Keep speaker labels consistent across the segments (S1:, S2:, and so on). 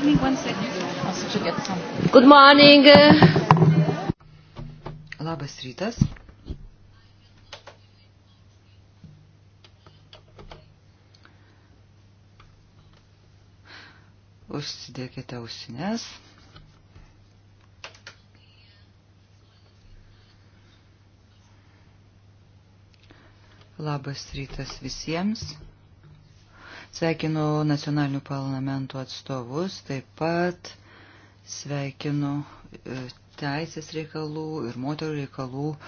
S1: give me one second? I'll to get some. Good morning. Labas rytas. Užsidėkite ausines. Labas rytas visiems. Sveikinu nacionalinių parlamentų atstovus, taip pat sveikinu e, teisės reikalų ir moterų reikalų e,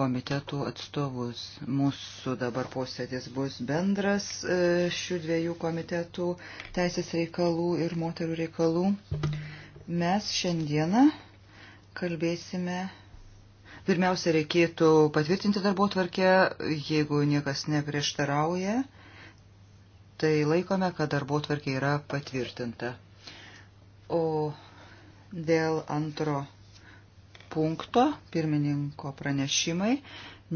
S1: komitetų atstovus. Mūsų dabar posėdis bus bendras e, šių dviejų komitetų teisės reikalų ir moterų reikalų. Mes šiandieną kalbėsime. Pirmiausia, reikėtų patvirtinti darbo tvarkę, jeigu niekas neprieštarauja tai laikome, kad darbo tvarkė yra patvirtinta. O dėl antro punkto pirmininko pranešimai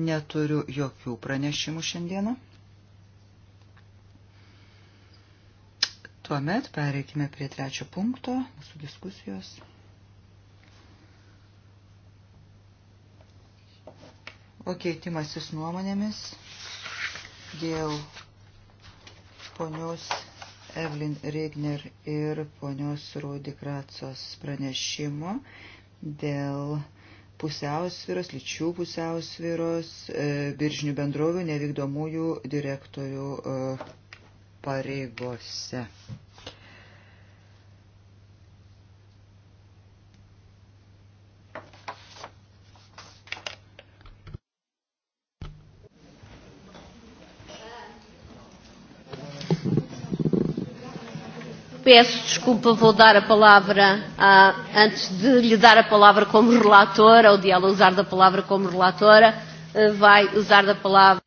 S1: neturiu jokių pranešimų šiandieną. Tuomet pereikime prie trečio punkto mūsų diskusijos. O keitimasis nuomonėmis dėl ponios Evelyn Regner ir ponios Rodi Kratsos pranešimo dėl pusiausviros, lyčių pusiausviros, e, biržinių bendrovių nevykdomųjų direktorių e, pareigose.
S2: Peço desculpa, vou dar a palavra, a, antes de lhe dar a palavra como relatora, ou de ela usar da palavra como relatora, eh, vai usar da palavra.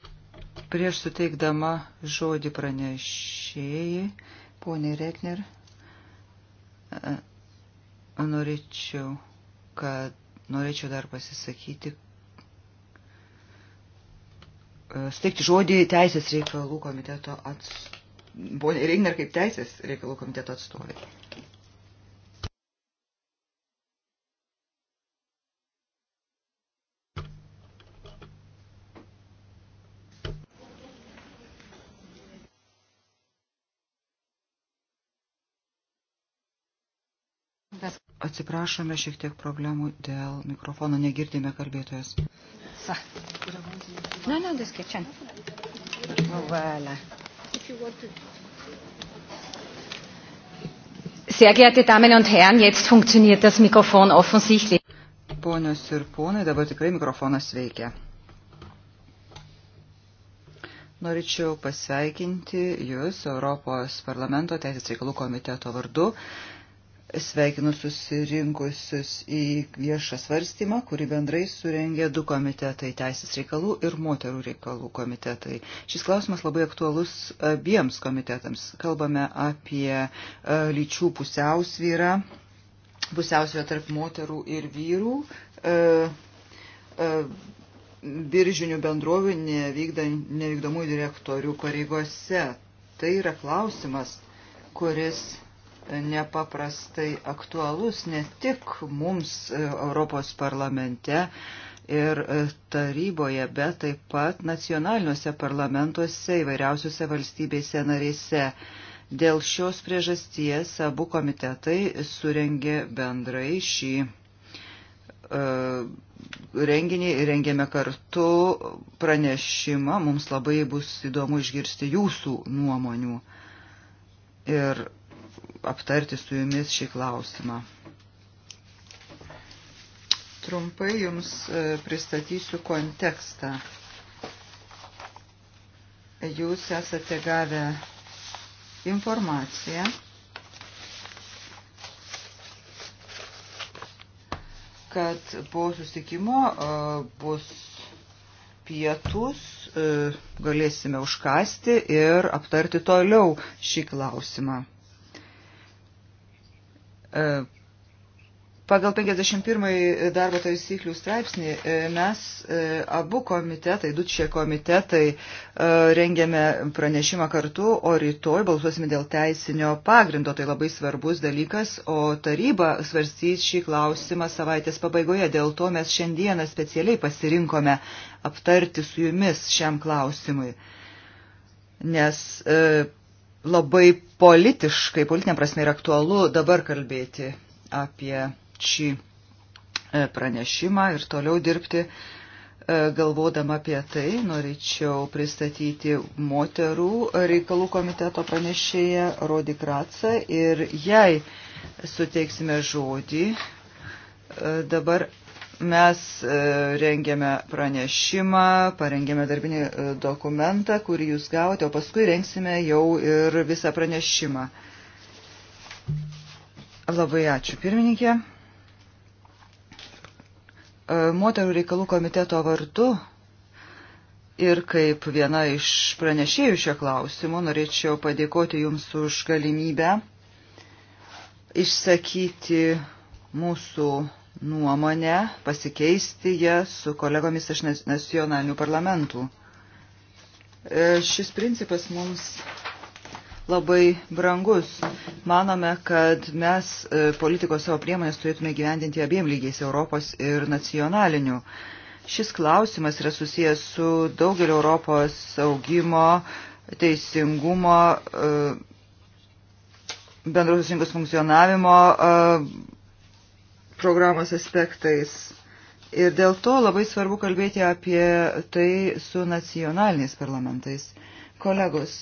S1: Prieš suteikdama žodį pranešėjai, poniai Rekner, eh, norėčiau, kad norėčiau dar pasisakyti, eh, steigti žodį Teisės reikalų komiteto atstovui ponė Reigner kaip teisės reikalų komiteto atstovė. Atsiprašome šiek tiek problemų dėl mikrofono, negirdime kalbėtojas.
S2: Sa. No, no, deskečiam.
S1: Voilà. Sehr geehrte Damen und Herren, jetzt funktioniert das Mikrofon offensichtlich. Ponios ir ponai, dabar tikrai mikrofonas veikia. Norėčiau pasveikinti Jūs Europos parlamento teisės reikalų komiteto vardu. Sveikinu susirinkusius į viešą svarstymą, kurį bendrai surengė du komitetai - Teisės reikalų ir moterų reikalų komitetai. Šis klausimas labai aktualus abiems komitetams. Kalbame apie e, lyčių pusiausvyrą, pusiausvyrą tarp moterų ir vyrų. E, e, biržinių bendrovių nevykdomų direktorių pareigose. Tai yra klausimas, kuris nepaprastai aktualus ne tik mums e, Europos parlamente ir e, taryboje, bet taip pat nacionaliniuose parlamentuose įvairiausiuose valstybėse narėse. Dėl šios priežasties abu komitetai surengė bendrai šį uh, renginį ir rengėme kartu pranešimą. Mums labai bus įdomu išgirsti jūsų nuomonių. Ir aptarti su jumis šį klausimą. Trumpai jums e, pristatysiu kontekstą. Jūs esate gavę informaciją, kad po susitikimo e, bus pietus e, galėsime užkasti ir aptarti toliau šį klausimą. E, pagal 51 darbo taisyklių straipsnį e, mes e, abu komitetai, du čia komitetai, rengėme pranešimą kartu, o rytoj balsuosime dėl teisinio pagrindo. Tai labai svarbus dalykas, o taryba svarstys šį klausimą savaitės pabaigoje. Dėl to mes šiandieną specialiai pasirinkome aptarti su jumis šiam klausimui. Nes labai politiškai, politinė prasme yra aktualu dabar kalbėti apie šį e, pranešimą ir toliau dirbti. E, galvodama apie tai, norėčiau pristatyti moterų reikalų komiteto pranešėją Rodi Kratsą ir jai suteiksime žodį. E, dabar Mes e, rengėme pranešimą, parengėme darbinį e, dokumentą, kurį jūs gavote, o paskui rengsime jau ir visą pranešimą. Labai ačiū, pirmininkė. E, moterų reikalų komiteto vardu ir kaip viena iš pranešėjų šio klausimo norėčiau padėkoti Jums už galimybę išsakyti mūsų nuomonę, pasikeisti ją su kolegomis iš nacionalinių parlamentų. E, šis principas mums labai brangus. Manome, kad mes e, politikos savo priemonės turėtume gyvendinti abiem lygiais Europos ir nacionalinių. Šis klausimas yra susijęs su daugelio Europos augimo, teisingumo, e, bendrosios rinkos funkcionavimo programos aspektais. Ir dėl to labai svarbu kalbėti apie tai su nacionaliniais parlamentais. Kolegos,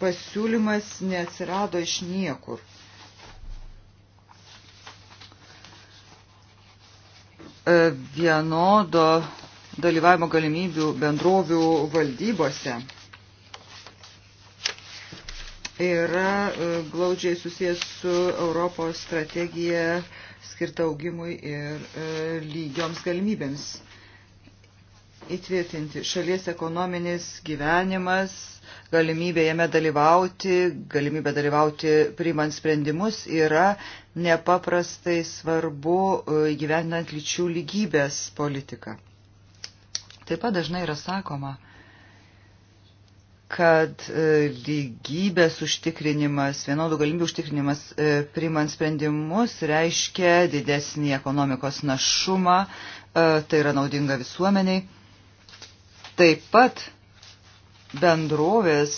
S1: pasiūlymas neatsirado iš niekur. E, vienodo dalyvavimo galimybių bendrovių valdybose yra e, glaudžiai susijęs su Europos strategija skirta augimui ir e, lygioms galimybėms įtvirtinti šalies ekonominis gyvenimas, galimybė jame dalyvauti, galimybė dalyvauti priimant sprendimus yra nepaprastai svarbu e, gyvenant lyčių lygybės politiką. Taip pat dažnai yra sakoma, kad e, lygybės užtikrinimas, vienodų galimybių užtikrinimas e, primant sprendimus reiškia didesnį ekonomikos našumą, e, tai yra naudinga visuomeniai. Taip pat bendrovės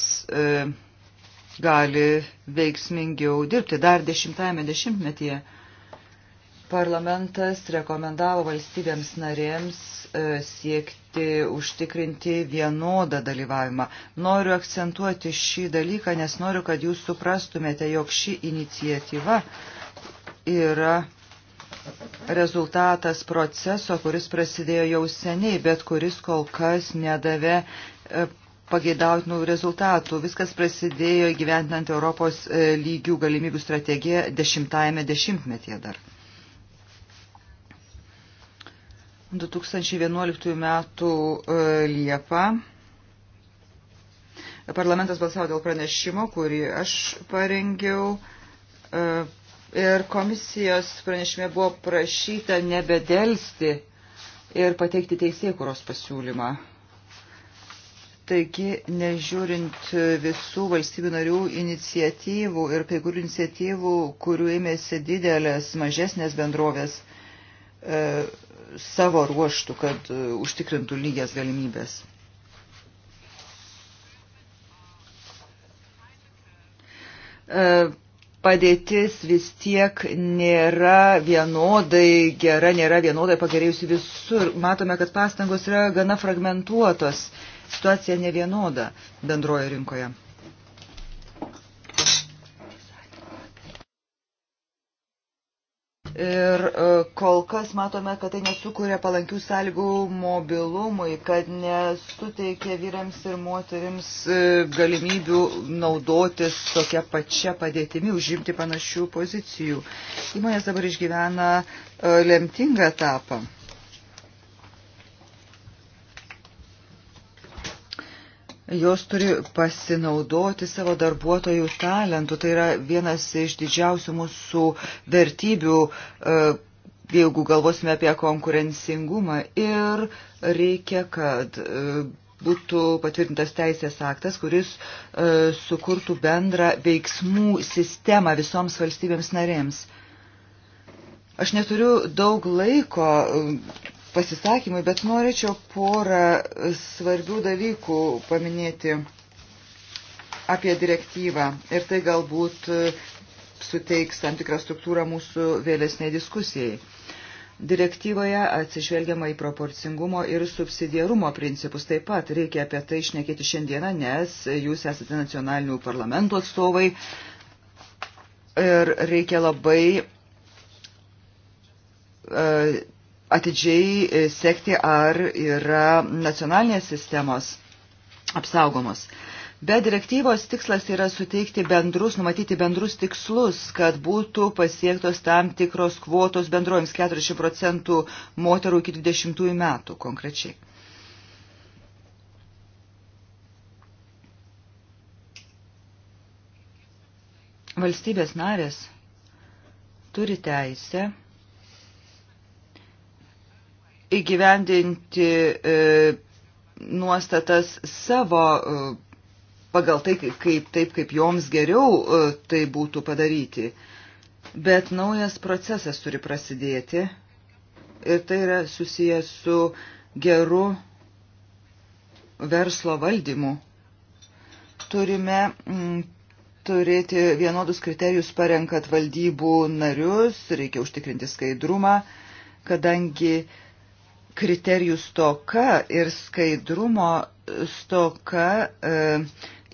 S1: gali veiksmingiau dirbti dar dešimtajame dešimtmetyje. Parlamentas rekomendavo valstybėms narėms e, siekti užtikrinti vienodą dalyvavimą. Noriu akcentuoti šį dalyką, nes noriu, kad jūs suprastumėte, jog ši iniciatyva yra rezultatas proceso, kuris prasidėjo jau seniai, bet kuris kol kas nedavė e, pageidautinų rezultatų. Viskas prasidėjo gyventinant Europos e, lygių galimybių strategiją dešimtajame dešimtmetyje dar. 2011 metų e, Liepą parlamentas balsavo dėl pranešimo, kurį aš parengiau. E, ir komisijos pranešime buvo prašyta nebedelsti ir pateikti teisėkuros pasiūlymą. Taigi, nežiūrint visų valstybių narių iniciatyvų ir kai kurių iniciatyvų, kurių ėmėsi didelės, mažesnės bendrovės, e, savo ruoštų, kad e, užtikrintų lygias galimybės. E, padėtis vis tiek nėra vienodai gera, nėra vienodai pagerėjusi visur. Matome, kad pastangos yra gana fragmentuotos, situacija nevienoda bendroje rinkoje. Ir e, kol kas matome, kad tai nesukuria palankių sąlygų mobilumui, kad nesuteikia vyrams ir moterims e, galimybių naudotis tokia pačia padėtimi, užimti panašių pozicijų. Įmonės dabar išgyvena e, lemtingą etapą. jos turi pasinaudoti savo darbuotojų talentų. Tai yra vienas iš didžiausių mūsų vertybių, e, jeigu galvosime apie konkurencingumą. Ir reikia, kad e, būtų patvirtintas teisės aktas, kuris e, sukurtų bendrą veiksmų sistemą visoms valstybėms narėms. Aš neturiu daug laiko pasisakymui, bet norėčiau porą svarbių dalykų paminėti apie direktyvą ir tai galbūt suteiks tam tikrą struktūrą mūsų vėlesniai diskusijai. Direktyvoje atsižvelgiama į proporcingumo ir subsidiarumo principus. Taip pat reikia apie tai išnekėti šiandieną, nes jūs esate nacionalinių parlamentų atstovai ir reikia labai uh, atidžiai e, sekti, ar yra nacionalinės sistemos apsaugomos. Bet direktyvos tikslas yra suteikti bendrus, numatyti bendrus tikslus, kad būtų pasiektos tam tikros kvotos bendrojams 40 procentų moterų iki 20 metų konkrečiai. Valstybės narės turi teisę įgyvendinti e, nuostatas savo e, pagal tai, kaip, taip kaip joms geriau e, tai būtų padaryti. Bet naujas procesas turi prasidėti ir tai yra susijęs su geru verslo valdymu. Turime mm, turėti vienodus kriterijus parenkat valdybų narius, reikia užtikrinti skaidrumą, kadangi e, kriterijų stoka ir skaidrumo stoka e,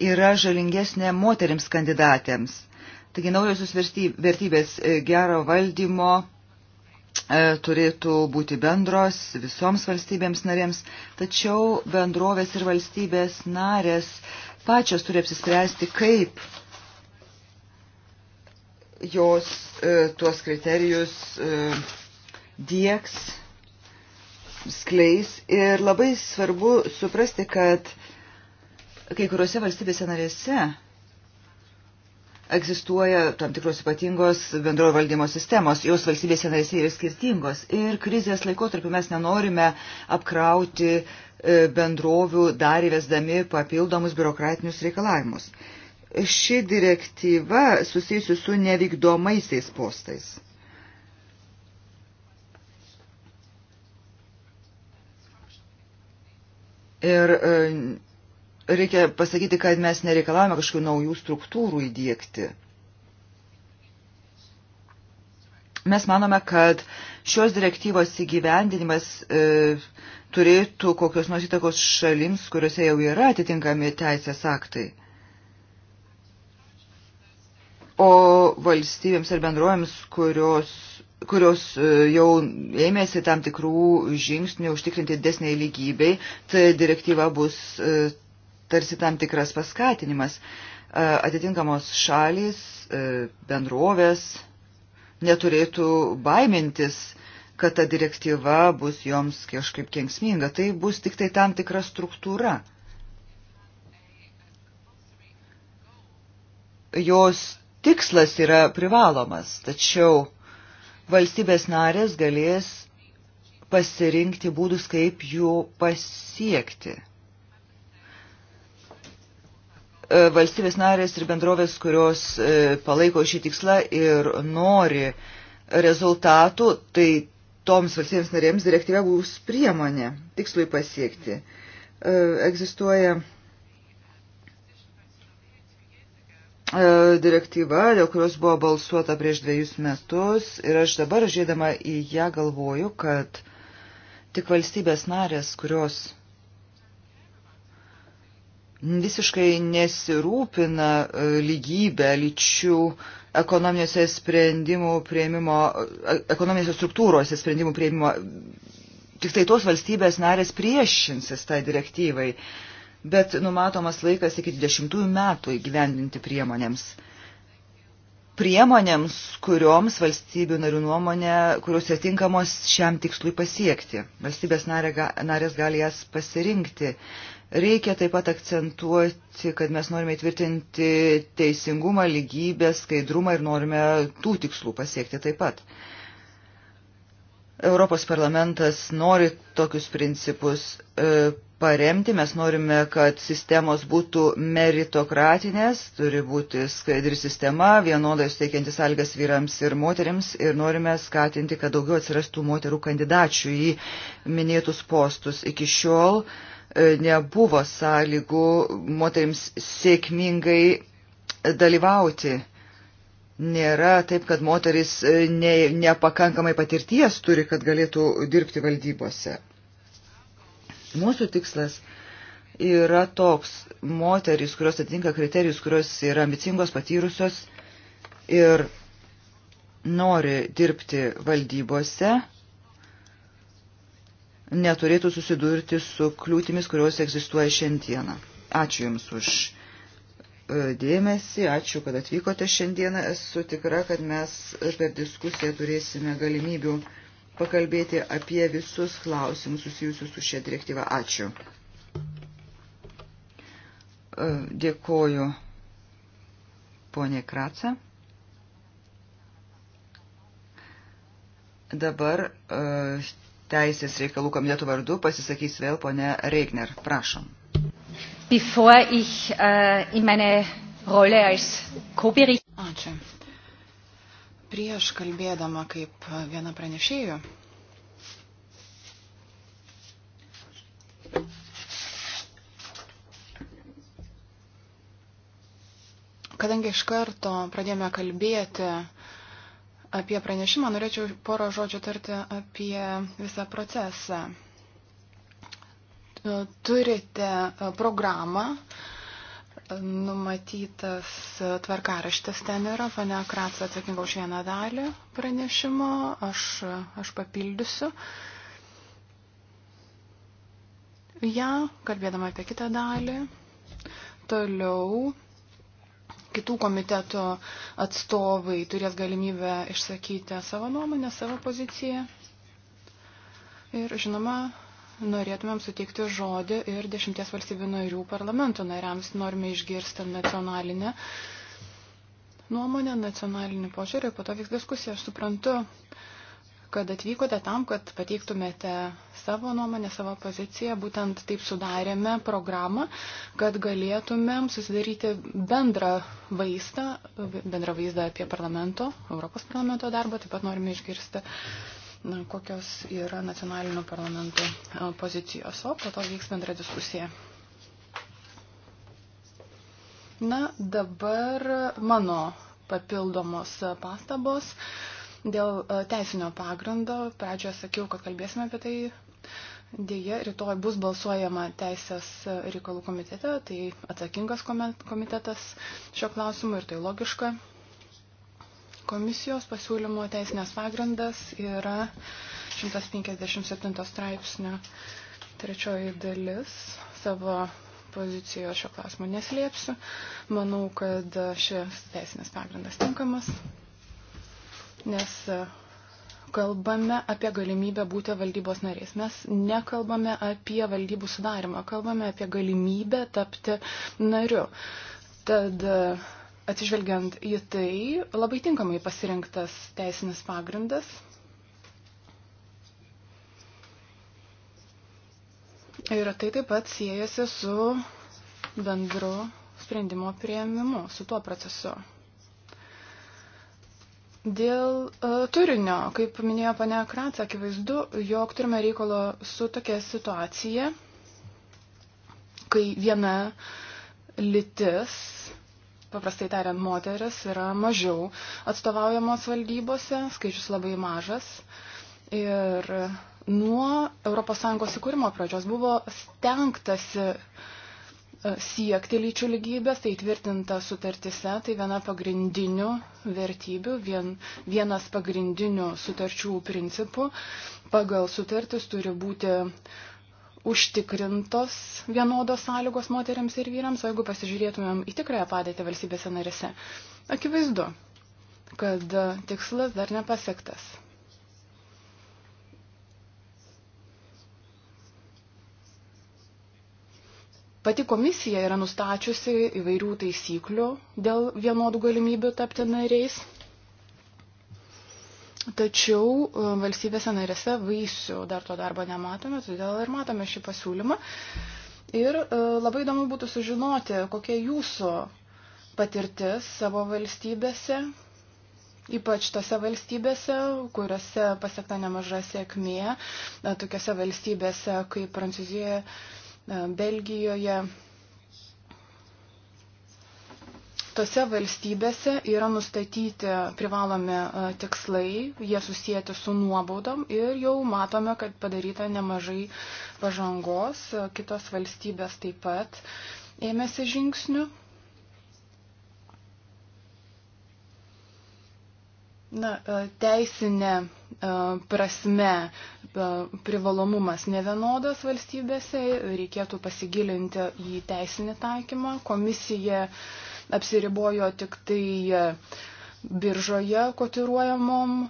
S1: yra žalingesnė moteriams kandidatėms. Taigi naujosios vertybės e, gero valdymo e, turėtų būti bendros visoms valstybėms narėms, tačiau bendrovės ir valstybės narės pačios turi apsispręsti, kaip jos e, tuos kriterijus e, dieks skleis ir labai svarbu suprasti, kad kai kuriuose valstybėse narėse egzistuoja tam tikros ypatingos bendrojo valdymo sistemos, jos valstybėse narėse yra skirtingos ir krizės laikotarpiu mes nenorime apkrauti e, bendrovių dar įvesdami papildomus biurokratinius reikalavimus. Ši direktyva susijusi su nevykdomaisiais postais. Ir e, reikia pasakyti, kad mes nereikalavome kažkokių naujų struktūrų įdėkti. Mes manome, kad šios direktyvos įgyvendinimas e, turėtų kokios nors įtakos šalims, kuriuose jau yra atitinkami teisės aktai. O valstybėms ir bendruojams, kurios kurios e, jau ėmėsi tam tikrų žingsnių užtikrinti desniai lygybei, tai direktyva bus e, tarsi tam tikras paskatinimas. E, atitinkamos šalys, bendrovės neturėtų baimintis, kad ta direktyva bus joms kažkaip kengsminga. Tai bus tik tai tam tikra struktūra. Jos tikslas yra privalomas, tačiau valstybės narės galės pasirinkti būdus, kaip jų pasiekti. E, valstybės narės ir bendrovės, kurios e, palaiko šį tikslą ir nori rezultatų, tai toms valstybėms narėms direktyva bus priemonė tikslui pasiekti. E, egzistuoja E, direktyva, dėl kurios buvo balsuota prieš dviejus metus ir aš dabar žiūrėdama į ją galvoju, kad tik valstybės narės, kurios visiškai nesirūpina e, lygybę lyčių ekonominėse sprendimų prieimimo, e, ekonominėse struktūrose sprendimų prieimimo, tik tai tos valstybės narės priešinsis tai direktyvai. Uh, bet numatomas laikas iki 20 metų įgyvendinti priemonėms. Priemonėms, kurioms valstybių narių nuomonė, kurios tinkamos šiam tikslui pasiekti. Valstybės narės gali jas pasirinkti. Reikia taip pat akcentuoti, kad mes norime įtvirtinti teisingumą, lygybę, skaidrumą ir norime tų tikslų pasiekti taip pat. Europos parlamentas nori tokius principus. E, paremti, mes norime, kad sistemos būtų meritokratinės, turi būti skaidri sistema, vienodai suteikianti sąlygas vyrams ir moteriams ir norime skatinti, kad daugiau atsirastų moterų kandidačių į minėtus postus. Iki šiol e, nebuvo sąlygų moteriams sėkmingai dalyvauti Nėra taip, kad moteris e, ne, nepakankamai patirties turi, kad galėtų dirbti valdybose. Mūsų tikslas yra toks moterys, kurios atitinka kriterijus, kurios yra ambicingos, patyrusios ir nori dirbti valdybose, neturėtų susidurti su kliūtimis, kurios egzistuoja šiandieną. Ačiū Jums už e, dėmesį, ačiū, kad atvykote šiandieną. Esu tikra, kad mes per diskusiją turėsime galimybių pakalbėti apie visus klausimus susijusius su šia direktyva. Ačiū. E, dėkoju, ponė Kratsa. Dabar e, Teisės reikalų komiteto vardu pasisakys vėl ponė Reigner. Prašom.
S2: Bevor ich äh, in meine Rolle als
S3: Co-Bericht prieš kalbėdama kaip viena pranešėjų. Kadangi iš karto pradėjome kalbėti apie pranešimą, norėčiau porą žodžių tarti apie visą procesą. Turite programą, numatytas tvarkaraštis ten yra, pane Kratsa atsakinga už vieną dalį pranešimo, aš, aš papildysiu. Ja, kalbėdama apie kitą dalį, toliau kitų komitetų atstovai turės galimybę išsakyti savo nuomonę, savo poziciją. Ir žinoma, norėtumėm suteikti žodį ir dešimties valstybių narių parlamento nariams. Norime išgirsti nacionalinę nuomonę, nacionalinį požiūrį, po to vyks diskusija. Aš suprantu, kad atvykote tam, kad pateiktumėte savo nuomonę, savo poziciją. Būtent taip sudarėme programą, kad galėtumėm susidaryti bendrą vaizdą, bendrą vaizdą apie parlamento, Europos parlamento darbą. Taip pat norime išgirsti kokios yra nacionalinio parlamento pozicijos, o po to vyks bendra diskusija. Na, dabar mano papildomos pastabos dėl teisinio pagrindo. Pradžioje sakiau, kad kalbėsime apie tai. Dėja, rytoj bus balsuojama Teisės reikalų komitete, tai atsakingas komitetas šio klausimu ir tai logiška. Komisijos pasiūlymo teisinės pagrindas yra 157 straipsnio trečioji dalis savo pozicijos šio klausimo neslėpsiu. Manau, kad šis teisinės pagrindas tinkamas, nes kalbame apie galimybę būti valdybos nariais. Mes nekalbame apie valdybų sudarimą, kalbame apie galimybę tapti nariu. Tad Atsižvelgiant į tai, labai tinkamai pasirinktas teisinis pagrindas. Ir tai taip pat siejasi su bendru sprendimo prieimimu, su tuo procesu. Dėl uh, turinio, kaip minėjo pane Kratsa, akivaizdu, jog turime reikalo su tokia situacija, kai viena lytis paprastai tariant, moteris yra mažiau atstovaujamos valdybose, skaičius labai mažas. Ir nuo ES įkūrimo pradžios buvo stengtasi e, siekti lyčių lygybės, tai tvirtinta sutartise, tai viena pagrindinių vertybių, vien, vienas pagrindinių sutarčių principų. Pagal sutartis turi būti užtikrintos vienodos sąlygos moteriams ir vyrams, o jeigu pasižiūrėtumėm į tikrąją padėtį valstybėse narėse, akivaizdu, kad tikslas dar nepasiektas. Pati komisija yra nustačiusi įvairių taisyklių dėl vienodų galimybių tapti nariais Tačiau e, valstybėse narėse vaisių dar to darbo nematome, todėl ir matome šį pasiūlymą. Ir e, labai įdomu būtų sužinoti, kokia jūsų patirtis savo valstybėse, ypač tose valstybėse, kuriuose pasiekta nemaža sėkmė, tokiose valstybėse kaip Prancūzijoje, e, Belgijoje, tose valstybėse yra nustatyti privalomi e, tikslai, jie susijęti su nuobaudom ir jau matome, kad padaryta nemažai pažangos, e, kitos valstybės taip pat ėmėsi žingsnių. Na, e, teisinė prasme privalomumas nevienodas valstybėse, reikėtų pasigilinti į teisinį taikymą. Komisija uh, apsiribojo tik tai e, biržoje kotiruojamom e,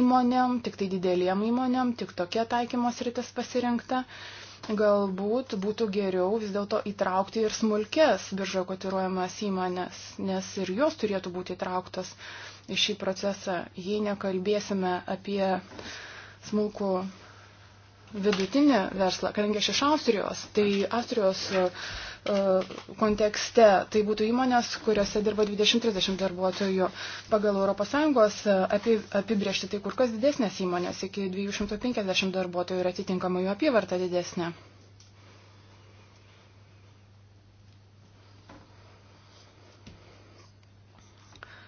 S3: įmonėm, tik tai didelėm įmonėm, tik tokia taikymos rytis pasirinkta. Galbūt būtų geriau vis dėlto įtraukti ir smulkės biržo kotiruojamas įmonės, nes ir jos turėtų būti įtrauktos į šį procesą. Jei nekalbėsime apie smulkų vidutinį verslą, kadangi aš iš Austrijos, tai Austrijos uh, E, kontekste. Tai būtų įmonės, kuriuose dirba 20-30 darbuotojų. Pagal ES e, apibriežti tai kur kas didesnės įmonės, iki 250 darbuotojų ir atitinkamai jų apyvarta didesnė.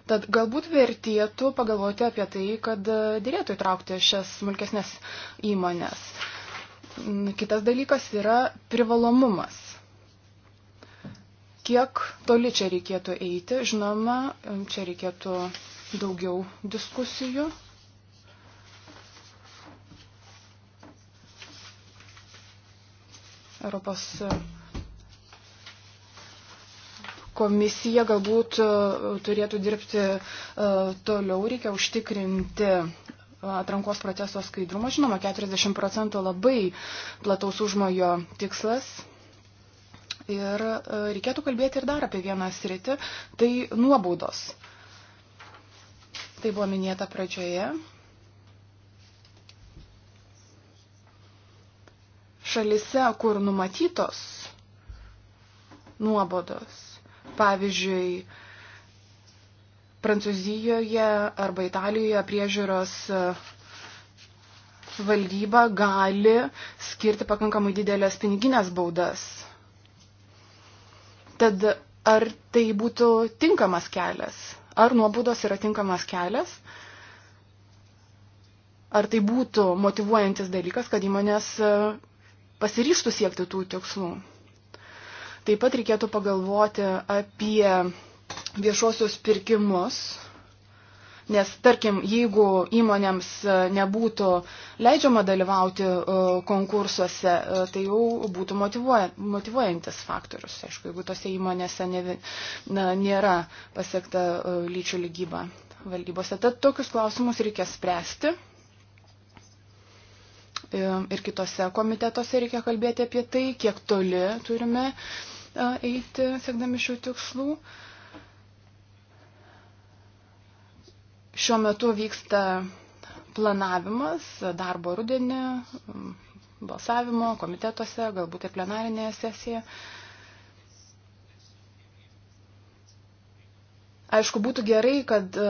S3: Tad galbūt vertėtų pagalvoti apie tai, kad e, dėlėtų įtraukti šias smulkesnės įmonės. Kitas dalykas yra privalomumas. Kiek toli čia reikėtų eiti, žinoma, čia reikėtų daugiau diskusijų. Europos komisija galbūt e, turėtų dirbti e, toliau, reikia užtikrinti atrankos proceso skaidrumą. Žinoma, 40 procentų labai plataus užmojo tikslas Ir e, reikėtų kalbėti ir dar apie vieną sritį, tai nuobaudos. Tai buvo minėta pradžioje. Šalise, kur numatytos nuobodos, pavyzdžiui, Prancūzijoje arba Italijoje priežiūros e, valdyba gali skirti pakankamai didelės piniginės baudas Tad ar tai būtų tinkamas kelias? Ar nuobudos yra tinkamas kelias? Ar tai būtų motivuojantis dalykas, kad įmonės e, pasiryštų siekti tų tikslų? Taip pat reikėtų pagalvoti apie viešuosius pirkimus Nes, tarkim, jeigu įmonėms e, nebūtų leidžiama dalyvauti e, konkursuose, e, tai jau būtų motivuoja, motivuojantis faktorius, aišku, jeigu tose įmonėse ne, na, nėra pasiekta lyčių lygyba valdybose. Tad tokius klausimus reikia spręsti. Ir kitose komitetuose reikia kalbėti apie tai, kiek toli turime eiti, siekdami šių tikslų. Uh, Šiuo metu vyksta planavimas darbo rudenį, balsavimo komitetuose, galbūt ir plenarinėje sesijoje. Aišku, būtų gerai, kad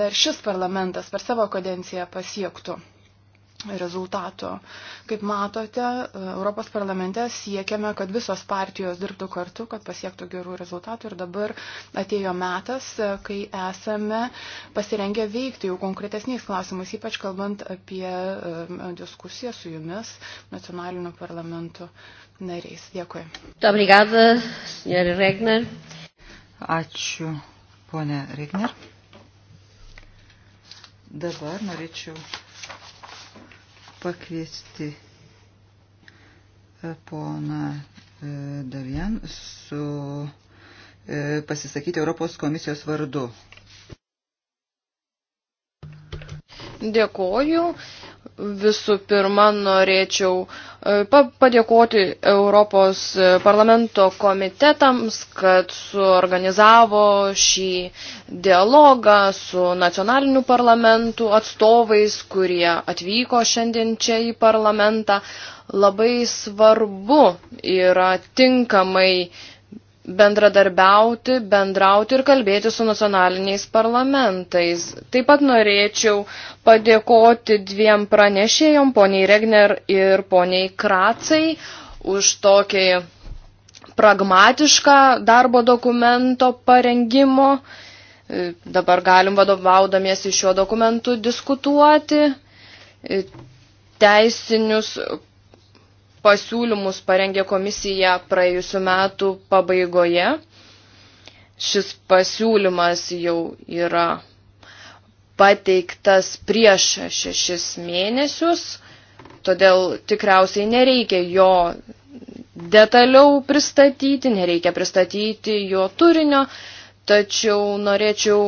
S3: dar šis parlamentas per savo kadenciją pasiektų rezultato. Kaip matote, Europos parlamente siekiame, kad visos partijos dirbtų kartu, kad pasiektų gerų rezultatų ir dabar atėjo metas, kai esame pasirengę veikti jau konkretesniais klausimais, ypač kalbant apie e, diskusiją su jumis nacionaliniu parlamentu nariais. Dėkui. Obrigada,
S1: senjorė Regner. Ačiū, ponė Regner. Dabar norėčiau pakviesti e, poną e, Dalian su e, pasisakyti Europos komisijos vardu.
S4: Dėkoju. Visų pirma, norėčiau e, padėkoti Europos parlamento komitetams, kad suorganizavo šį dialogą su nacionaliniu parlamentu atstovais, kurie atvyko šiandien čia į parlamentą. Labai svarbu yra tinkamai bendradarbiauti, bendrauti ir kalbėti su nacionaliniais parlamentais. Taip pat norėčiau padėkoti dviem pranešėjom, poniai Regner ir poniai Kracai, už tokį pragmatišką darbo dokumento parengimo. Dabar galim vadovaudamiesi šiuo dokumentu diskutuoti teisinius pasiūlymus parengė komisija praėjusiu metu pabaigoje. Šis pasiūlymas jau yra pateiktas prieš šešis mėnesius, todėl tikriausiai nereikia jo detaliau pristatyti, nereikia pristatyti jo turinio, tačiau norėčiau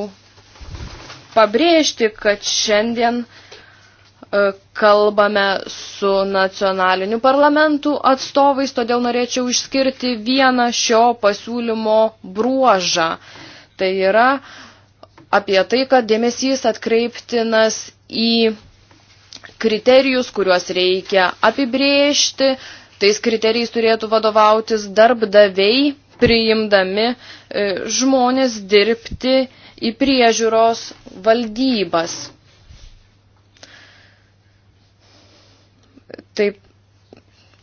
S4: pabrėžti, kad šiandien uh, E, kalbame su nacionaliniu parlamentu atstovais, todėl norėčiau išskirti vieną šio pasiūlymo bruožą. Tai yra apie tai, kad dėmesys atkreiptinas į kriterijus, kuriuos reikia apibrėžti. Tais kriterijais turėtų vadovautis darbdaviai, priimdami e, žmonės dirbti į priežiūros valdybas Taip,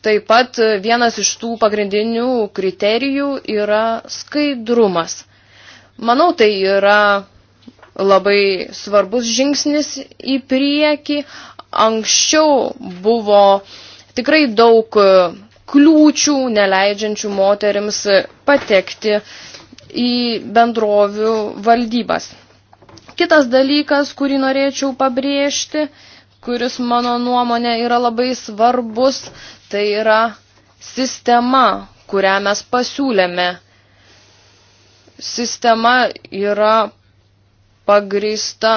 S4: taip pat e, vienas iš tų pagrindinių kriterijų yra skaidrumas. Manau, tai yra labai svarbus žingsnis į priekį. Anksčiau buvo tikrai daug e, kliūčių, neleidžiančių moteriams patekti į bendrovių valdybas. Kitas dalykas, kurį norėčiau pabrėžti, kuris mano nuomonė yra labai svarbus, tai yra sistema, kurią mes pasiūlėme. Sistema yra pagrįsta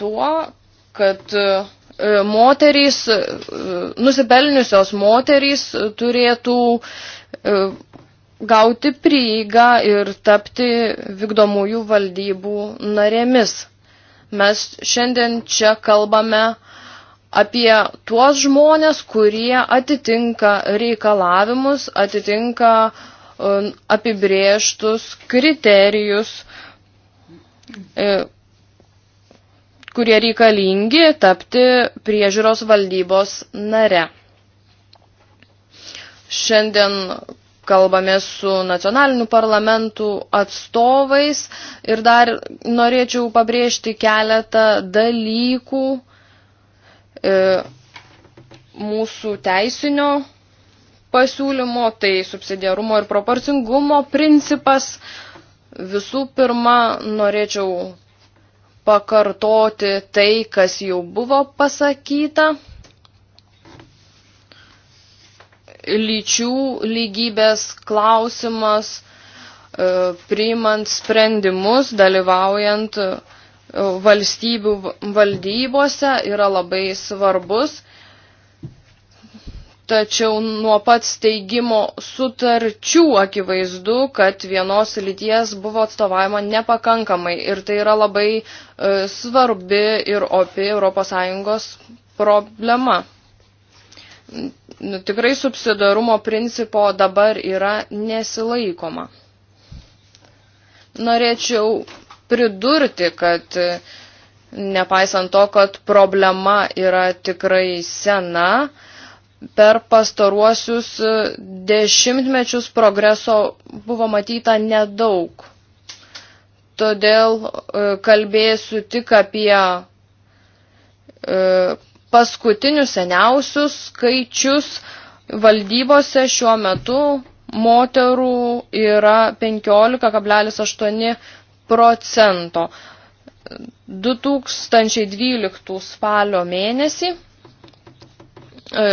S4: tuo, kad e, moterys, e, nusipelniusios moterys turėtų e, gauti prieigą ir tapti vykdomųjų valdybų narėmis. Mes šiandien čia kalbame apie tuos žmonės, kurie atitinka reikalavimus, atitinka um, apibrieštus kriterijus, e, kurie reikalingi tapti priežiūros valdybos nare. Šiandien kalbame su nacionalinių parlamentų atstovais ir dar norėčiau pabrėžti keletą dalykų e, mūsų teisinio pasiūlymo, tai subsidiarumo ir proporcingumo principas. Visų pirma, norėčiau pakartoti tai, kas jau buvo pasakyta lyčių lygybės klausimas, e, priimant sprendimus, dalyvaujant e, valstybių valdybose yra labai svarbus. Tačiau nuo pat steigimo sutarčių akivaizdu, kad vienos lyties buvo atstovavimo nepakankamai ir tai yra labai e, svarbi ir opi ES problema nu, tikrai subsidarumo principo dabar yra nesilaikoma. Norėčiau pridurti, kad e, nepaisant to, kad problema yra tikrai sena, per pastaruosius e, dešimtmečius progreso buvo matyta nedaug. Todėl e, kalbėsiu tik apie paskutinius seniausius skaičius valdybose šiuo metu moterų yra 15,8 procento. 2012 spalio mėnesį e,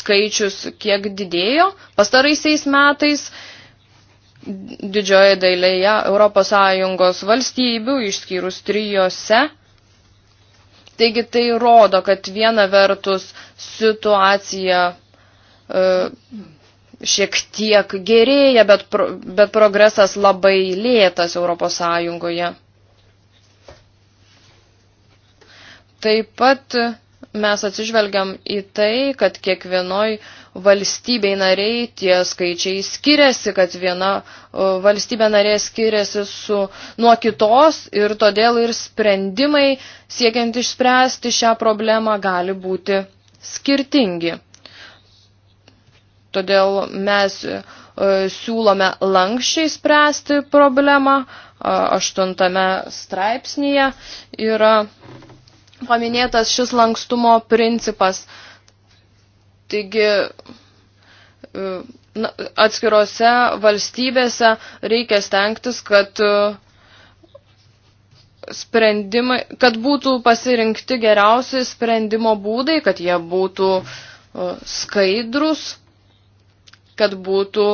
S4: skaičius kiek didėjo pastaraisiais metais didžioje dailėje ES valstybių, išskyrus trijose, Taigi tai rodo, kad viena vertus situacija e, šiek tiek gerėja, bet, pro, bet progresas labai lėtas Europos Sąjungoje. Taip pat mes atsižvelgiam į tai, kad kiekvienoj uh, valstybei nariai tie skaičiai skiriasi, kad viena e, valstybė narė skiriasi su, nuo kitos ir todėl ir sprendimai siekiant išspręsti šią problemą gali būti skirtingi. Todėl mes e, siūlome lankščiai spręsti problemą. Aštuntame straipsnėje yra paminėtas šis lankstumo principas. Taigi e, na, atskirose valstybėse reikia stengtis, kad e, sprendimai, kad būtų pasirinkti geriausi sprendimo būdai, kad jie būtų e, skaidrus, kad būtų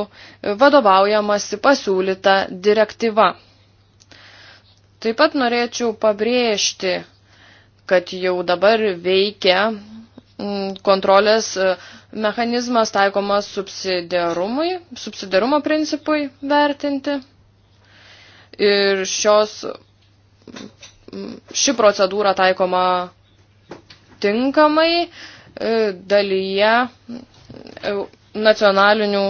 S4: vadovaujamasi pasiūlyta direktyva. Taip pat norėčiau pabrėžti, kad jau dabar veikia Mm, kontrolės e, mechanizmas taikomas subsidiarumui, subsidiarumo principui vertinti. Ir šios, mm, ši procedūra taikoma tinkamai e, dalyje mm, e, nacionalinių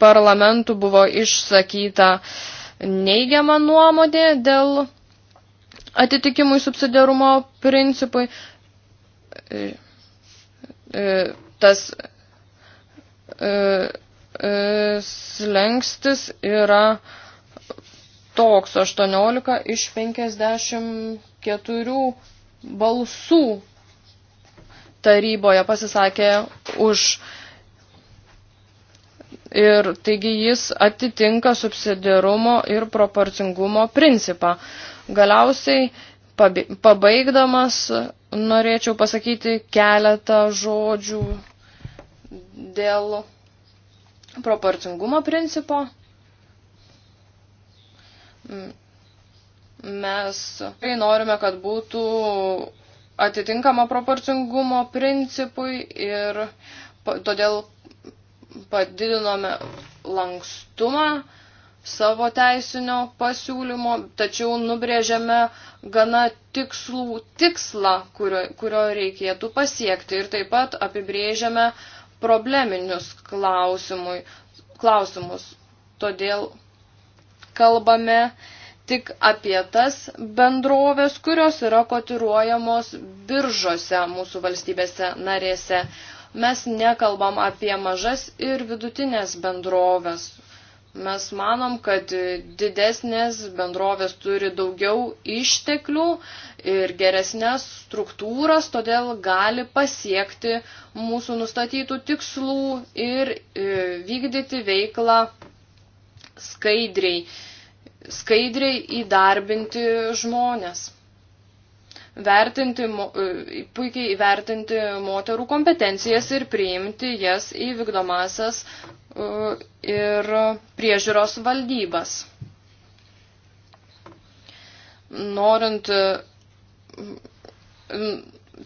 S4: parlamentų buvo išsakyta neigiama nuomonė dėl atitikimui subsidiarumo principui. E, tas e, e, slengstis yra toks 18 iš 54 balsų taryboje pasisakė už. Ir taigi jis atitinka subsidiarumo ir proporcingumo principą. Galiausiai Pabaigdamas norėčiau pasakyti keletą žodžių dėl proporcingumo principo. Mes norime, kad būtų atitinkama proporcingumo principui ir todėl padidinome lankstumą savo teisinio pasiūlymo, tačiau nubrėžiame gana tikslų tikslą, kurio, kurio reikėtų pasiekti ir taip pat apibrėžiame probleminius klausimus. Todėl kalbame tik apie tas bendrovės, kurios yra kotiruojamos biržose mūsų valstybėse narėse. Mes nekalbam apie mažas ir vidutinės bendrovės, Mes manom, kad didesnės bendrovės turi daugiau išteklių ir geresnės struktūras, todėl gali pasiekti mūsų nustatytų tikslų ir e, vykdyti veiklą skaidriai, skaidriai įdarbinti žmonės, vertinti, e, puikiai įvertinti moterų kompetencijas ir priimti jas į vykdomasias E, ir priežiūros valdybas. Norint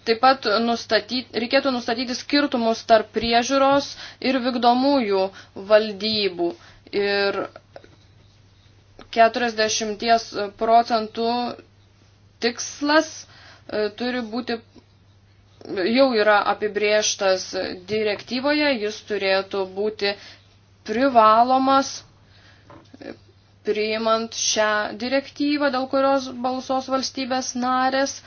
S4: taip pat nustatyti, reikėtų nustatyti skirtumus tarp priežiūros ir vykdomųjų valdybų. Ir 40 procentų tikslas e, turi būti jau yra apibrieštas direktyvoje, jis turėtų būti privalomas priimant šią direktyvą, dėl kurios balsos valstybės narės.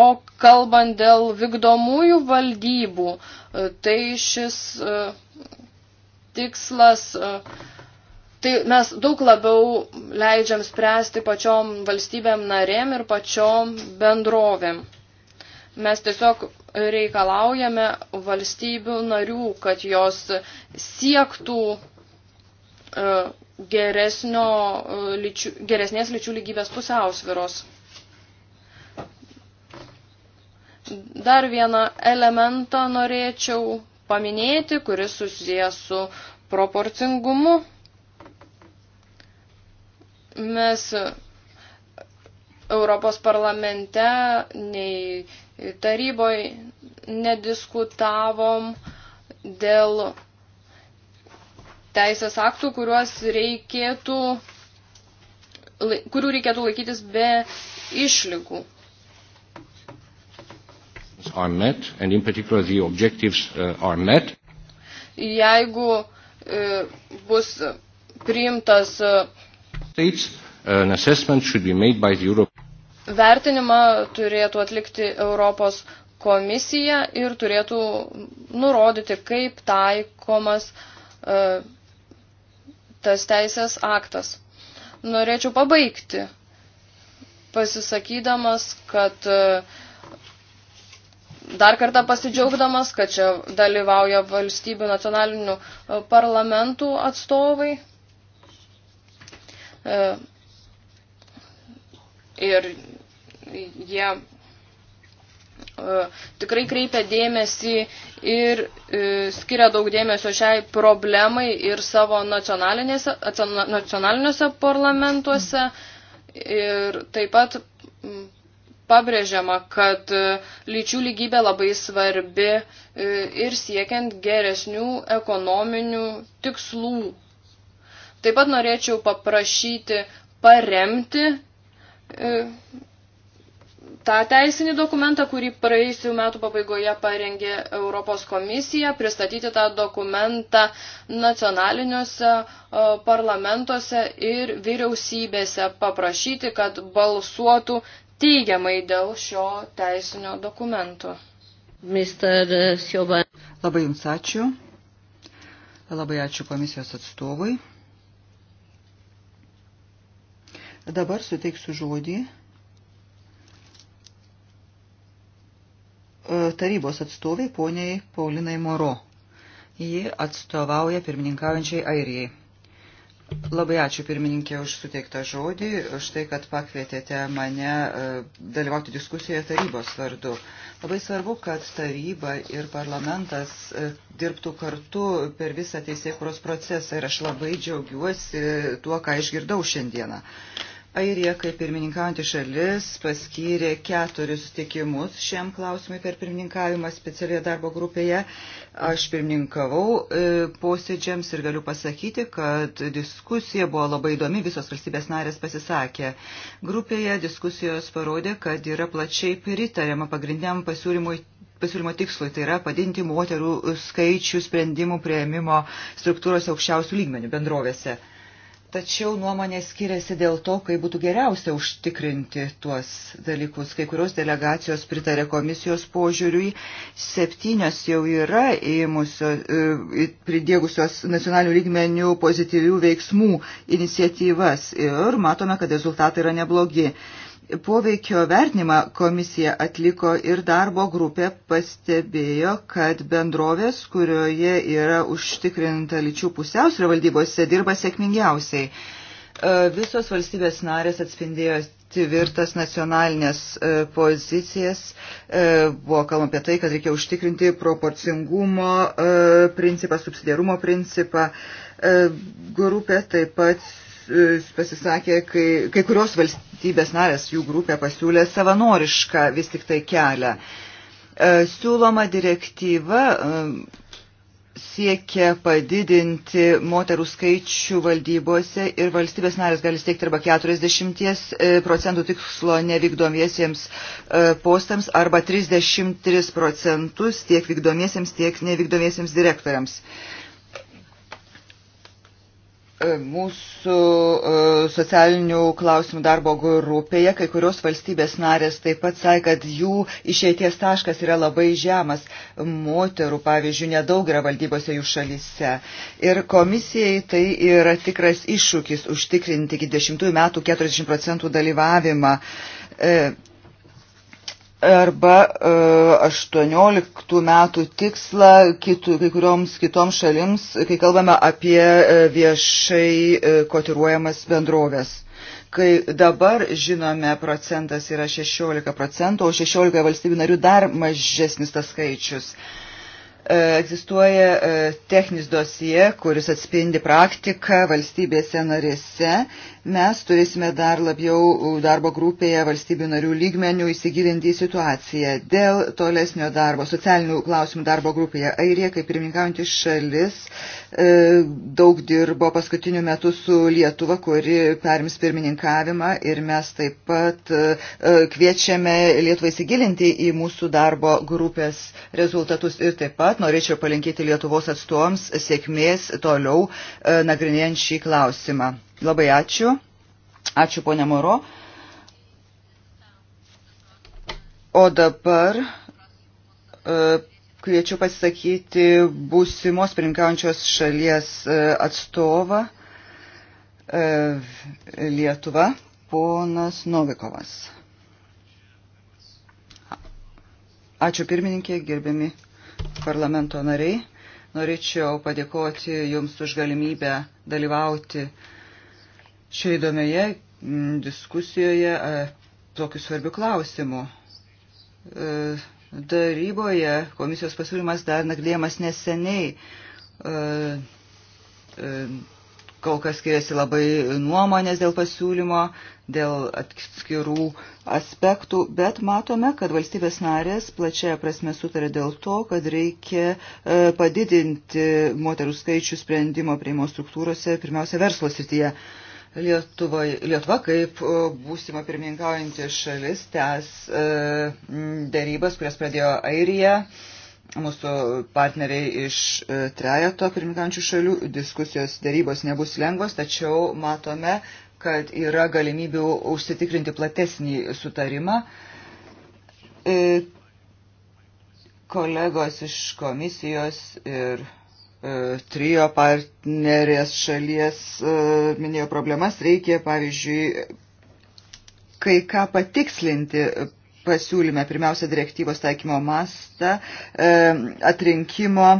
S4: O kalbant dėl vykdomųjų valdybų, e, tai šis e, tikslas, e, tai mes daug labiau leidžiam spręsti pačiom valstybėm narėm ir pačiom bendrovėm. Mes tiesiog reikalaujame valstybių narių, kad jos siektų e, geresnio, e, lyčių, geresnės lyčių lygybės pusiausviros. Dar vieną elementą norėčiau paminėti, kuris susijęs su proporcingumu. Mes Europos parlamente nei Taryboje nediskutavom dėl teisės aktų, kuriuos reikėtų, kurių reikėtų laikytis be išlygų.
S2: Are met, and in particular the objectives uh, are met.
S4: Jeigu uh, bus priimtas uh, States, uh, an assessment should be made by the Euro Vertinimą turėtų atlikti Europos komisija ir turėtų nurodyti, kaip taikomas e, tas teisės aktas. Norėčiau pabaigti pasisakydamas, kad e, dar kartą pasidžiaugdamas, kad čia dalyvauja valstybių nacionalinių e, parlamentų atstovai. E, ir jie e, tikrai kreipia dėmesį ir e, skiria daug dėmesio šiai problemai ir savo nacionalinėse, nacionaliniuose parlamentuose. Ir taip pat pabrėžiama, kad e, lyčių lygybė labai svarbi ir siekiant geresnių ekonominių tikslų. Taip pat norėčiau paprašyti paremti tą teisinį dokumentą, kurį praėjusių metų pabaigoje parengė Europos komisija, pristatyti tą dokumentą nacionaliniuose e, parlamentuose ir vyriausybėse, paprašyti, kad balsuotų teigiamai dėl šio teisinio dokumento.
S1: Mr. E, Sioban. Labai jums ačiū. Labai ačiū komisijos atstovui. Dabar suteiksiu žodį E, tarybos atstoviai poniai Paulinai Moro. Ji atstovauja pirmininkaujančiai Airijai. Labai ačiū pirmininkė už suteiktą žodį, už tai, kad pakvietėte mane e, dalyvauti diskusijoje tarybos vardu. Labai svarbu, kad taryba ir parlamentas e, dirbtų kartu per visą teisėkuros procesą ir aš labai džiaugiuosi tuo, ką išgirdau šiandieną. Airija, kaip pirmininkaujantį šalis, paskyrė keturis tikimus šiam klausimui per pirmininkavimą specialioje darbo grupėje. Aš pirmininkavau e, posėdžiams ir galiu pasakyti, kad diskusija buvo labai įdomi, visos valstybės narės pasisakė. Grupėje diskusijos parodė, kad yra plačiai pritariama pagrindiniam pasiūlymui pasiūlymo tikslui, tai yra padinti moterų skaičių sprendimų prieimimo struktūros aukščiausių lygmenių bendrovėse. Tačiau nuomonė skiriasi dėl to, kaip būtų geriausia užtikrinti tuos dalykus. Kai kurios delegacijos pritarė komisijos požiūriui, septynios jau yra įmusio, e, pridėgusios nacionalinių lygmenių pozityvių veiksmų iniciatyvas ir matome, kad rezultatai yra neblogi. Poveikio vertinimą komisija atliko ir darbo grupė pastebėjo, kad bendrovės, kurioje yra užtikrinta lyčių pusiausvė valdybose, dirba sėkmingiausiai. E, visos valstybės narės atspindėjo tvirtas nacionalinės e, pozicijas. E, buvo kalbama apie tai, kad reikia užtikrinti proporcingumo principą, subsidiarumo principą. Grupė taip pat E, pasisakė, kai, kai kurios valstybės narės jų grupė pasiūlė savanorišką vis tik tai kelią. E, siūloma direktyva e, siekia padidinti moterų skaičių valdybose ir valstybės narės gali steigti arba 40 procentų tikslo nevykdomiesiems postams arba 33 procentus tiek vykdomiesiems, tiek nevykdomiesiems direktoriams. E, mūsų e, socialinių klausimų darbo grupėje kai kurios valstybės narės taip pat sakė, kad jų išeities taškas yra labai žemas. Moterų, pavyzdžiui, nedaug yra valdybose jų šalyse. Ir komisijai tai yra tikras iššūkis užtikrinti iki 10 metų 40 procentų dalyvavimą e, arba e, 18 metų tikslą kitų, kai kurioms kitoms šalims, kai kalbame apie e, viešai e, kotiruojamas bendrovės. Kai dabar, žinome, procentas yra 16 procentų, o 16 valstybių narių dar mažesnis tas skaičius. E, E, egzistuoja e, techninis dosie, kuris atspindi praktiką valstybėse narėse. Mes turėsime dar labiau darbo grupėje valstybių narių lygmenių įsigilinti į situaciją. Dėl tolesnio darbo, socialinių klausimų darbo grupėje, Airija, kaip pirmininkaujantis šalis, e, daug dirbo paskutiniu metu su Lietuva, kuri perims pirmininkavimą ir mes taip pat kviečiame Lietuvą įsigilinti į mūsų darbo grupės rezultatus ir taip pat pat norėčiau palinkėti Lietuvos atstovams sėkmės toliau e, nagrinėjant šį klausimą. Labai ačiū. Ačiū, ponė Moro. O dabar e, kviečiu pasisakyti būsimos pirmkiaujančios šalies e, atstovą Lietuva, ponas Novikovas. Ačiū pirmininkė, gerbiami parlamento nariai. Norėčiau padėkoti Jums už galimybę dalyvauti šioje įdomioje mm, diskusijoje tokiu svarbiu klausimu. E, daryboje komisijos pasiūlymas dar naglėjamas neseniai e, e, kol kas skiriasi labai nuomonės dėl pasiūlymo, dėl atskirų aspektų, bet matome, kad valstybės narės plačiaja prasme sutarė dėl to, kad reikia e, padidinti moterų skaičių sprendimo prieimo struktūrose, pirmiausia, verslo srityje. Lietuva, Lietuva kaip e, būsima pirmininkaujanti šalis tęs e, darybas, kurias pradėjo Airija. E, mūsų partneriai iš e, trejato pirmininkančių šalių. Diskusijos darybos nebus lengvos, tačiau matome, kad yra galimybių užsitikrinti platesnį sutarimą. E, kolegos iš komisijos ir e, trijo partnerės šalies minėjo problemas, reikia, pavyzdžiui, kai ką patikslinti pasiūlyme. Pirmiausia, direktyvos taikymo mastą, e, atrinkimo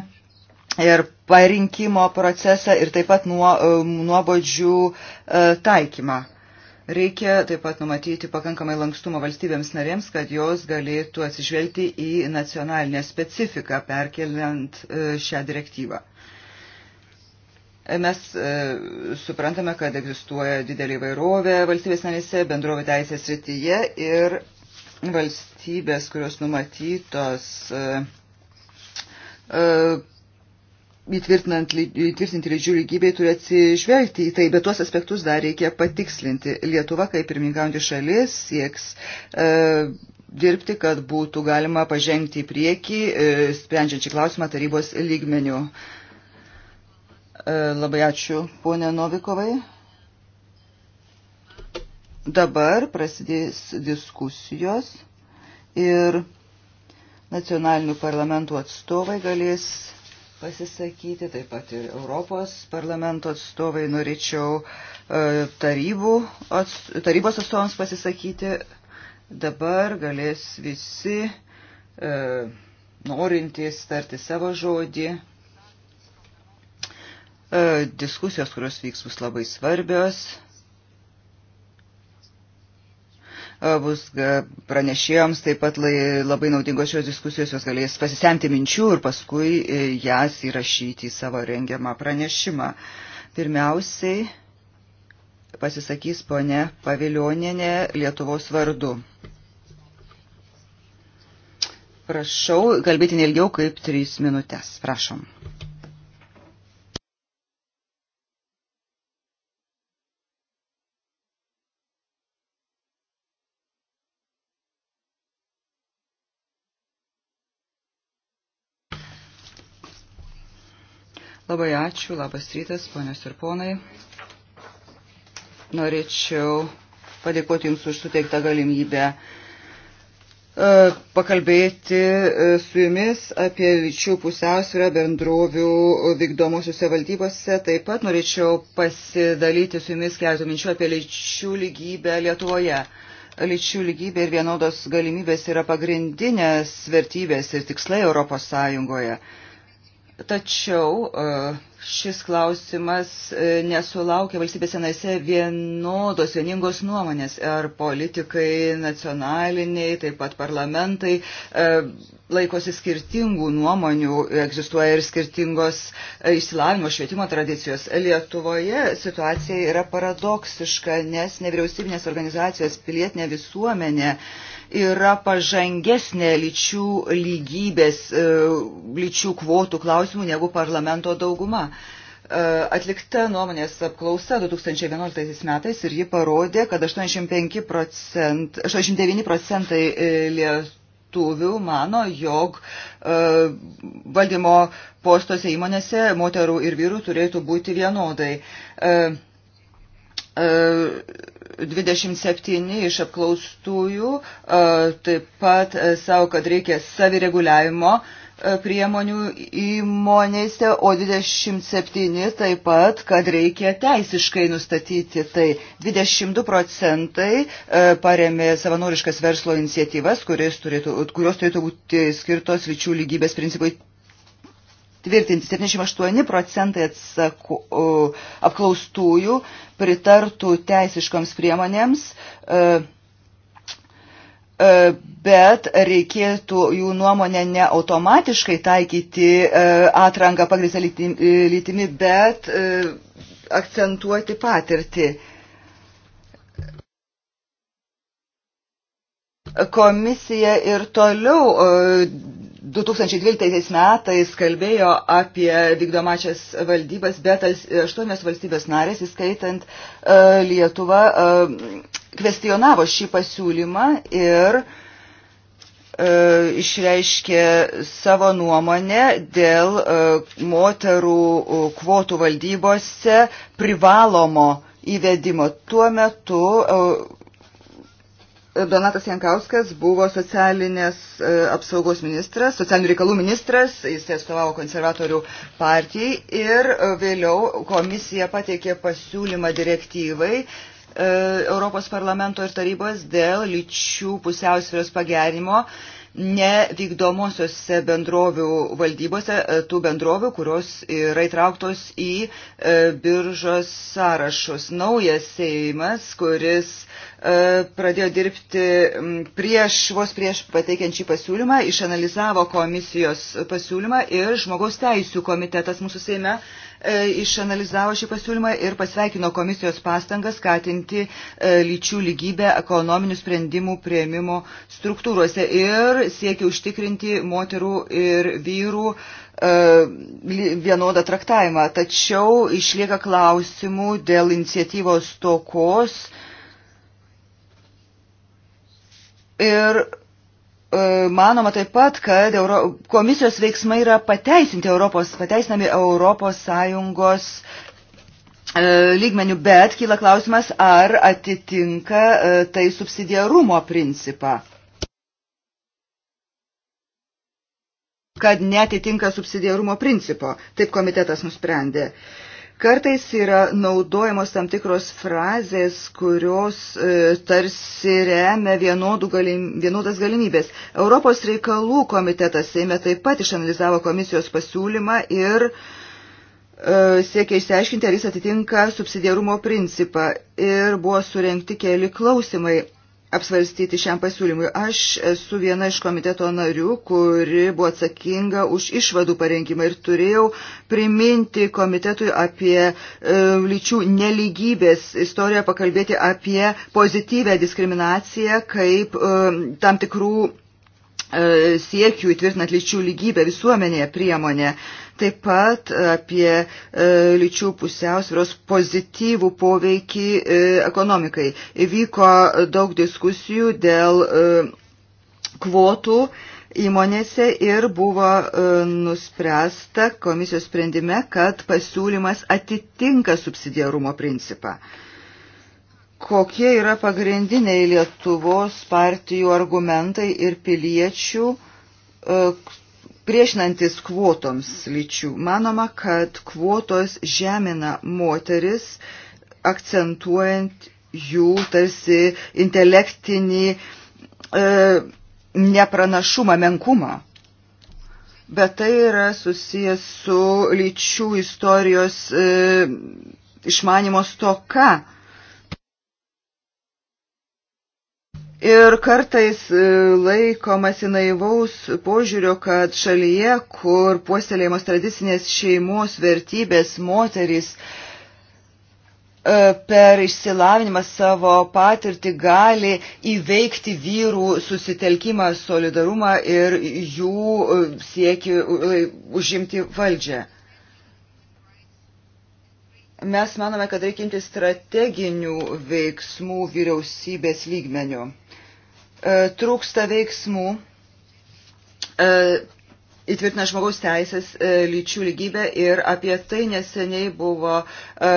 S1: ir parinkimo procesą ir taip pat nuo, e, nuobodžių e, taikymą. Reikia taip pat numatyti pakankamai lankstumą valstybėms narėms, kad jos galėtų atsižvelgti į nacionalinę specifiką perkeliant šią direktyvą. Mes suprantame, kad egzistuoja didelį vairovę valstybės narėse, bendrovė teisės rytyje ir valstybės, kurios numatytos e, e, įtvirtinti lyčių lygybei turi atsižvelgti į tai, bet tuos aspektus dar reikia patikslinti. Lietuva, kaip pirmingaujanti šalis, sieks e, dirbti, kad būtų galima pažengti į priekį, e, sprendžiančią klausimą tarybos lygmenių. E, labai ačiū, ponė Novikovai. Dabar prasidės diskusijos ir nacionalinių parlamentų atstovai galės pasisakyti, taip pat ir Europos parlamento atstovai, norėčiau e, tarybų, tarybos atstovams pasisakyti. Dabar galės visi e, norintys tarti savo žodį. E, diskusijos, kurios vyks, bus labai svarbios. bus pranešėjoms taip pat labai naudingos šios diskusijos, jos galės pasisemti minčių ir paskui e, jas įrašyti į savo rengiamą pranešimą. Pirmiausiai pasisakys ponė Paviljoninė Lietuvos vardu. Prašau, kalbėti nelgiau kaip trys minutės. Prašom. Labai ačiū, labas rytas, ponios ir ponai. Norėčiau padėkoti Jums už suteiktą galimybę e, pakalbėti e, su jumis apie lyčių pusiausvyrą bendrovių vykdomosiuose valdybose. Taip pat norėčiau pasidalyti su jumis keletą minčių apie lyčių lygybę Lietuvoje. Lyčių lygybė ir vienodos galimybės yra pagrindinės vertybės ir tikslai Europos Sąjungoje. Tačiau e, šis klausimas e, nesulaukia valstybėse naise vienodos vieningos nuomonės. Ar politikai, nacionaliniai, taip pat parlamentai e, laikosi skirtingų nuomonių, egzistuoja ir skirtingos išsilavinimo švietimo tradicijos. Lietuvoje situacija yra paradoksiška, nes nevyriausybinės organizacijos, pilietinė visuomenė yra pažangesnė lyčių lygybės, e, lyčių kvotų klausimų negu parlamento dauguma. E, atlikta nuomonės apklausa 2011 metais ir ji parodė, kad 85 procent, 89 procentai e, lietuvių mano, jog valdymo postose įmonėse moterų ir vyrų turėtų būti vienodai. 27 iš apklaustųjų e, taip pat e, savo, kad reikia savireguliavimo e, priemonių įmonėse, o 27 taip pat, kad reikia teisiškai nustatyti. Tai 22 procentai paremė savanoriškas verslo iniciatyvas, turėtų, kurios turėtų būti skirtos lyčių lygybės principui tvirtinti. 78 procentai atsaku, apklaustųjų pritartų teisiškoms priemonėms, e, e, bet reikėtų jų nuomonę ne automatiškai taikyti e, atrangą pagrįstą lytimi, bet akcentuoti patirtį. Komisija ir toliau 2012 metais kalbėjo apie vykdomačias valdybas, bet aštuonios valstybės narės, įskaitant e, Lietuvą, e, kvestionavo šį pasiūlymą ir e, išreiškė savo nuomonę dėl moterų kvotų valdybose privalomo įvedimo. Tuo metu Donatas Jankauskas buvo socialinės e, apsaugos ministras, socialinių reikalų ministras, jis atstovavo konservatorių partijai ir e, vėliau komisija pateikė pasiūlymą direktyvai e, Europos parlamento ir tarybos dėl lyčių pusiausvėros pagerinimo nevykdomosiose bendrovių valdybose, tų bendrovių, kurios yra įtrauktos į biržos sąrašus. Naujas Seimas, kuris uh, E, pradėjo dirbti prieš, vos prieš pateikiant šį pasiūlymą, išanalizavo komisijos pasiūlymą ir žmogaus teisų komitetas mūsų Seime e, išanalizavo šį pasiūlymą ir pasveikino komisijos pastangas skatinti e, lyčių lygybę ekonominių sprendimų prieimimo struktūrose ir siekia užtikrinti moterų ir vyrų vienodą traktavimą. Tačiau išlieka klausimų dėl iniciatyvos tokos, Ir e, manoma taip pat, kad Euro, komisijos veiksmai yra pateisinti Europos, pateisinami Europos Sąjungos e, lygmenių, bet kyla klausimas, ar atitinka e, tai subsidiarumo principą. Kad netitinka subsidiarumo principo, taip komitetas nusprendė. Uh, Kartais yra naudojamos tam tikros frazės, kurios e, tarsi remia galim, vienodas galimybės. Europos reikalų komitetas Seime taip pat išanalizavo komisijos pasiūlymą ir e, siekia išsiaiškinti, ar jis atitinka subsidiarumo principą. Ir buvo surenkti keli klausimai apsvarstyti šiam pasiūlymui. Aš esu viena iš komiteto narių, kuri buvo atsakinga už išvadų parengimą ir turėjau priminti komitetui apie e, lyčių neligybės istoriją, pakalbėti apie pozityvę diskriminaciją kaip e, tam tikrų E, siekių įtvirtinant lyčių lygybę visuomenėje priemonė, taip pat apie e, lyčių pusiausvėros pozityvų poveikį e, ekonomikai. Vyko daug diskusijų dėl kvotų įmonėse ir buvo nuspręsta komisijos sprendime, kad pasiūlymas atitinka subsidiarumo principą kokie yra pagrindiniai Lietuvos partijų argumentai ir piliečių e, priešinantis kvotoms lyčių. Manoma, kad kvotos žemina moteris, akcentuojant jų tarsi intelektinį e, nepranašumą, menkumą. Bet tai yra susijęs su lyčių istorijos e, išmanimo stoka. E, Ir kartais e, laikomasi naivaus požiūrio, kad šalyje, kur puoselėjamos tradicinės šeimos vertybės moterys e, per išsilavinimą savo patirtį gali įveikti vyrų susitelkimą, solidarumą ir jų e, sieki užimti valdžią. Mes manome, kad reikia imti strateginių veiksmų vyriausybės lygmenių. E, trūksta veiksmų, e, įtvirtina žmogaus teisės e, lyčių lygybę ir apie tai neseniai buvo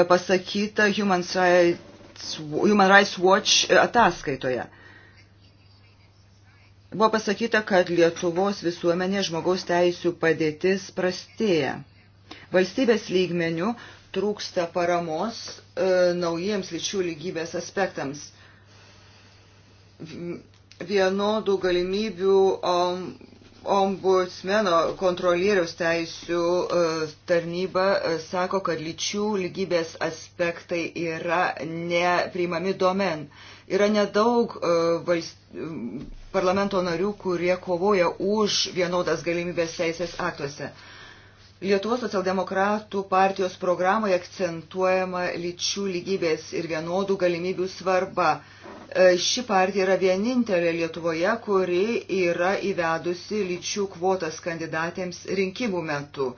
S1: pasakyta Human Rights, Human Rights Watch ataskaitoje. Buvo pasakyta, kad Lietuvos visuomenė žmogaus teisų padėtis prastėja. Valstybės lygmenių trūksta paramos e, naujiems lyčių lygybės aspektams vienodų galimybių um, ombudsmeno kontrolieriaus teisių uh, tarnyba uh, sako, kad lyčių lygybės aspektai yra nepriimami domen. Yra nedaug uh, valst... Um, parlamento narių, kurie kovoja už vienodas galimybės teisės aktuose. Lietuvos socialdemokratų partijos programoje akcentuojama lyčių lygybės ir vienodų galimybių svarba. E, ši partija yra vienintelė Lietuvoje, kuri yra įvedusi lyčių kvotas kandidatėms rinkimų metu e,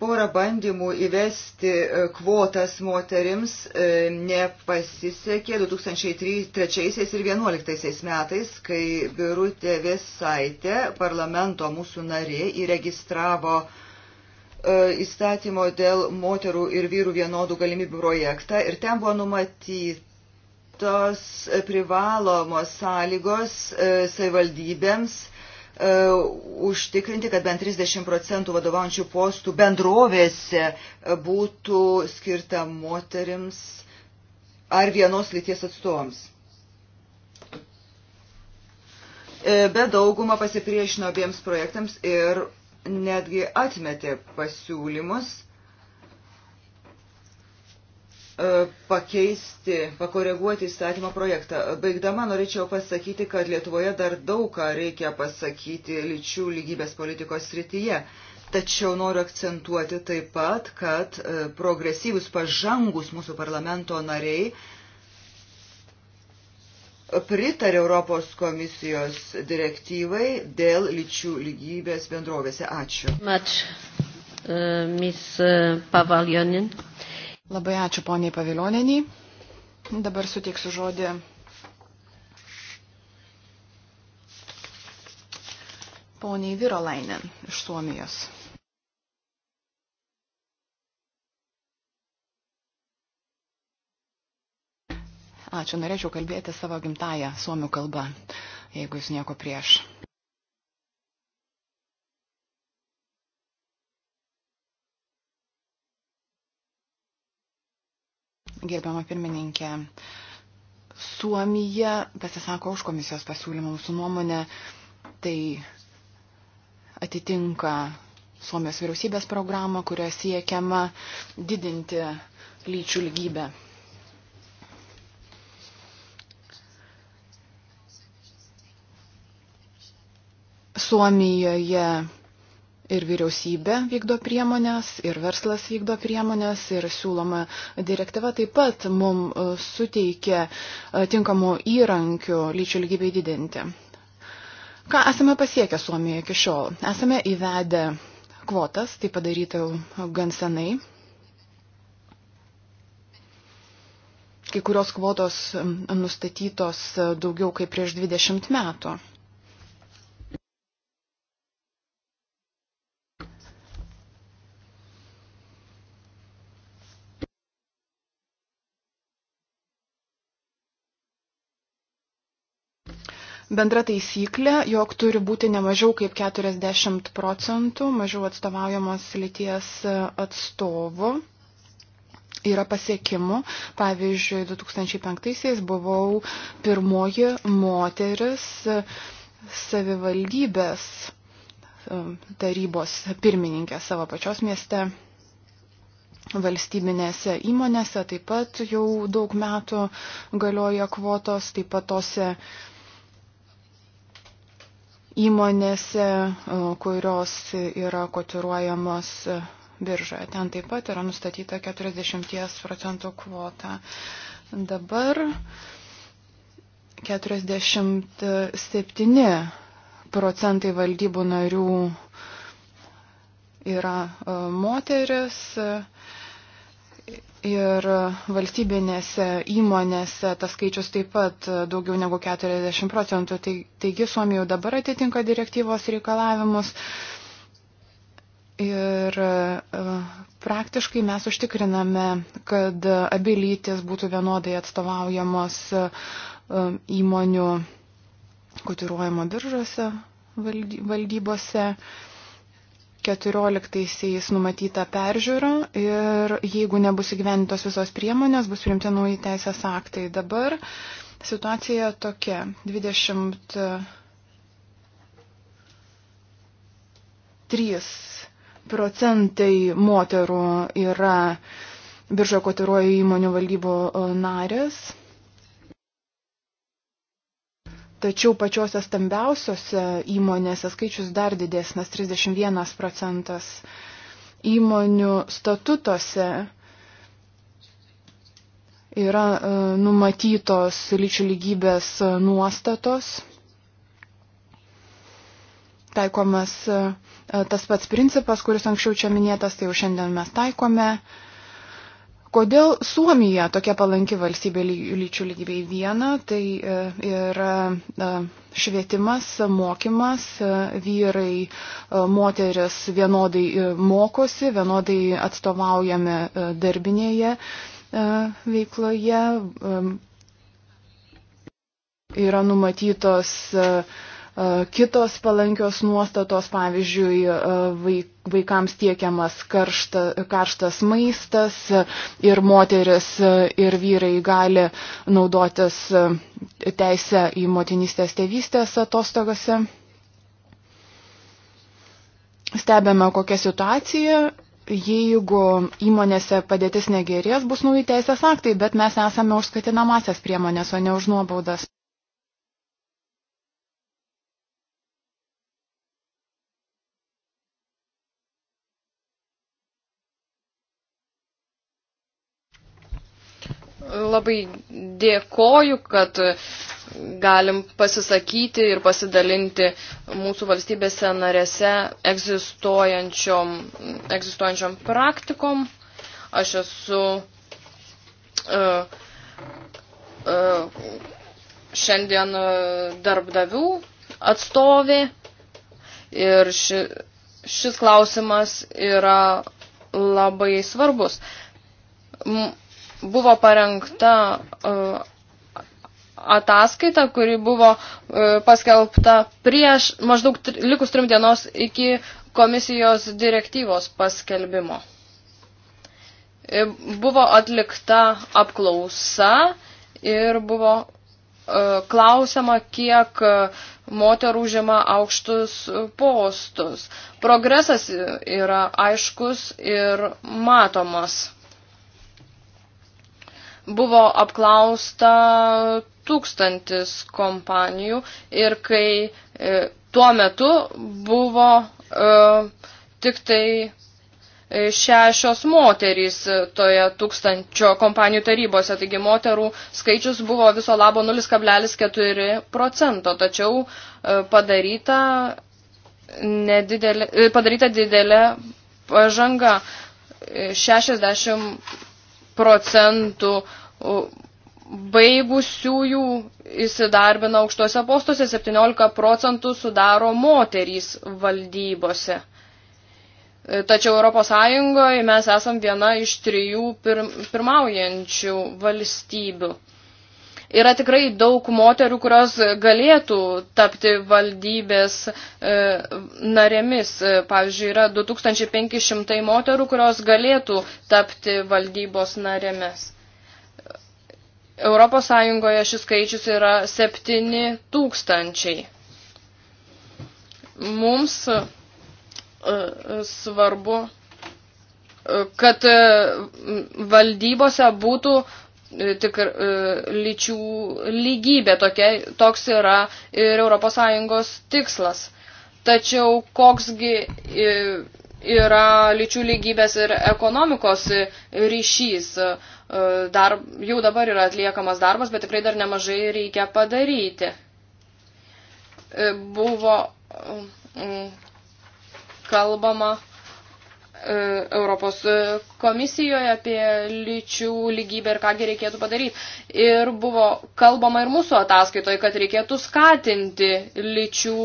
S1: porą bandymų įvesti e, kvotas moterims e, nepasisekė 2003 ir 2011 metais, kai Birutė Vesaitė, parlamento mūsų narė, įregistravo e, įstatymo dėl moterų ir vyrų vienodų galimybių projektą ir ten buvo numatytos privalomos sąlygos savivaldybėms E, užtikrinti, kad bent 30 procentų vadovaujančių postų bendrovėse e, būtų skirta moterims ar vienos lyties atstovams. E, be dauguma pasipriešino abiems projektams ir netgi atmetė pasiūlymus E, pakeisti, pakoreguoti įstatymo projektą. Baigdama norėčiau pasakyti, kad Lietuvoje dar daug ką reikia pasakyti lyčių lygybės politikos srityje. Tačiau noriu akcentuoti taip pat, kad e, progresyvus pažangus mūsų parlamento nariai pritarė Europos komisijos direktyvai dėl lyčių lygybės bendrovėse. Ačiū. Much,
S3: uh, Ms. Uh, Pavaljonin. Labai ačiū poniai Paviljoneniai. Dabar suteiksiu žodį poniai Virolainen iš Suomijos. Ačiū, norėčiau kalbėti savo gimtają suomių kalbą, jeigu jūs nieko prieš. gerbiama pirmininkė. Suomija pasisako už komisijos pasiūlymą mūsų nuomonę, tai atitinka Suomijos vyriausybės programą, kurioje siekiama didinti lyčių lygybę. Suomijoje ir vyriausybė vykdo priemonės, ir verslas vykdo priemonės, ir siūloma direktyva taip pat mum e, suteikia e, tinkamų įrankių lyčių lygybei didinti. Ką esame pasiekę Suomijoje iki šiol? Esame įvedę kvotas, tai padaryta jau gan senai. Kai kurios kvotos nustatytos e, daugiau kaip prieš 20 metų. bendra taisyklė, jog turi būti ne mažiau kaip 40 procentų mažiau atstovaujamos lyties atstovų yra pasiekimų. Pavyzdžiui, 2005-aisiais buvau pirmoji moteris savivaldybės um, tarybos pirmininkė savo pačios mieste valstybinėse įmonėse. Taip pat jau daug metų galioja kvotos, taip pat tose uh, įmonėse, kurios yra kotiruojamos biržoje. Ten taip pat yra nustatyta 40 procentų kvota. Dabar 47 procentai valdybų narių yra moteris. Ir valstybinėse įmonėse tas skaičius taip pat daugiau negu 40 procentų. Tai, taigi Suomija jau dabar atitinka direktyvos reikalavimus. Ir e, praktiškai mes užtikriname, kad abi lytis būtų vienodai atstovaujamos e, įmonių kotiruojamo biržose valdybose. 14-aisiais numatyta peržiūra ir jeigu nebus įgyvenintos visos priemonės, bus priimti nauji teisės aktai. Dabar situacija tokia. 23 procentai moterų yra biržo kotiruoja įmonių valdybo narės. Tačiau pačiose stambiausiose įmonėse skaičius dar didesnis - 31 procentas. Įmonių statutuose yra e, numatytos lyčių lygybės e, nuostatos. Taikomas e, tas pats principas, kuris anksčiau čia minėtas, tai jau šiandien mes taikome. Uh, Kodėl Suomija tokia palanki valstybė lyčių lygybei viena, tai e, yra e, švietimas, mokymas, e, vyrai, moteris vienodai mokosi, vienodai atstovaujame darbinėje veikloje, yra numatytos uh, kitos palankios nuostatos, pavyzdžiui, vaikams tiekiamas karšta, karštas maistas ir moteris ir vyrai gali naudotis teisę į motinystės tėvystės atostogose. Stebėme, kokia situacija jeigu įmonėse padėtis negerės, bus nauji teisės aktai, bet mes esame už skatinamasias priemonės, o ne už nuobaudas.
S4: labai dėkoju, kad galim pasisakyti ir pasidalinti mūsų valstybėse narėse egzistuojančiom, egzistuojančiom praktikom. Aš esu uh, uh, šiandien e, darbdavių atstovė ir ši, šis klausimas yra labai svarbus. M buvo parengta e, ataskaita, kuri buvo e, paskelbta prieš maždaug likus trim dienos iki komisijos direktyvos paskelbimo. E, buvo atlikta apklausa ir buvo klausiama, kiek moterų žema aukštus postus. Progresas yra aiškus ir matomas. Buvo apklausta tūkstantis kompanijų ir kai e, tuo metu buvo e, tik tai e, šešios moterys toje tūkstančio kompanijų tarybose, taigi moterų skaičius buvo viso labo 0,4 procento, tačiau e, padaryta, nedidelė, e, padaryta didelė pažanga. 60 procentų baigusiųjų įsidarbina aukštose postuose, 17 procentų sudaro moterys valdybose. E, tačiau Europos Sąjungoje mes esam viena iš trijų pirmaujančių valstybių. Yra tikrai daug moterų, kurios galėtų tapti valdybės e, narėmis. E, pavyzdžiui, yra 2500 moterų, kurios galėtų tapti valdybos narėmis. Europos Sąjungoje šis skaičius yra 7000. Mums e, e, svarbu, kad valdybose būtų tikr, e, lyčių lygybė. Tokia, toks yra ir ES tikslas. Tačiau koksgi e, yra lyčių lygybės ir ekonomikos ryšys. E, dar, jau dabar yra atliekamas darbas, bet tikrai dar nemažai reikia padaryti. Buvo mm, kalbama E, Europos komisijoje apie lyčių lygybę ir kągi reikėtų padaryti. Ir buvo kalbama ir mūsų ataskaitoje, kad reikėtų skatinti lyčių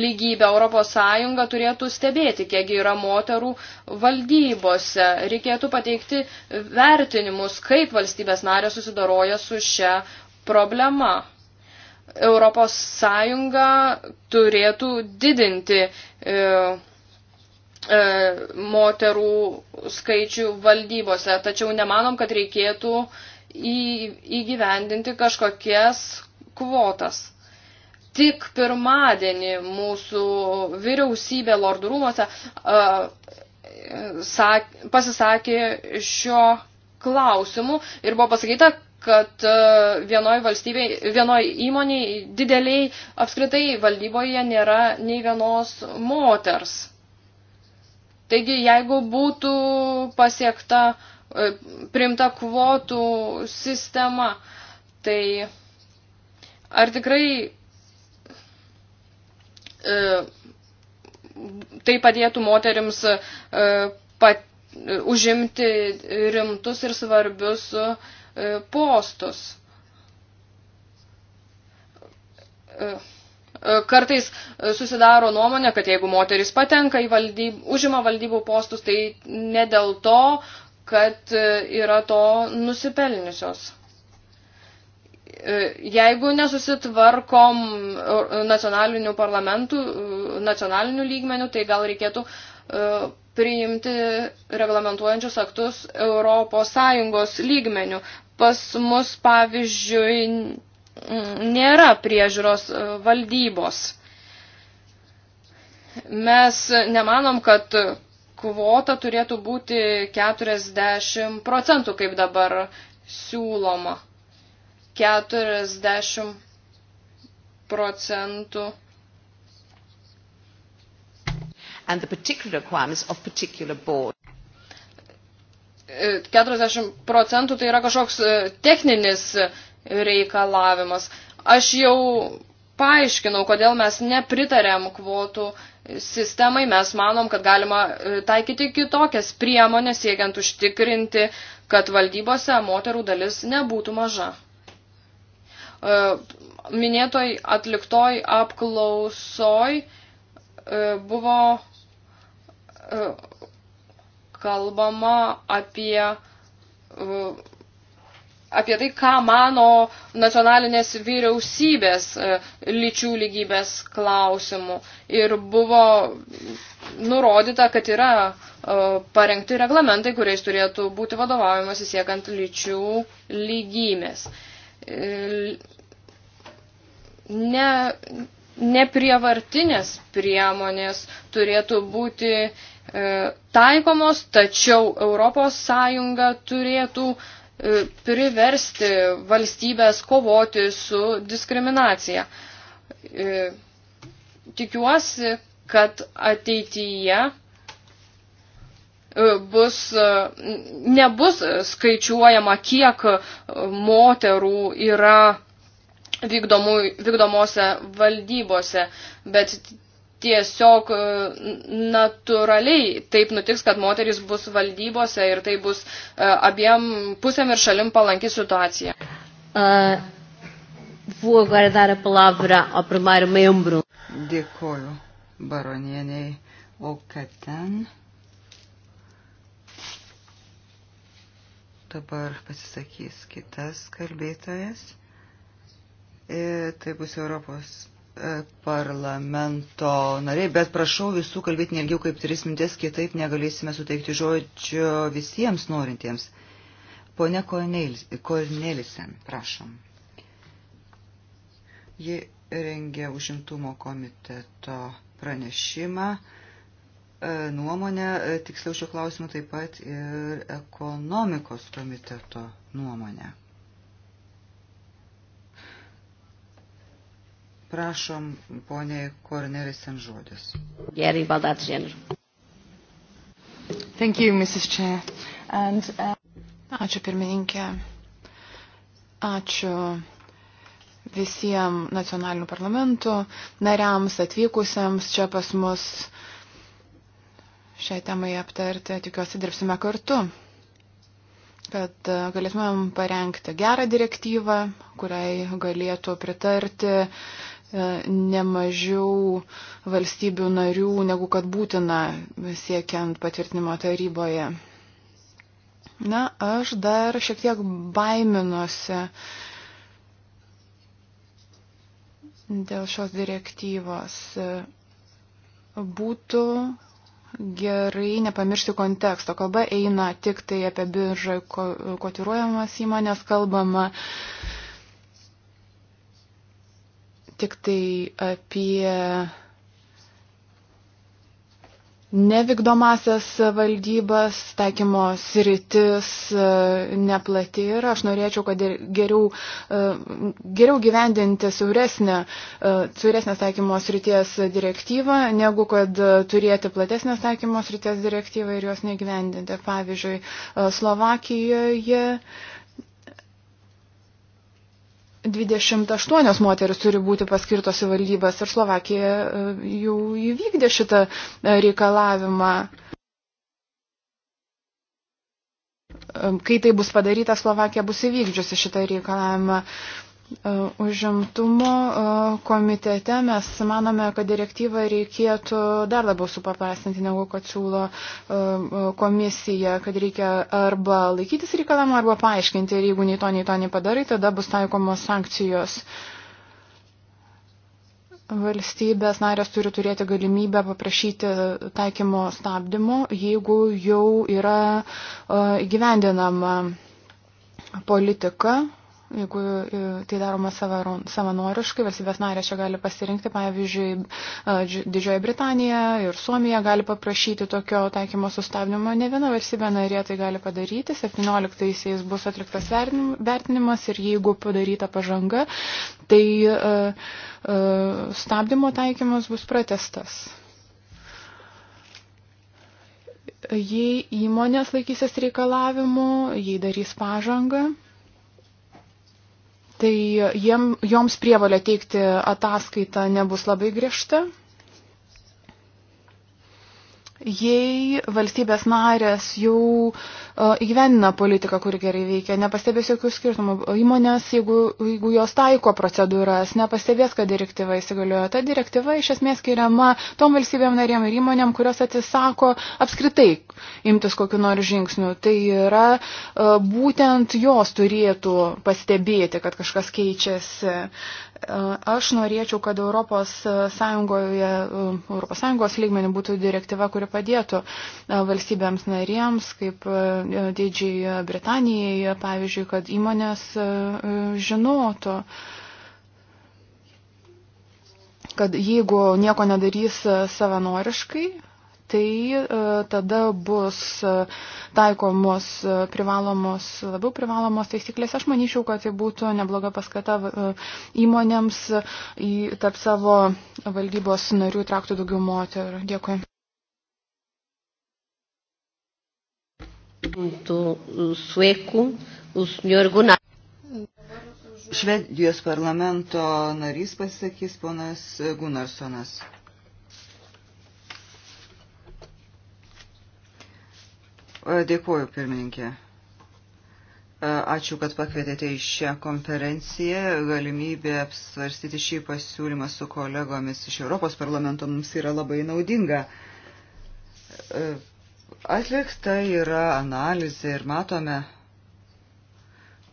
S4: lygybę. Europos Sąjunga turėtų stebėti, kiekgi yra moterų valdybose. Reikėtų pateikti vertinimus, kaip valstybės narė susidaroja su šia problema. Europos Sąjunga turėtų didinti e, E, moterų skaičių valdybose, tačiau nemanom, kad reikėtų įgyvendinti kažkokias kvotas. Tik pirmadienį mūsų vyriausybė Lordų rūmose e, pasisakė šio klausimu ir buvo pasakyta, kad e, vienoj valstybei, vienoj įmoniai dideliai apskritai valdyboje nėra nei vienos moters. Taigi, jeigu būtų pasiekta e, primta kvotų sistema, tai ar tikrai e, tai padėtų moterims e, pat, e, užimti rimtus ir svarbius e, postus? E, E, kartais e, susidaro nuomonė, kad jeigu moteris patenka į valdybų, užima valdybų postus, tai ne dėl to, kad e, yra to nusipelniusios. Jeigu nesusitvarkom nacionalinių parlamentų, nacionalinių lygmenių, tai gal reikėtų priimti reglamentuojančius aktus Europos Sąjungos lygmenių. Pas mus, pavyzdžiui, Mm, nėra priežiūros e, valdybos. Mes nemanom, kad kvota turėtų būti 40 procentų, kaip dabar siūloma. 40 procentų.
S2: And the particular requirements of particular board.
S4: 40 e, procentų tai yra kažkoks e, techninis reikalavimas. Aš jau paaiškinau, kodėl mes nepritarėm kvotų sistemai, mes manom, kad galima e, taikyti kitokias priemonės, siekiant užtikrinti, kad valdybose moterų dalis nebūtų maža. E, minėtoj atliktoj apklausoj e, buvo kalbama apie apie tai, ką mano nacionalinės vyriausybės e, lyčių lygybės klausimų. Ir buvo nurodyta, kad yra e, parengti reglamentai, kuriais turėtų būti vadovaujamas įsiekant lyčių lygybės. E, ne, neprievartinės priemonės turėtų būti taikomos, tačiau Europos Sąjunga turėtų uh, E, priversti valstybės kovoti su diskriminacija. E, tikiuosi, kad ateityje e, bus, nebus skaičiuojama, kiek moterų yra vykdomų, vykdomose valdybose, bet tiesiog e, natūraliai taip nutiks, kad moteris bus valdybose ir tai bus e, abiem pusėm ir šalim palanki situacija.
S2: Uh. Vou agora dar a palavra ao primeiro membro.
S1: Dėkoju, baronieniai Aukaten. Dabar pasisakys kitas kalbėtojas. Ir e, tai bus Europos E, parlamento nariai, bet prašau visų kalbėti nelgiau kaip tris mintis, kitaip negalėsime suteikti žodžio visiems norintiems. Pone Kornelisen, prašom. Ji rengė užimtumo komiteto pranešimą, e, nuomonę, e, tiksliau šio klausimu taip pat ir ekonomikos komiteto nuomonę. Prašom, ponė Kornelis ant žodis. Gerai, baldat žemė.
S3: Thank you, Mrs. Chair. And, uh... Ačiū pirmininkė. Ačiū visiems nacionalinių parlamentų nariams atvykusiems čia pas mus šiai temai aptarti. Tikiuosi dirbsime kartu, kad uh, galėtumėm parengti gerą direktyvą, kuriai galėtų pritarti E, nemažiau valstybių narių, negu kad būtina siekiant patvirtinimo taryboje. Na, aš dar šiek tiek baiminuosi dėl šios direktyvos. Būtų gerai nepamiršti konteksto. Kalba eina tik tai apie biržą kotiruojamas įmonės, kalbama uh, tik tai apie nevykdomasias valdybas, taikymo sritis e, neplati ir aš norėčiau, kad geriau, e, geriau gyvendinti siauresnę, e, siauresnės taikymo srities direktyvą, negu kad turėti platesnės taikymo srities direktyvą ir jos negyvendinti. Pavyzdžiui, Slovakijoje. Yeah 28 moteris turi būti paskirtos į valdybas ir Slovakija e, jau įvykdė šitą e, reikalavimą. E, kai tai bus padaryta, Slovakija bus įvykdžiusi šitą reikalavimą. E, užimtumo e, komitete mes manome, kad direktyvą reikėtų dar labiau supaprastinti, negu kad siūlo e, komisija, kad reikia arba laikytis reikalavimą, arba paaiškinti ir jeigu nei to, nei to nepadarai, tada bus taikomos sankcijos. Valstybės narės turi turėti galimybę paprašyti taikymo stabdymo, jeigu jau yra įgyvendinama politika Jeigu e, tai daroma savanoriškai, valstybės narės čia gali pasirinkti, pavyzdžiui, Didžioji Britanija ir Suomija gali paprašyti tokio taikymo sustabdymo. Ne viena valstybė narė tai gali padaryti. 17-aisiais bus atliktas vertinimas ir jeigu padaryta pažanga, tai uh, uh, stabdymo taikymas bus pratestas jei įmonės laikysis reikalavimų, jei darys pažangą, tai jiem, joms prievalė teikti ataskaitą nebus labai griežta jei valstybės narės jau e, įgyvenina politiką, kuri gerai veikia, nepastebės jokių skirtumų. Įmonės, jeigu, jeigu jos taiko procedūras, nepastebės, kad direktyva įsigaliojo. Ta direktyva iš esmės skiriama tom valstybėm narėm ir įmonėm, kurios atsisako apskritai imtis kokiu nors žingsniu. Tai yra e, būtent jos turėtų pastebėti, kad kažkas keičiasi. Aš norėčiau, kad Europos Sąjungoje, Europos Sąjungos lygmenį būtų direktyva, kuri padėtų e, valstybėms narėms, kaip e, didžiai Britanijai, pavyzdžiui, kad įmonės e, žinotų kad jeigu nieko nedarys savanoriškai, tai e, tada bus e, taikomos e, privalomos, labiau privalomos taisyklės. Aš manyčiau, kad tai būtų nebloga paskata įmonėms į tarp savo valdybos narių įtraukti daugiau moterų. Dėkui.
S2: Do sueco, o senhor Gunnar.
S1: Švedijos parlamento narys pasisakys ponas Gunarsonas. Dėkuoju, pirmininkė. Ačiū, kad pakvietėte į šią konferenciją. Galimybė apsvarstyti šį pasiūlymą su kolegomis iš Europos parlamento mums yra labai naudinga. Atlikta yra analizė ir matome,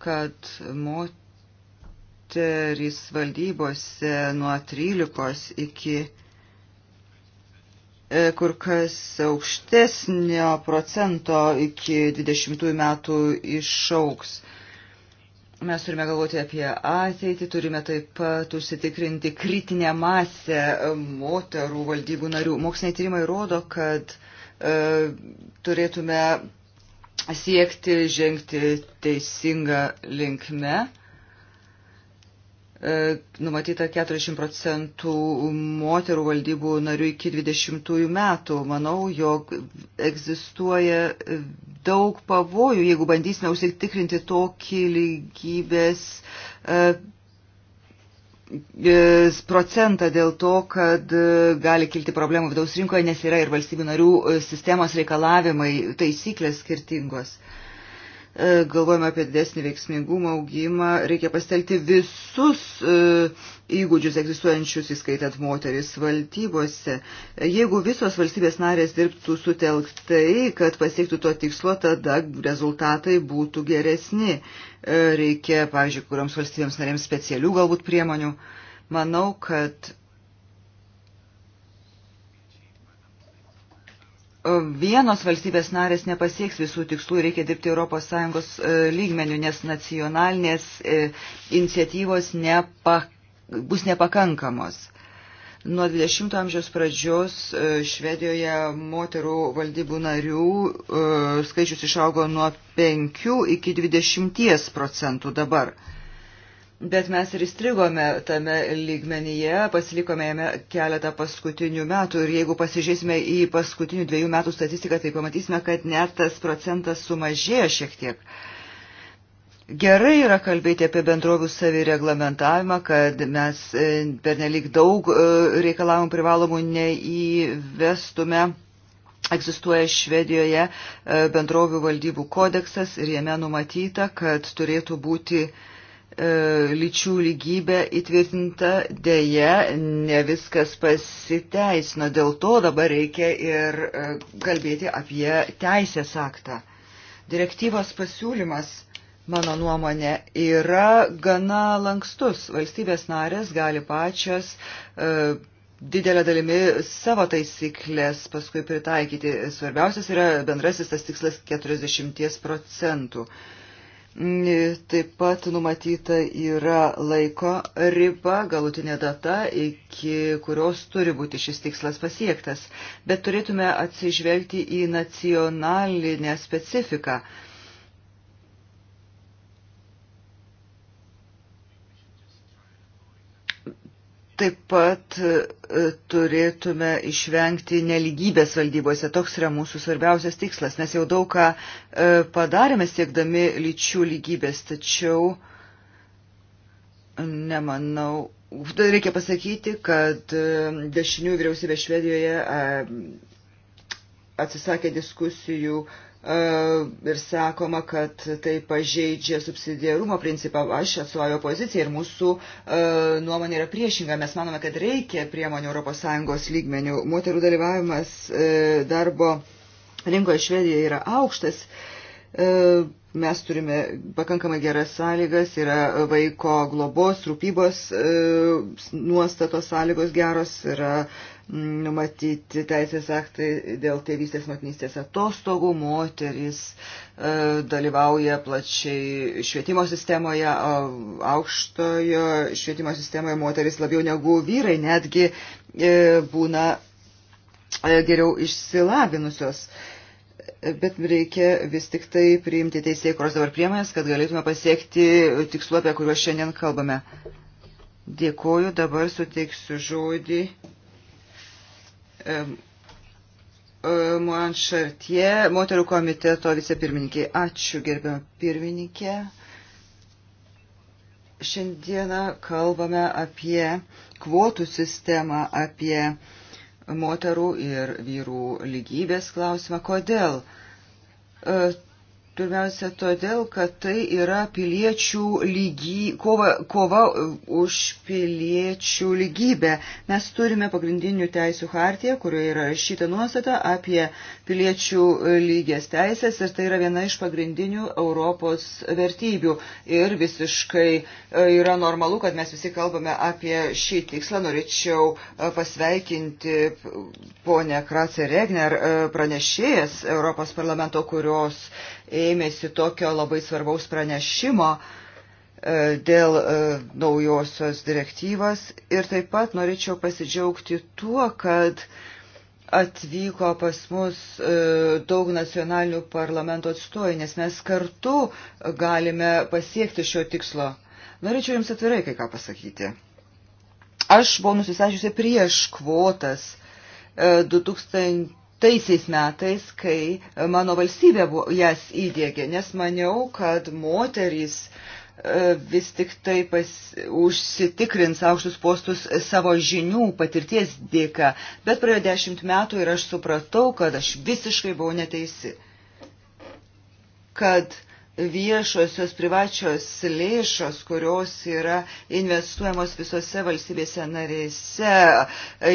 S1: kad moterys valdybose nuo 13 iki 15 E, kur kas aukštesnio procento iki 20 metų išauks. Mes turime galvoti apie ateitį, turime taip pat užsitikrinti kritinę masę moterų valdybų narių. Moksliniai tyrimai rodo, kad e, turėtume siekti žengti teisingą linkme. E, E, numatyta 40 procentų moterų valdybų narių iki 20 metų. Manau, jog egzistuoja daug pavojų, jeigu bandysime užsitikrinti tokį lygybės e, e, procentą dėl to, kad gali kilti problemų vidaus rinkoje, nes yra ir valstybių narių sistemos reikalavimai, taisyklės skirtingos. Uh, E, galvojame apie didesnį veiksmingumą, augimą, reikia pastelti visus e, įgūdžius egzistuojančius, įskaitant moteris valdybose. E, jeigu visos valstybės narės dirbtų sutelktai, kad pasiektų to tikslo, tada rezultatai būtų geresni. Reikia, pavyzdžiui, kuriams valstybėms narėms specialių galbūt priemonių. Manau, kad vienos valstybės narės nepasieks visų tikslų, reikia dirbti ES e, lygmenių, nes nacionalinės e, iniciatyvos nepa, bus nepakankamos. Nuo 20 amžiaus pradžios e, Švedijoje moterų valdybų narių skaičius išaugo nuo 5 iki 20 procentų dabar. Bet mes ir įstrigome tame lygmenyje, pasilikome jame keletą paskutinių metų ir jeigu pasižiūrėsime į paskutinių dviejų metų statistiką, tai pamatysime, kad net tas procentas sumažėjo šiek tiek. Gerai yra kalbėti apie bendrovių savireglamentavimą, kad mes e, per nelik daug e, reikalavimų privalomų neįvestume. Egzistuoja Švedijoje e, bendrovių valdybų kodeksas ir jame numatyta, kad turėtų būti uh, E, lyčių lygybė įtvirtinta, dėje ne viskas pasiteisino, dėl to dabar reikia ir e, kalbėti apie teisės aktą. Direktyvos pasiūlymas, mano nuomonė, yra gana lankstus. Valstybės narės gali pačios e, didelę dalimi savo taisyklės paskui pritaikyti. Svarbiausias yra bendrasis tas tikslas 40 procentų. E, Taip pat numatyta yra laiko riba, galutinė data, iki kurios turi būti šis tikslas pasiektas, bet turėtume atsižvelgti į nacionalinę specifiką. Taip pat e, turėtume išvengti neligybės valdybose. Toks yra mūsų svarbiausias tikslas. Mes jau daug ką e, padarėme siekdami lyčių lygybės, tačiau nemanau. Reikia pasakyti, kad e, dešinių vyriausybė Švedijoje atsisakė diskusijų E, ir sakoma, kad tai pažeidžia subsidiarumo principą. Aš atstovauju opoziciją ir mūsų e, nuomonė yra priešinga. Mes manome, kad reikia priemonių ES lygmenių. Moterų dalyvavimas e, darbo rinkoje Švedijoje yra aukštas. Mes turime pakankamai geras sąlygas, yra vaiko globos, rūpybos nuostatos sąlygos geros, yra numatyti teisės aktai dėl tėvystės motinystės atostogų, moteris e, dalyvauja plačiai švietimo sistemoje, aukštojo švietimo sistemoje moteris labiau negu vyrai netgi e, būna e, geriau išsilavinusios. Bet reikia vis tik tai priimti teisėjai kros dabar priemonės, kad galėtume pasiekti tikslų, apie kuriuos šiandien kalbame. Dėkoju, dabar suteiksiu žodį Moan Šartie, moterų komiteto vicepirmininkė. Ačiū, gerbiam pirmininkė. Šiandieną kalbame apie kvotų sistemą, apie moterų ir vyrų lygybės klausimą. Kodėl e, Pirmiausia, todėl, kad tai yra piliečių lygy, kova, kova už piliečių lygybę. Mes turime pagrindinių teisų hartiją, kurioje yra šita nuostata apie piliečių lygės teisės ir tai yra viena iš pagrindinių Europos vertybių. Ir visiškai e, yra normalu, kad mes visi kalbame apie šį tikslą. Norėčiau e, pasveikinti ponę Kratzer Regner e, pranešėjas Europos parlamento, kurios ėmėsi tokio labai svarbaus pranešimo e, dėl e, naujosios direktyvos. Ir taip pat norėčiau pasidžiaugti tuo, kad atvyko pas mus e, daug nacionalinių parlamento atstovų, nes mes kartu galime pasiekti šio tikslo. Norėčiau Jums atvirai kai ką pasakyti. Aš buvau nusisažiusi prieš kvotas 2000 taisiais metais, kai mano valstybė buvo, jas įdėgė, nes maniau, kad moterys e, vis tik tai pas, užsitikrins aukštus postus savo žinių, patirties dėka. Bet praėjo dešimt metų ir aš supratau, kad aš visiškai buvau neteisi. Kad uh, viešosios privačios lėšos, kurios yra investuojamos visose valstybėse narėse,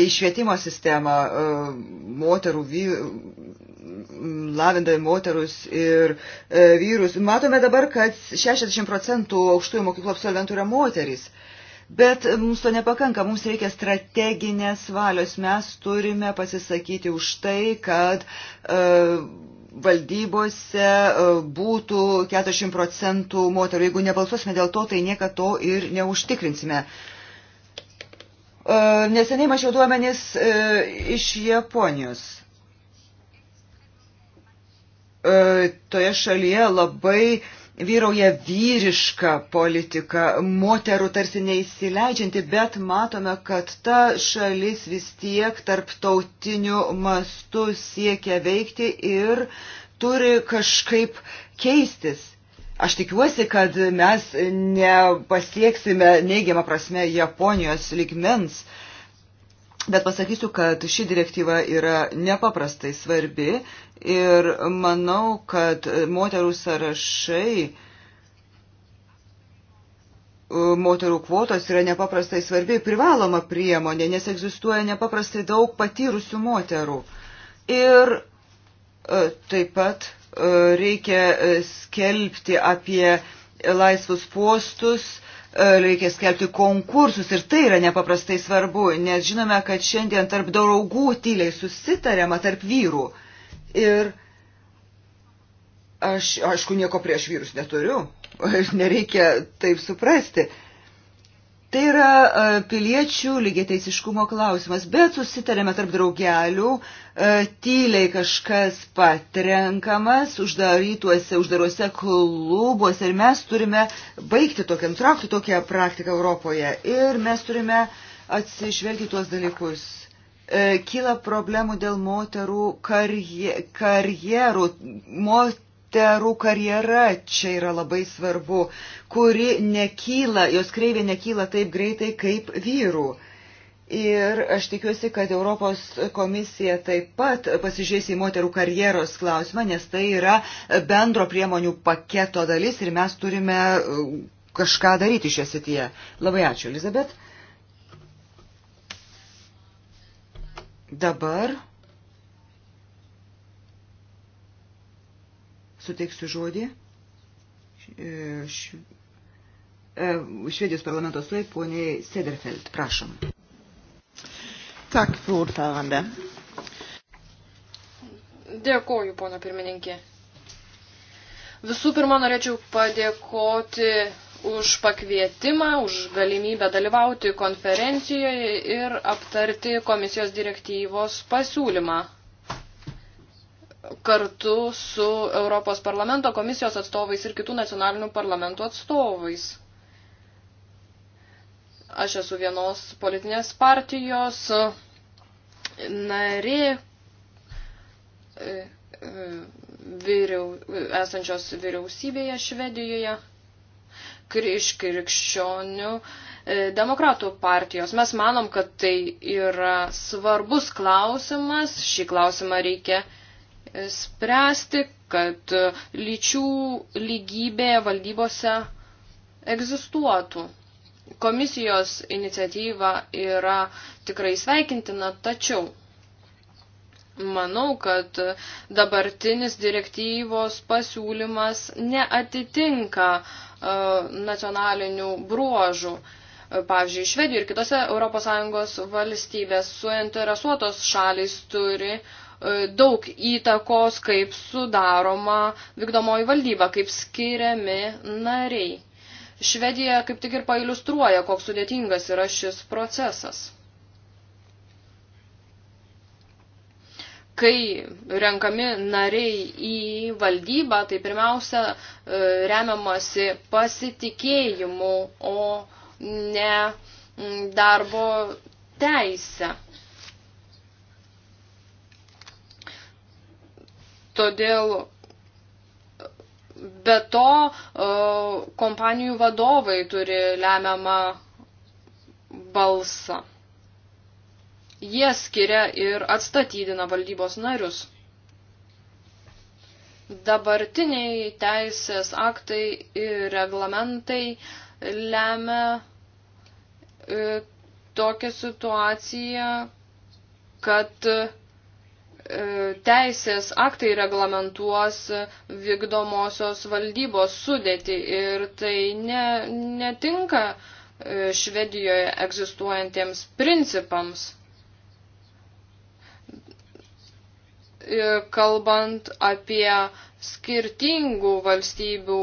S1: išvietimo e, sistema, e, moterų, vyrų, lavindami moterus ir e, vyrus. Matome dabar, kad 60 procentų aukštųjų mokyklų absolventų yra moterys. Bet mums to nepakanka, mums reikia strateginės valios, mes turime pasisakyti už tai, kad uh, valdybose e, būtų 40 procentų moterų. Jeigu nebalsuosime dėl to, tai niekad to ir neužtikrinsime. E, neseniai mačiau duomenys e, iš Japonijos. Toje šalyje labai vyrauja vyriška politika, moterų tarsi neįsileidžianti, bet matome, kad ta šalis vis tiek tarptautiniu mastu siekia veikti ir turi kažkaip keistis. Aš tikiuosi, kad mes nepasieksime neigiamą prasme Japonijos ligmens, bet pasakysiu, kad ši direktyva yra nepaprastai svarbi Ir manau, kad moterų sąrašai, moterų kvotos yra nepaprastai svarbi privaloma priemonė, nes egzistuoja nepaprastai daug patyrusių moterų. Ir e, taip pat e, reikia e, skelbti apie laisvus postus, reikia skelbti konkursus ir tai yra nepaprastai svarbu, nes žinome, kad šiandien tarp draugų tyliai susitariama tarp vyrų. Ir aš, aišku, nieko prieš vyrus neturiu, nereikia taip suprasti. Tai yra e, piliečių lygiateisiškumo klausimas, bet susitarėme tarp draugelių, e, tyliai kažkas patrenkamas uždarytuose, uždaruose klubuose ir mes turime baigti tokią, nutraukti tokią praktiką Europoje ir mes turime atsižvelgti tuos dalykus. E, kyla problemų dėl moterų karje, karjerų. Moterų karjera čia yra labai svarbu, kuri nekyla, jos kreivė nekyla taip greitai kaip vyrų. Ir aš tikiuosi, kad Europos komisija taip pat pasižiūrės į moterų karjeros klausimą, nes tai yra bendro priemonių paketo dalis ir mes turime e, kažką daryti šią sityje. Labai ačiū, Elizabet. Dabar suteiksiu žodį e, e, Švedijos parlamento atstovai poniai Sederfeld. Prašom. Tak, ordförande.
S4: Dėkoju, pono pirmininkė. Visų pirma, norėčiau padėkoti už pakvietimą, už galimybę dalyvauti konferencijoje ir aptarti komisijos direktyvos pasiūlymą kartu su Europos parlamento komisijos atstovais ir kitų nacionalinių parlamentų atstovais. Aš esu vienos politinės partijos narė e, e, vyriau, esančios vyriausybėje Švedijoje iš krikščionių e, demokratų partijos. Mes manom, kad tai yra svarbus klausimas, šį klausimą reikia e, spręsti, kad e, lyčių lygybė valdybose egzistuotų. Komisijos iniciatyva yra tikrai sveikintina, tačiau manau, kad dabartinis direktyvos pasiūlymas neatitinka uh, E, nacionalinių bruožų. E, pavyzdžiui, Švedijoje ir kitose ES valstybės suinteresuotos šalys turi e, daug įtakos, kaip sudaroma vykdomoji valdyba, kaip skiriami nariai. Švedija kaip tik ir pailustruoja, koks sudėtingas yra šis procesas. kai renkami nariai į valdybą, tai pirmiausia e, remiamasi pasitikėjimu, o ne darbo teisę. Todėl be to e, kompanijų vadovai turi lemiamą balsą. Jie skiria ir atstatydina valdybos narius. Dabartiniai teisės aktai ir reglamentai lemia e, tokią situaciją, kad e, teisės aktai reglamentuos vykdomosios valdybos sudėti ir tai ne, netinka e, Švedijoje egzistuojantiems principams. kalbant apie skirtingų valstybių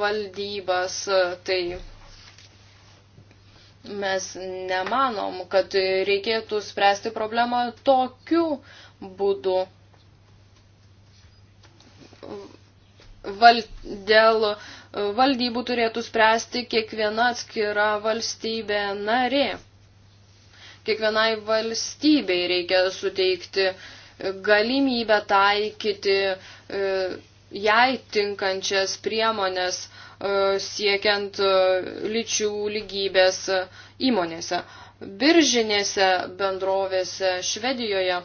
S4: valdybas, tai mes nemanom, kad reikėtų spręsti problemą tokiu būdu. Val, dėl valdybų turėtų spręsti kiekviena atskira valstybė narė. Kiekvienai valstybei reikia suteikti uh, galimybę taikyti e, jai tinkančias priemonės e, siekiant e, lyčių lygybės įmonėse. Biržinėse bendrovėse Švedijoje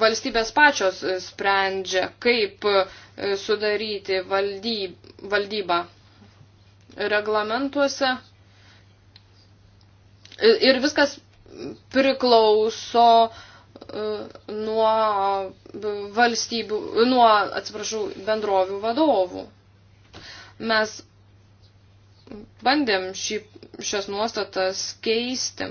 S4: valstybės pačios sprendžia, kaip sudaryti valdyb, valdybą reglamentuose ir viskas priklauso e, nuo valstybių, nuo, atsiprašau, bendrovių vadovų. Mes bandėm šį, šias nuostatas keisti.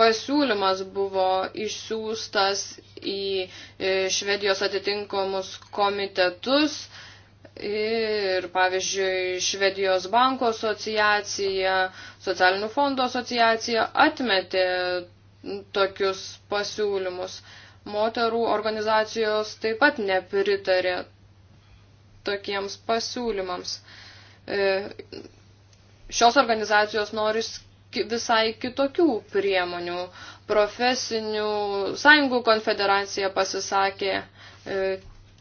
S4: Pasiūlymas buvo išsiųstas į e, Švedijos atitinkamus komitetus, Ir, pavyzdžiui, Švedijos banko asociacija, socialinių fondų asociacija atmetė tokius pasiūlymus. Moterų organizacijos taip pat nepritarė tokiems pasiūlymams. E, šios organizacijos nori visai kitokių priemonių. Profesinių sąjungų konfederacija pasisakė e,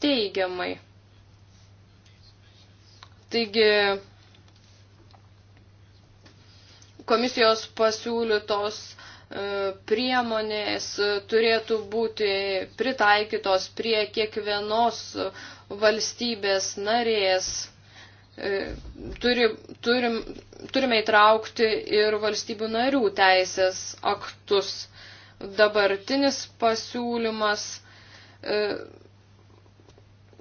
S4: teigiamai. Taigi, komisijos pasiūlytos e, priemonės turėtų būti pritaikytos prie kiekvienos valstybės narės. E, turi, turim, turime įtraukti ir valstybių narių teisės aktus. Dabartinis pasiūlymas e,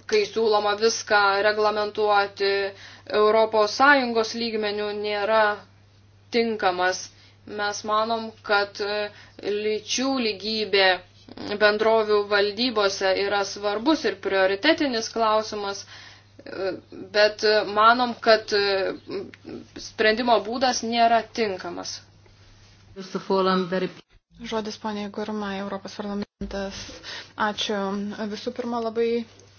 S4: kai siūloma viską reglamentuoti ES lygmenių, nėra tinkamas. Mes manom, kad e, lyčių lygybė bendrovių valdybose yra svarbus ir prioritetinis klausimas, e, bet manom, kad e, sprendimo būdas nėra
S3: tinkamas. Žodis ponė Gurma, Europos parlamentas. Ačiū. Visų pirma, labai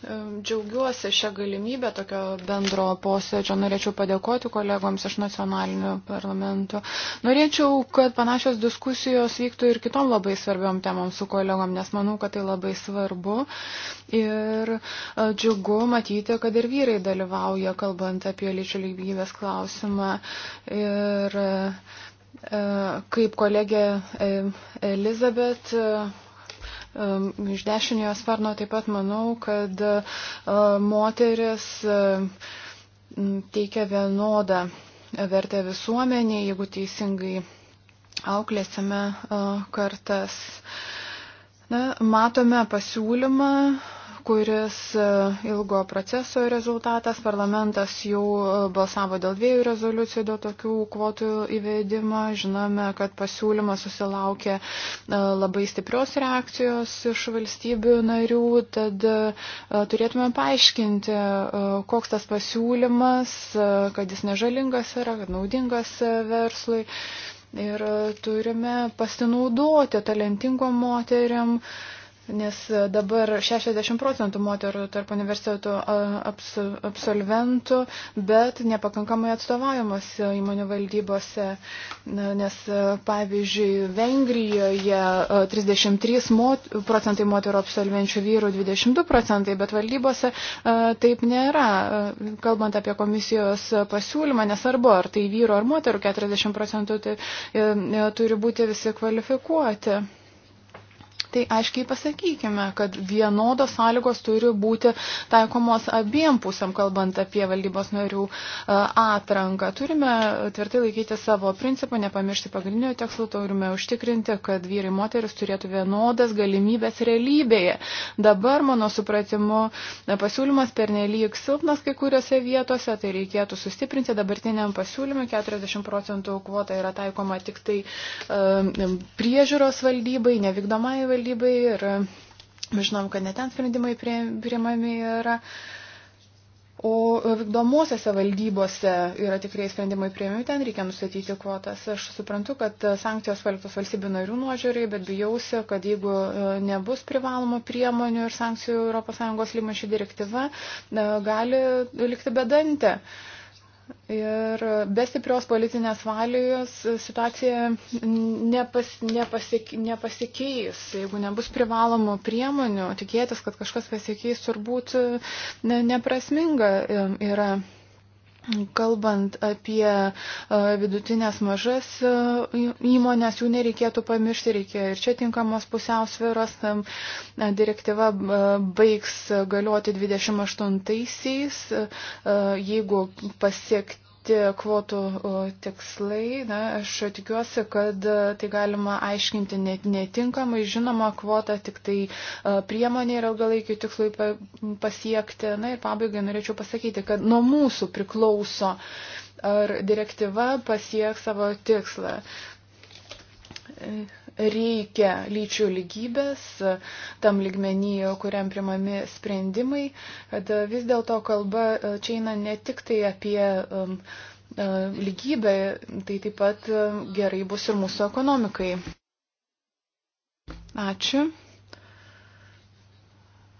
S3: Džiaugiuosi šią galimybę tokio bendro posėdžio. Norėčiau padėkoti kolegoms iš nacionalinių parlamentų. Norėčiau, kad panašios diskusijos vyktų ir kitom labai svarbiom temom su kolegom, nes manau, kad tai labai svarbu. Ir e, džiugu matyti, kad ir vyrai dalyvauja, kalbant apie lyčių lygybės klausimą. Ir e, kaip kolegė Elizabet iš dešiniojo sparno taip pat manau, kad e, moteris e, teikia vienodą vertę visuomenėje, jeigu teisingai auklėsime e, kartas. Na, matome pasiūlymą kuris e, ilgo proceso rezultatas. Parlamentas jau e, balsavo dėl dviejų rezoliucijų, dėl tokių kvotų įvedimą. Žinome, kad pasiūlymas susilaukė e, labai stiprios reakcijos iš valstybių narių. Tad turėtume paaiškinti, koks tas pasiūlymas, kad jis nežalingas yra, kad naudingas verslui. Ir turime pasinaudoti talentingom moteriam uh, Nes dabar 60 procentų moterų tarp universitetų abs, absolventų, bet nepakankamai atstovaujamos įmonių valdybose. Nes pavyzdžiui, Vengrijoje 33 mot, procentai moterų absolvenčių vyrų 22 procentai, bet valdybose taip nėra. Kalbant apie komisijos pasiūlymą, nesvarbu, ar tai vyru ar moterų 40 procentų, tai e, e, turi būti visi kvalifikuoti tai aiškiai pasakykime, kad vienodos sąlygos turi būti taikomos abiem pusėm, kalbant apie valdybos narių e, atranką. Turime tvirtai laikyti savo principą, nepamiršti pagrindinio tikslo, turime užtikrinti, kad vyrai moteris turėtų vienodas galimybės realybėje. Dabar, mano supratimu, pasiūlymas pernelyg silpnas kai kuriuose vietose, tai reikėtų sustiprinti dabartiniam pasiūlymui 40 procentų kvota yra taikoma tik tai um, priežiūros valdybai, nevykdomai valdybai tarybai ir e, mes žinom, kad neten sprendimai priimami yra. O vykdomosiose valdybose yra tikrai sprendimai prieimimi, ten reikia nustatyti kvotas. Aš suprantu, kad sankcijos paliktos valstybių narių nuožiūriai, bet bijausi, kad jeigu e, nebus privaloma priemonių ir sankcijų ES lymašių direktyva, e, gali likti bedantė. Uh, Ir be stiprios politinės valijos situacija nepas, nepasik, nepasikeis. Jeigu nebus privalomų priemonių, tikėtis, kad kažkas pasikeis, turbūt ne, neprasminga e, yra. Kalbant apie e, vidutinės mažas e, įmonės, jų nereikėtų pamiršti, reikia ir čia tinkamos pusiausvėros. E, direktyva baigs galioti 28-aisiais, jeigu pasiekti tie kvotų tikslai, na, aš tikiuosi, kad e, tai galima aiškinti net netinkamai. Žinoma, kvota tik tai e, priemonė yra ilgalaikiai tikslai pasiekti. Na ir pabaigai norėčiau pasakyti, kad nuo mūsų priklauso, ar direktyva pasieks savo tikslą. E, reikia lyčių lygybės tam ligmenyje, kuriam primami sprendimai, kad e, vis dėlto kalba e, čia eina ne tik tai apie um, e, lygybę, tai taip pat gerai bus ir mūsų ekonomikai. Ačiū.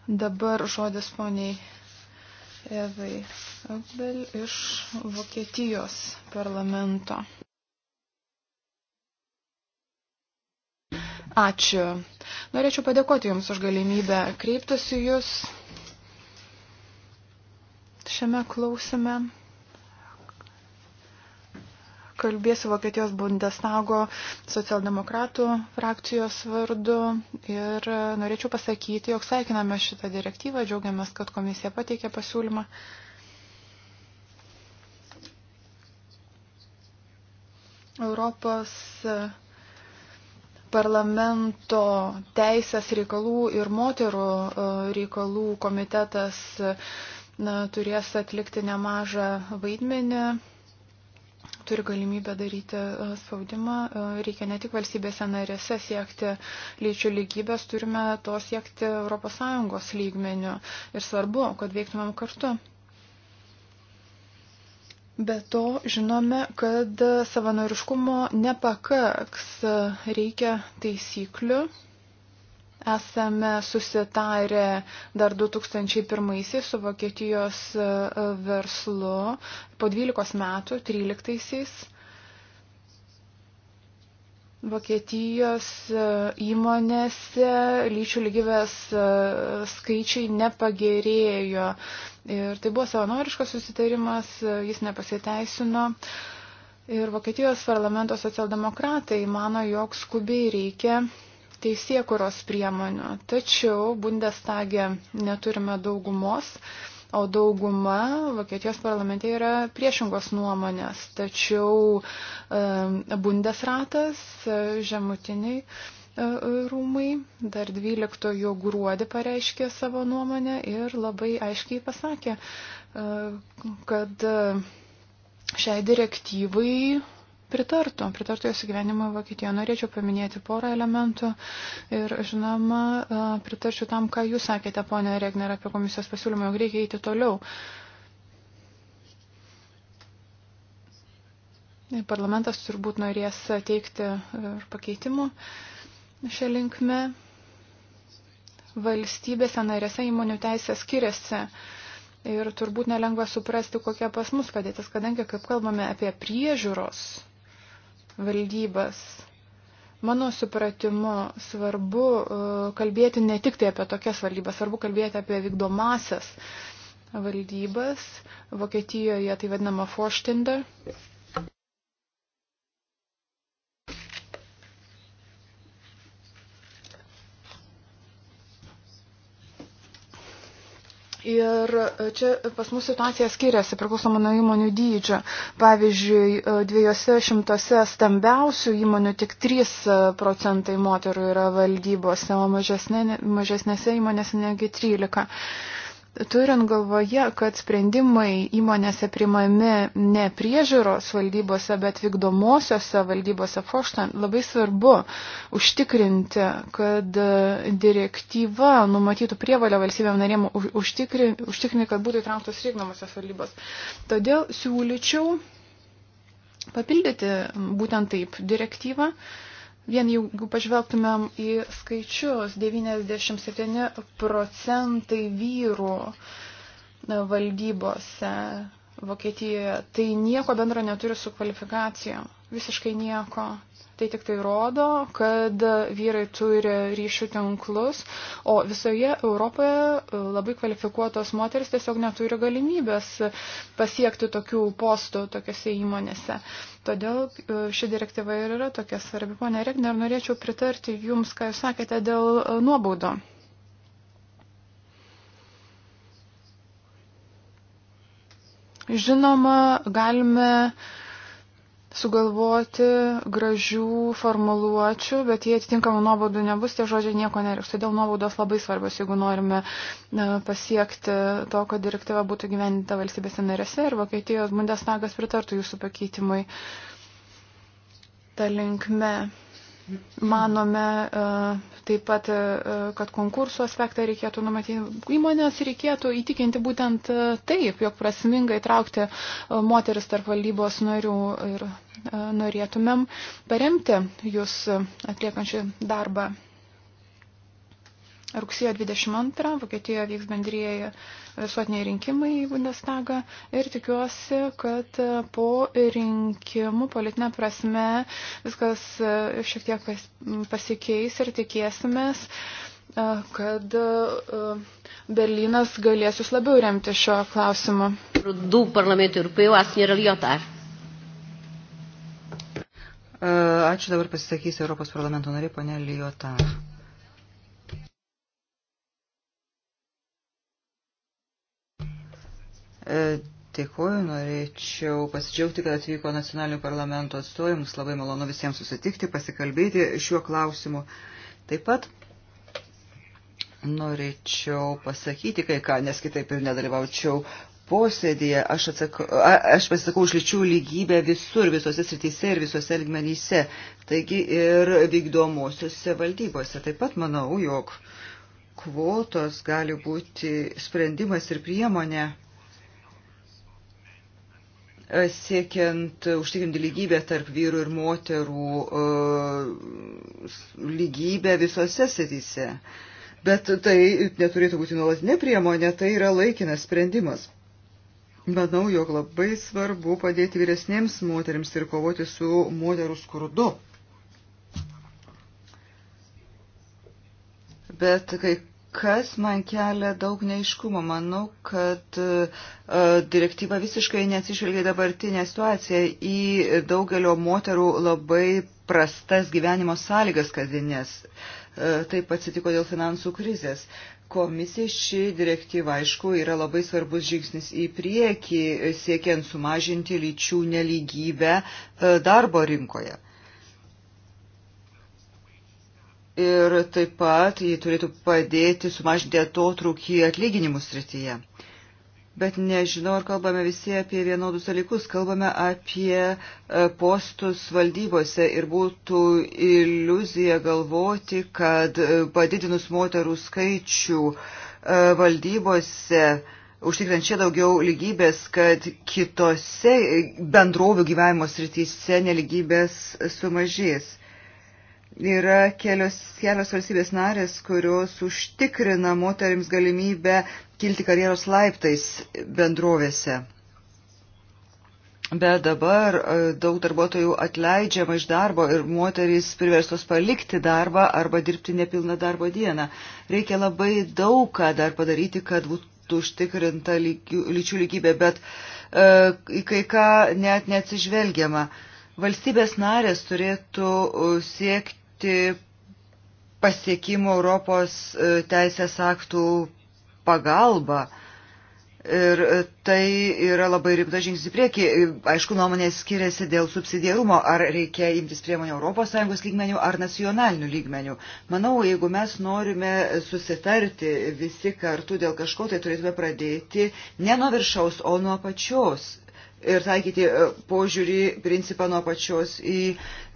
S3: Dabar žodis poniai Evai Abel iš Vokietijos parlamento. Ačiū. Norėčiau padėkoti Jums už galimybę kreiptis į Jūs šiame klausime. Kalbėsiu Vokietijos Bundestago socialdemokratų frakcijos vardu ir norėčiau pasakyti, jog sveikiname šitą direktyvą, džiaugiamės, kad komisija pateikė pasiūlymą. Europos parlamento teisės reikalų ir moterų e, reikalų komitetas na, turės atlikti nemažą vaidmenį turi galimybę daryti e, spaudimą. E, reikia ne tik valstybėse narėse siekti lyčių lygybės, turime to siekti ES lygmenių. Ir svarbu, kad veiktumėm kartu. Be to žinome, kad savanoriškumo nepakaks, reikia taisyklių. Esame susitarę dar 2001 su Vokietijos e, verslu po 12 metų, 13. -aisiais Vokietijos e, įmonėse lyčių lygybės e, skaičiai nepagerėjo. Ir tai buvo savanoriškas susitarimas, e, jis nepasiteisino. Ir Vokietijos parlamento socialdemokratai mano, jog skubiai reikia teisėkuros priemonių. Tačiau Bundestage neturime daugumos o dauguma Vokietijos parlamente yra priešingos nuomonės. Tačiau Bundesratas, e, žemutiniai e, e, rūmai, dar 12 gruodį pareiškė savo nuomonę ir labai aiškiai pasakė, kad šiai direktyvai pritartų, pritartų jos gyvenimui Vokietijoje. Norėčiau paminėti porą elementų ir, žinoma, pritarčiau tam, ką jūs sakėte, ponė Regner, apie komisijos pasiūlymą, jog reikia eiti toliau. Parlamentas turbūt norės teikti ir pakeitimų šią linkmę. Valstybėse narėse įmonių teisė skiriasi. Ir turbūt nelengva suprasti, kokia pas mus padėtis, kadangi, kaip kalbame apie priežiūros valdybas. Mano supratimu svarbu e, kalbėti ne tik tai apie tokias valdybas, svarbu kalbėti apie vykdomasias valdybas. Vokietijoje tai vadinama Forštinder. Yes. Ir e, čia pas mūsų situacija skiriasi priklausomai nuo įmonių dydžio. Pavyzdžiui, e, dviejose šimtose stambiausių įmonių tik 3 e, procentai moterų yra valdybose, o mažesnė, mažesnėse įmonėse negi 13. Turint galvoje, kad sprendimai įmonėse primami ne priežiūros valdybose, bet vykdomosiose valdybose Foštan, labai svarbu užtikrinti, kad direktyva numatytų prievalę valstybėm narėm užtikrinti, užtikrin, kad būtų įtrauktos vykdomosios valdybos. Todėl siūlyčiau papildyti būtent taip direktyvą. Uh, Vien jeigu pažvelgtumėm į skaičius, 97 procentai vyrų valdybose Vokietijoje, tai nieko bendro neturi su kvalifikacija, visiškai nieko. Tai tik tai rodo, kad vyrai turi ryšių tinklus, o visoje Europoje e, labai kvalifikuotos moteris tiesiog neturi galimybės pasiekti tokių postų tokiuose įmonėse. Todėl e, ši direktyva ir yra tokia svarbi. Pone Regner, norėčiau pritarti Jums, ką Jūs sakėte dėl e, nuobaudo. Žinoma, galime uh, sugalvoti gražių formuluočių, bet jei atitinkamų nuobaudų nebus, tie žodžiai nieko nereiks. Todėl nuobaudos labai svarbios, jeigu norime pasiekti to, kad direktyva būtų gyveninta valstybėse narėse ir Vokietijos Bundestagas pritartų jūsų pakeitimui. Ta linkme. Manome e, taip pat, e, kad konkursų aspektą reikėtų numatyti. Įmonės reikėtų įtikinti būtent e, taip, jog prasmingai traukti moteris tarp valdybos narių ir norėtumėm paremti jūs atliekančią darbą Rugsėjo 22 Vokietijoje vyks bendrieji visuotiniai rinkimai į Bundestagą ir tikiuosi, kad po rinkimų politinė prasme viskas šiek tiek pasikeis ir tikėsimės, kad e, Berlynas galės jūs labiau remti šio klausimu. Du parlamentų europėjų, Asnėra Liotar.
S1: E, ačiū dabar pasisakys Europos parlamento narė ponė Liotar. E, dėkuoju, norėčiau pasidžiaugti, kad atvyko nacionalinių parlamento atstovai. Mums labai malonu visiems susitikti, pasikalbėti šiuo klausimu. Taip pat norėčiau pasakyti kai ką, nes kitaip ir nedalyvaučiau posėdėje. Aš, atsakau, a, aš pasisakau už lyčių lygybę visur, visose srityse ir visose elgmenyse. Taigi ir vykdomosiuose valdybose. Taip pat manau, jog kvotos gali būti sprendimas ir priemonė siekiant užtikrinti lygybę tarp vyrų ir moterų, e, lygybę visose srityse. Bet tai neturėtų būti nuolatinė priemonė, tai yra laikinas sprendimas. Manau, jog labai svarbu padėti vyresnėms moteriams ir kovoti su moterų skurdu. Bet kai kas man kelia daug neiškumo. Manau, kad e, direktyva visiškai neatsižvelgia dabartinę situaciją į daugelio moterų labai prastas gyvenimo sąlygas kasdienės. E, taip atsitiko dėl finansų krizės. Komisija ši direktyva, aišku, yra labai svarbus žingsnis į priekį, siekiant sumažinti lyčių neligybę e, darbo rinkoje. ir taip pat jį turėtų padėti sumažinti atotrūkį atlyginimų srityje. Bet nežinau, ar kalbame visi apie vienodus dalykus, kalbame apie e, postus valdybose ir būtų iliuzija galvoti, kad e, padidinus moterų skaičių e, valdybose užtikrinčia daugiau lygybės, kad kitose bendrovių gyvenimo srityse neligybės sumažės. Yra kelios, kelios valstybės narės, kurios užtikrina moteriams galimybę kilti karjeros laiptais bendrovėse. Bet dabar e, daug darbuotojų atleidžiama iš darbo ir moterys priverstos palikti darbą arba dirbti nepilną darbo dieną. Reikia labai daug ką dar padaryti, kad būtų užtikrinta lygių, lyčių lygybė, bet e, į e, kai ką net neatsižvelgiama. E, Valstybės narės turėtų siekti pasiekimų Europos e, teisės aktų pagalba. Ir e, tai yra labai rimtas žingsnis į priekį. E, aišku, nuomonės skiriasi dėl subsidiarumo, ar reikia imtis priemonių ES lygmenių ar nacionalinių lygmenių. Manau, jeigu mes norime susitarti visi kartu dėl kažko, tai turėtume pradėti ne nuo viršaus, o nuo pačios ir taikyti e, požiūrį principą nuo pačios į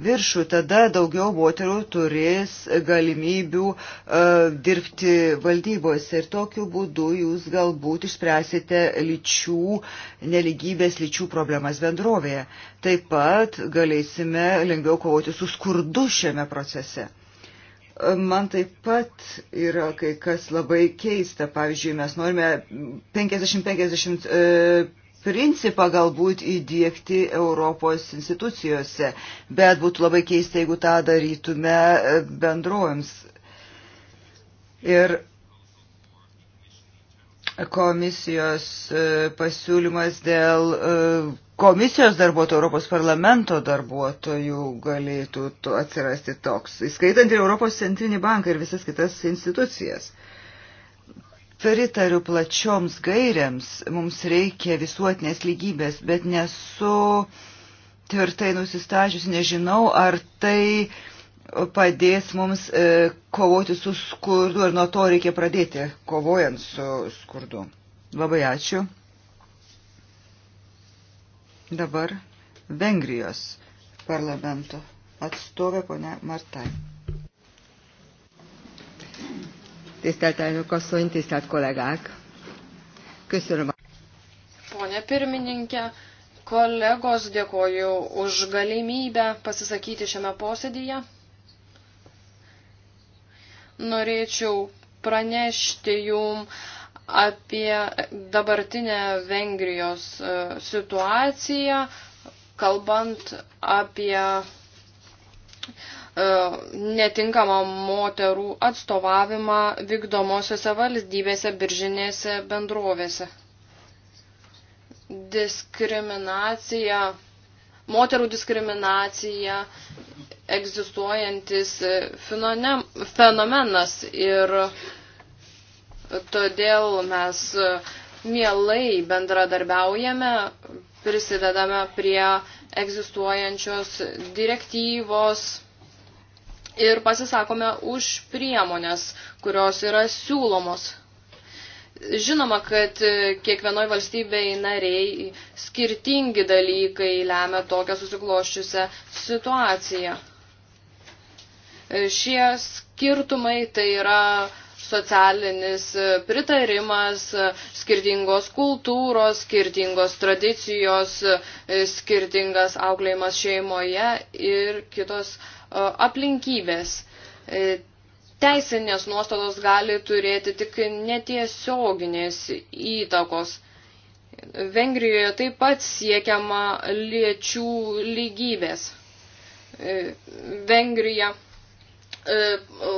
S1: viršų. Tada daugiau moterų turės galimybių e, dirbti valdybose ir tokiu būdu jūs galbūt išspręsite lyčių neligybės lyčių problemas bendrovėje. Taip pat galėsime lengviau kovoti su skurdu šiame procese. E, man taip pat yra kai kas labai keista. Pavyzdžiui, mes norime 50-50 principą galbūt įdėkti Europos institucijose, bet būtų labai keista, jeigu tą darytume e, bendrojams. Ir komisijos e, pasiūlymas dėl e, komisijos darbuotojų, Europos parlamento darbuotojų galėtų atsirasti toks, įskaitant ir Europos centrinį banką ir visas kitas institucijas pritariu plačioms gairiams, mums reikia visuotinės lygybės, bet nesu tvirtai nusistačius, nežinau, ar tai padės mums e, kovoti su skurdu ir nuo to reikia pradėti, kovojant su skurdu. Labai ačiū. Dabar Vengrijos parlamento atstovė ponia Martai. Tisztelt elnök asszony, tisztelt kollégák! Köszönöm.
S4: Pone pirmininkė, kolegos, dėkoju už galimybę pasisakyti šiame posėdyje. Norėčiau pranešti jum apie dabartinę Vengrijos e, situaciją, kalbant apie E, netinkamą moterų atstovavimą vykdomosiose valstybėse biržinėse bendrovėse. Diskriminacija, moterų diskriminacija egzistuojantis e, fenomenas ir todėl mes e, mielai bendradarbiaujame, prisidedame prie egzistuojančios direktyvos ir pasisakome už priemonės, kurios yra siūlomos. Žinoma, kad kiekvienoj valstybei nariai skirtingi dalykai lemia tokią susikloščiusią situaciją. Šie skirtumai tai yra socialinis pritarimas, skirtingos kultūros, skirtingos tradicijos, skirtingas auklėjimas šeimoje ir kitos uh, aplinkybės. E, teisinės nuostatos gali turėti tik netiesioginės įtakos. Vengrijoje taip pat siekiama liečių lygybės. E, Vengrija e,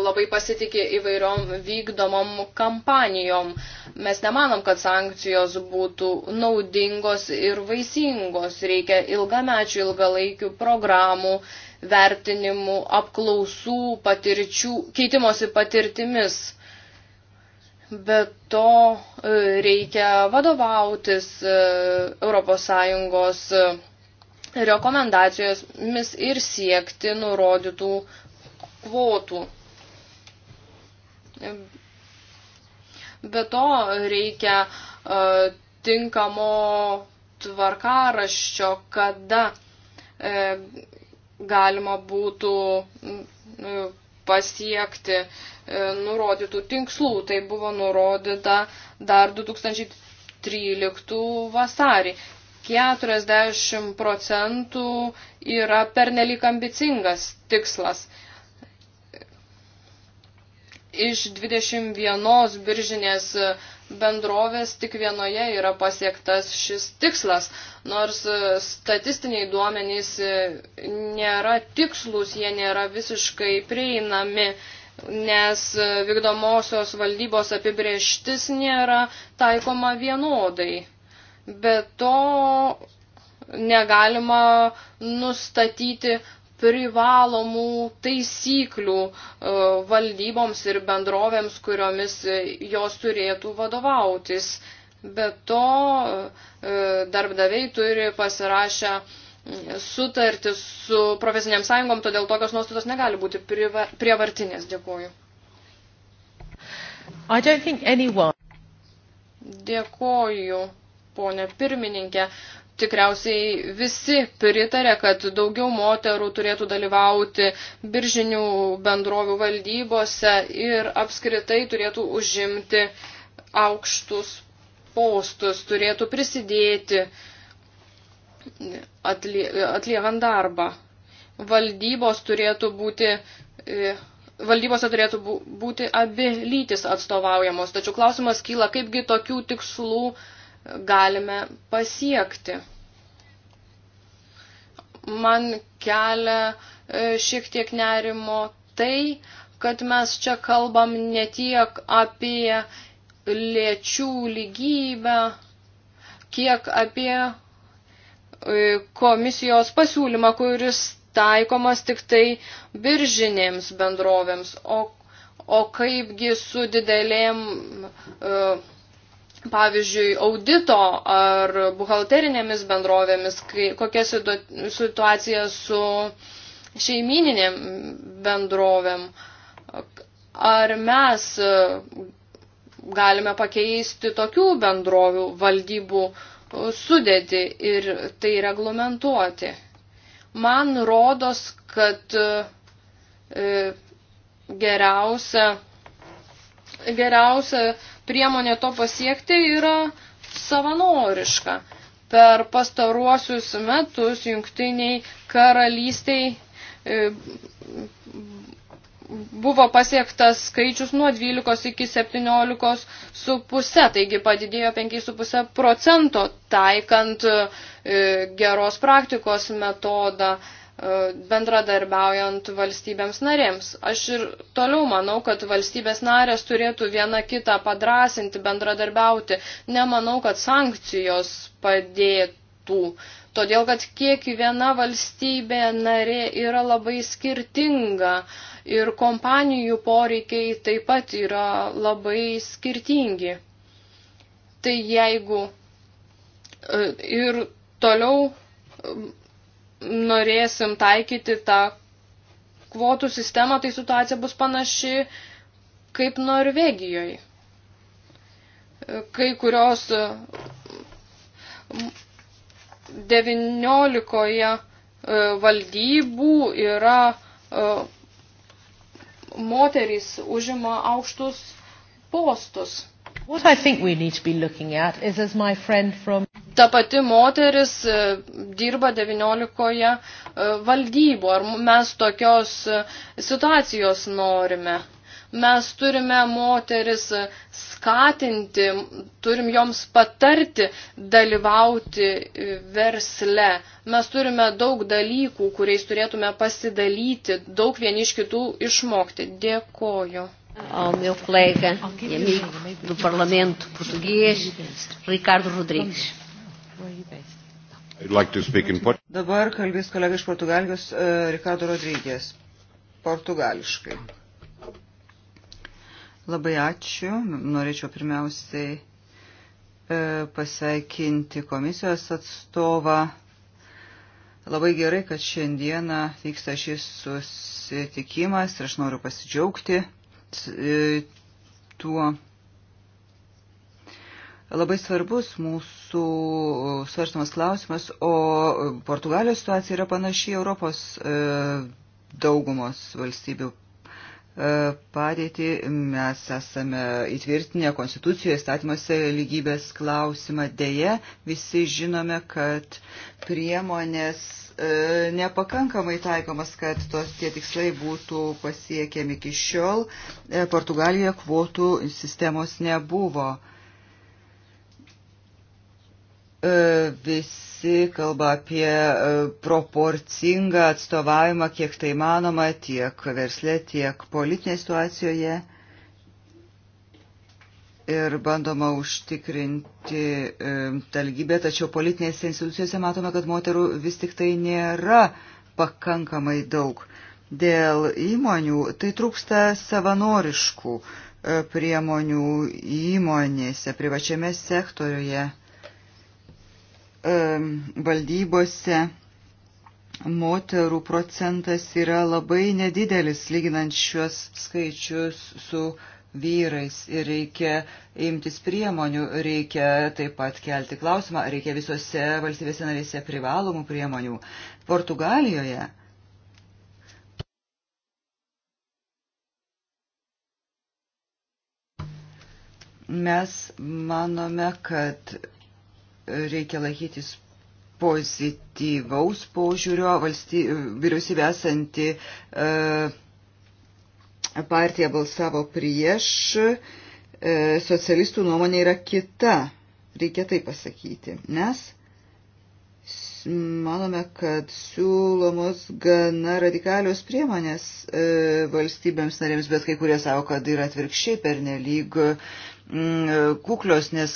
S4: labai pasitikė įvairiom vykdomom kampanijom. Mes nemanom, kad sankcijos būtų naudingos ir vaisingos. Reikia ilgamečių, ilgalaikių programų, vertinimų, apklausų, patirčių, keitimosi patirtimis. Bet to e, reikia vadovautis ES e, rekomendacijomis ir siekti nurodytų kvotų. Be to reikia e, tinkamo tvarkaraščio, kada galima būtų e, pasiekti e, nurodytų tinkslų. Tai buvo nurodyta dar 2013 vasarį. 40 procentų yra pernelik ambicingas tikslas. Iš 21 biržinės bendrovės tik vienoje yra pasiektas šis tikslas, nors e, statistiniai duomenys e, nėra tikslus, jie nėra visiškai prieinami, nes e, vykdomosios valdybos apibrieštis nėra taikoma vienodai. Be to negalima nustatyti privalomų taisyklių e, valdyboms ir bendrovėms, kuriomis e, jos turėtų vadovautis. Be to, e, darbdaviai turi pasirašę sutartį su profesiniam sąjungom, todėl tokios nuostatos negali būti prievartinės. Dėkuoju.
S2: I don't think anyone...
S4: Dėkuoju, ponė pirmininkė tikriausiai visi pritarė, kad daugiau moterų turėtų dalyvauti biržinių bendrovių valdybose ir apskritai turėtų užimti aukštus postus, turėtų prisidėti atlie, atliekant darbą. Valdybos turėtų būti, e, valdybose turėtų būti abi lytis atstovaujamos, tačiau klausimas kyla, kaipgi tokių tikslų galime pasiekti. Man kelia e, šiek tiek nerimo tai, kad mes čia kalbam ne tiek apie lėčių lygybę, kiek apie e, komisijos pasiūlymą, kuris taikomas tik tai biržinėms bendrovėms, o, o kaipgi su didelėm uh, pavyzdžiui, audito ar buhalterinėmis bendrovėmis, kai, kokia situacija su šeimininėm bendrovėm. Ar mes e, galime pakeisti tokių bendrovių valdybų e, sudėti ir tai reglamentuoti. Man rodos, kad e, geriausia, geriausia priemonė to pasiekti yra savanoriška. Per pastaruosius metus jungtiniai karalystiai e, buvo pasiektas skaičius nuo 12 iki 17 su pusė, taigi padidėjo 5,5 procento taikant e, geros praktikos metodą E, bendradarbiaujant valstybėms narėms. Aš ir toliau manau, kad valstybės narės turėtų viena kitą padrasinti, bendradarbiauti. Nemanau, kad sankcijos padėtų, todėl kad kiekviena valstybė narė yra labai skirtinga ir kompanijų poreikiai taip pat yra labai skirtingi. Tai jeigu e, ir toliau norėsim taikyti tą kvotų sistemą, tai situacija bus panaši kaip Norvegijoje. Kai kurios 19 e, valdybų yra e, moterys užima aukštus postus.
S2: From...
S4: Ta pati moteris e, dirba 19 e, valdybų. Ar mes tokios e, situacijos norime? Mes turime moteris skatinti, turim joms patarti dalyvauti versle. Mes turime daug dalykų, kuriais turėtume pasidalyti, daug vieni iš kitų išmokti. Dėkoju
S2: ao meu colega e amigo do Parlamento português, Ricardo Rodrigues.
S1: Dabar kalbės kolega iš Portugalijos, e, Ricardo Rodrigues, portugališkai. Labai ačiū. Norėčiau pirmiausiai e, pasveikinti komisijos atstovą. Labai gerai, kad šiandieną vyksta šis susitikimas ir aš noriu pasidžiaugti E, tuo labai svarbus mūsų svarstamas klausimas, o Portugalijos situacija yra panaši Europos e, daugumos valstybių E, padėtį. Mes esame įtvirtinę konstitucijoje, statymuose lygybės klausimą. Deja, visi žinome, kad priemonės e, nepakankamai taikomas, kad tos tie tikslai būtų pasiekiami iki šiol. E, Portugalijoje kvotų sistemos nebuvo. E, visi kalba apie e, proporcingą atstovavimą, kiek tai manoma, tiek versle, tiek politinėje situacijoje. Ir bandoma užtikrinti talgybę, e, tačiau politinėse institucijose matome, kad moterų vis tik tai nėra pakankamai daug. Dėl įmonių tai trūksta savanoriškų priemonių įmonėse, privačiame sektoriuje valdybose moterų procentas yra labai nedidelis, lyginant šiuos skaičius su vyrais ir reikia imtis priemonių, reikia taip pat kelti klausimą, reikia visose valstybėse narėse privalomų priemonių. Portugalijoje mes manome, kad reikia laikytis pozityvaus požiūrio valsty, vyriausybė esanti e, partija balsavo prieš, e, socialistų nuomonė yra kita, reikia tai pasakyti. Mes manome, kad siūlomos gana radikalios priemonės e, valstybėms narėms, bet kai kurie savo, kad yra atvirkščiai pernelyg Mm, e, kuklios, nes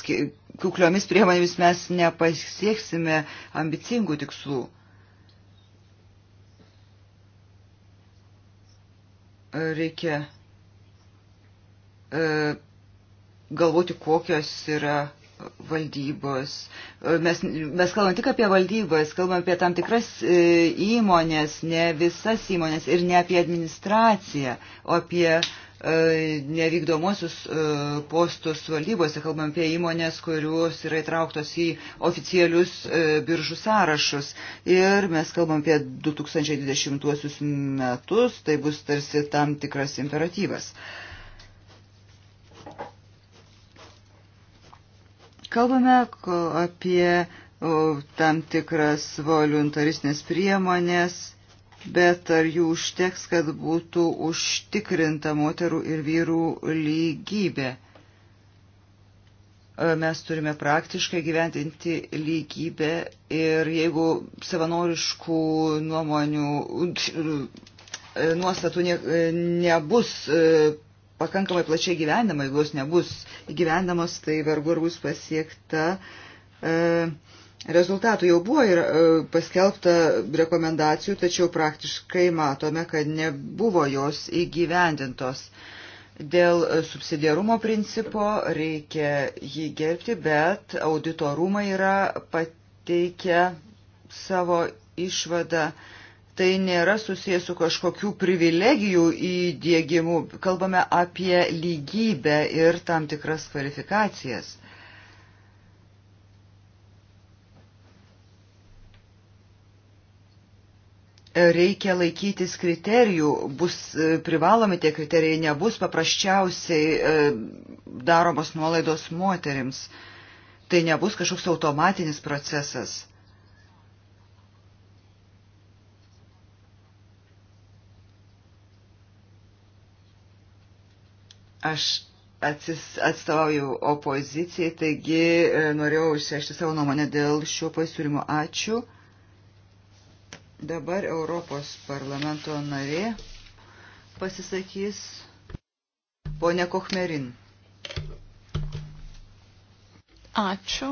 S1: kukliomis priemonėmis mes nepasieksime ambicingų tikslų. Reikia e, galvoti, kokios yra valdybos. E, mes, mes kalbam tik apie valdybas, kalbam apie tam tikras įmonės, ne visas įmonės ir ne apie administraciją, o apie uh, E, nevykdomosius e, postus valdybose, kalbam apie įmonės, kurios yra įtrauktos į oficialius e, biržų sąrašus. Ir mes kalbam apie 2020 metus, tai bus tarsi tam tikras imperatyvas. Kalbame apie tam tikras voluntaristinės priemonės bet ar jų užteks, kad būtų užtikrinta moterų ir vyrų lygybė? E, mes turime praktiškai gyventinti lygybę ir jeigu savanoriškų nuomonių e, nuostatų ne, e, nebus pakankamai plačiai gyvenama, jeigu jos nebus gyvenamos, tai vargu ar bus pasiekta e, Rezultatų jau buvo ir e, paskelbta rekomendacijų, tačiau praktiškai matome, kad nebuvo jos įgyvendintos. Dėl e, subsidiarumo principo reikia jį gerbti, bet auditorumai yra pateikę savo išvadą. Tai nėra susijęs su kažkokių privilegijų įdėgymu. Kalbame apie lygybę ir tam tikras kvalifikacijas. reikia laikytis kriterijų, bus e, privalomi tie kriterijai, nebus paprasčiausiai e, daromos nuolaidos moterims. Tai nebus kažkoks automatinis procesas. Aš atsis, atstovauju opozicijai, taigi e, norėjau išreikšti savo nuomonę dėl šio pasiūlymo. Ačiū. Dabar Europos parlamento narė pasisakys ponia Kochmerin.
S3: Ačiū.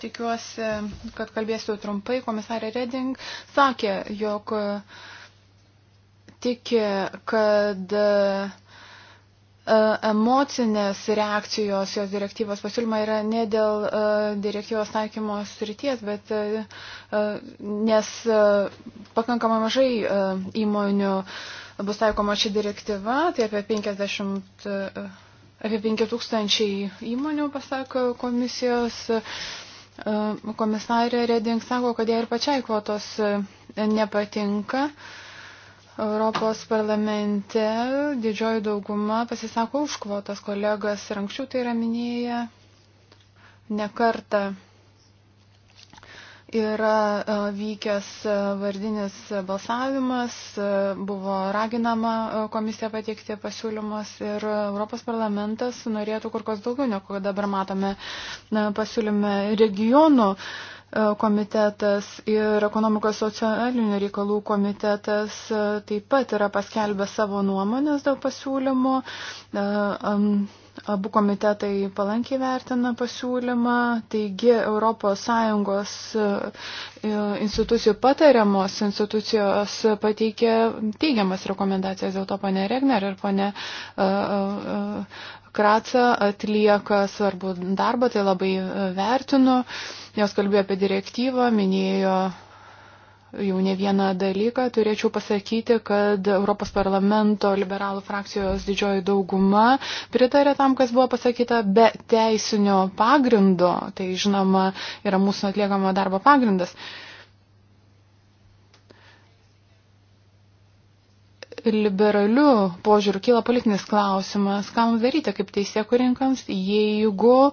S3: Tikiuosi, kad kalbėsiu trumpai. Komisarė Reding sakė, jog tiki, kad E, emocinės reakcijos jos direktyvos pasiūlymą yra ne dėl e, direktyvos taikymos ryties, bet e, nes pakankamai mažai įmonių bus taikoma ši direktyva, tai apie 50. Apie 5000 įmonių, pasako komisijos komisarė Reding, sako, kad jie ir pačiai kvotos nepatinka. Uh, Europos parlamente didžioji dauguma pasisako už kvotas kolegas ir anksčiau tai yra minėję nekarta. Yra e, vykęs e, vardinis balsavimas, e, buvo raginama komisija pateikti pasiūlymas ir Europos parlamentas norėtų kur kas daugiau, negu dabar matome pasiūlyme regionų uh, E, komitetas ir ekonomikos socialinių reikalų komitetas e, taip pat yra paskelbę savo nuomonės dėl pasiūlymų. E, abu komitetai palankiai vertina pasiūlymą, taigi ES institucijų patariamos institucijos pateikė teigiamas rekomendacijas dėl to, ponė Regner ir ponė Kratsa atlieka svarbu darbą, tai labai e, vertinu. Jos kalbėjo apie direktyvą, minėjo jau ne vieną dalyką. Turėčiau pasakyti, kad Europos parlamento liberalų frakcijos didžioji dauguma pritarė tam, kas buvo pasakyta be teisinio pagrindo. Tai žinoma yra mūsų atliekamo darbo pagrindas. Uh, liberaliu požiūriu kyla politinis klausimas, ką mums daryti kaip teisėkurinkams, jeigu e,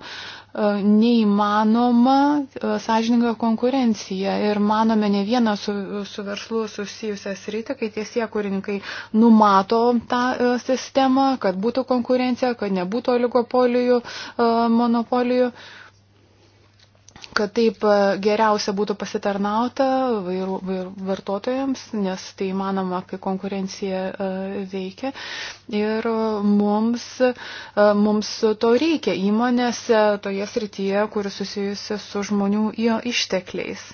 S3: neįmanoma e, sąžininga konkurencija ir manome ne vieną su, su verslu susijusią sritį, kai teisėkurininkai numato tą e, sistemą, kad būtų konkurencija, kad nebūtų oligopolijų, monopolijų. Uh, kad taip e, geriausia būtų pasitarnauta vairu, vairu, vartotojams, nes tai manoma, kai konkurencija e, veikia. Ir mums, e, mums to reikia įmonėse toje srityje, kuri susijusi su žmonių ištekliais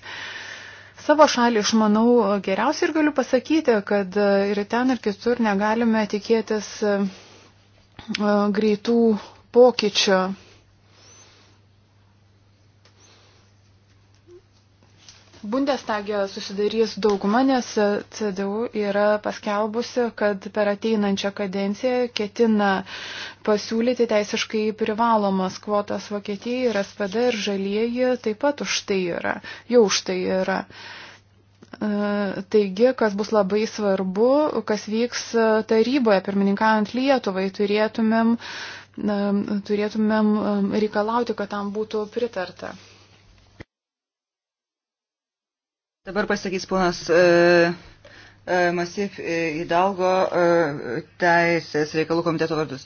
S3: savo šalį išmanau geriausiai ir galiu pasakyti, kad ir ten, ir kitur negalime tikėtis greitų pokyčių Bundestagė susidarys dauguma, nes CDU yra paskelbusi, kad per ateinančią kadenciją ketina pasiūlyti teisiškai privalomas kvotas Vokietijai ir SPD ir žalieji taip pat už tai yra, jau už tai yra. E, taigi, kas bus labai svarbu, kas vyks taryboje, pirmininkaujant Lietuvai, turėtumėm, e, turėtumėm e, reikalauti, kad tam būtų pritarta.
S1: Dabar pasakys ponas e, e, Masif e, Idalgo e, teisės reikalų komiteto vardus.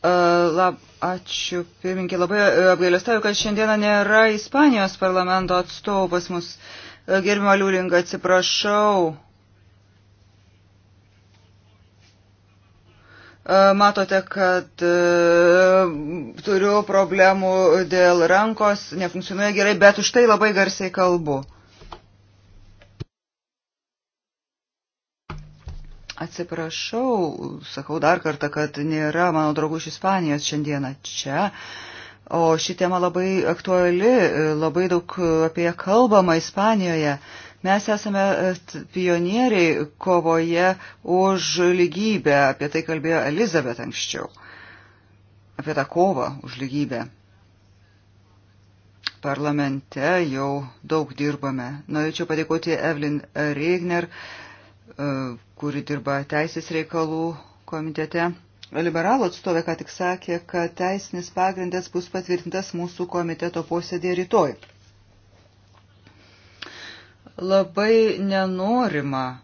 S1: E, lab, ačiū, pirminkė, labai apgailestauju, kad šiandieną nėra Ispanijos parlamento atstovų pas mus. E, Gerbimo Liūringa, atsiprašau, E, matote, kad e, turiu problemų dėl rankos, nefunkcionuoja gerai, bet už tai labai garsiai kalbu. Atsiprašau, sakau dar kartą, kad nėra mano draugų iš Ispanijos šiandieną čia. O ši tema labai aktuali, labai daug apie ją kalbama Ispanijoje. Uh, Mes esame e, pionieriai kovoje už lygybę, apie tai kalbėjo Elizabet anksčiau, apie tą kovą už lygybę. Parlamente jau daug dirbame. Norėčiau padėkoti Evelyn Regner, e, kuri dirba Teisės reikalų komitete. Liberalų atstovė ką tik sakė, kad teisinis pagrindas bus patvirtintas mūsų komiteto posėdėje rytoj labai nenorima.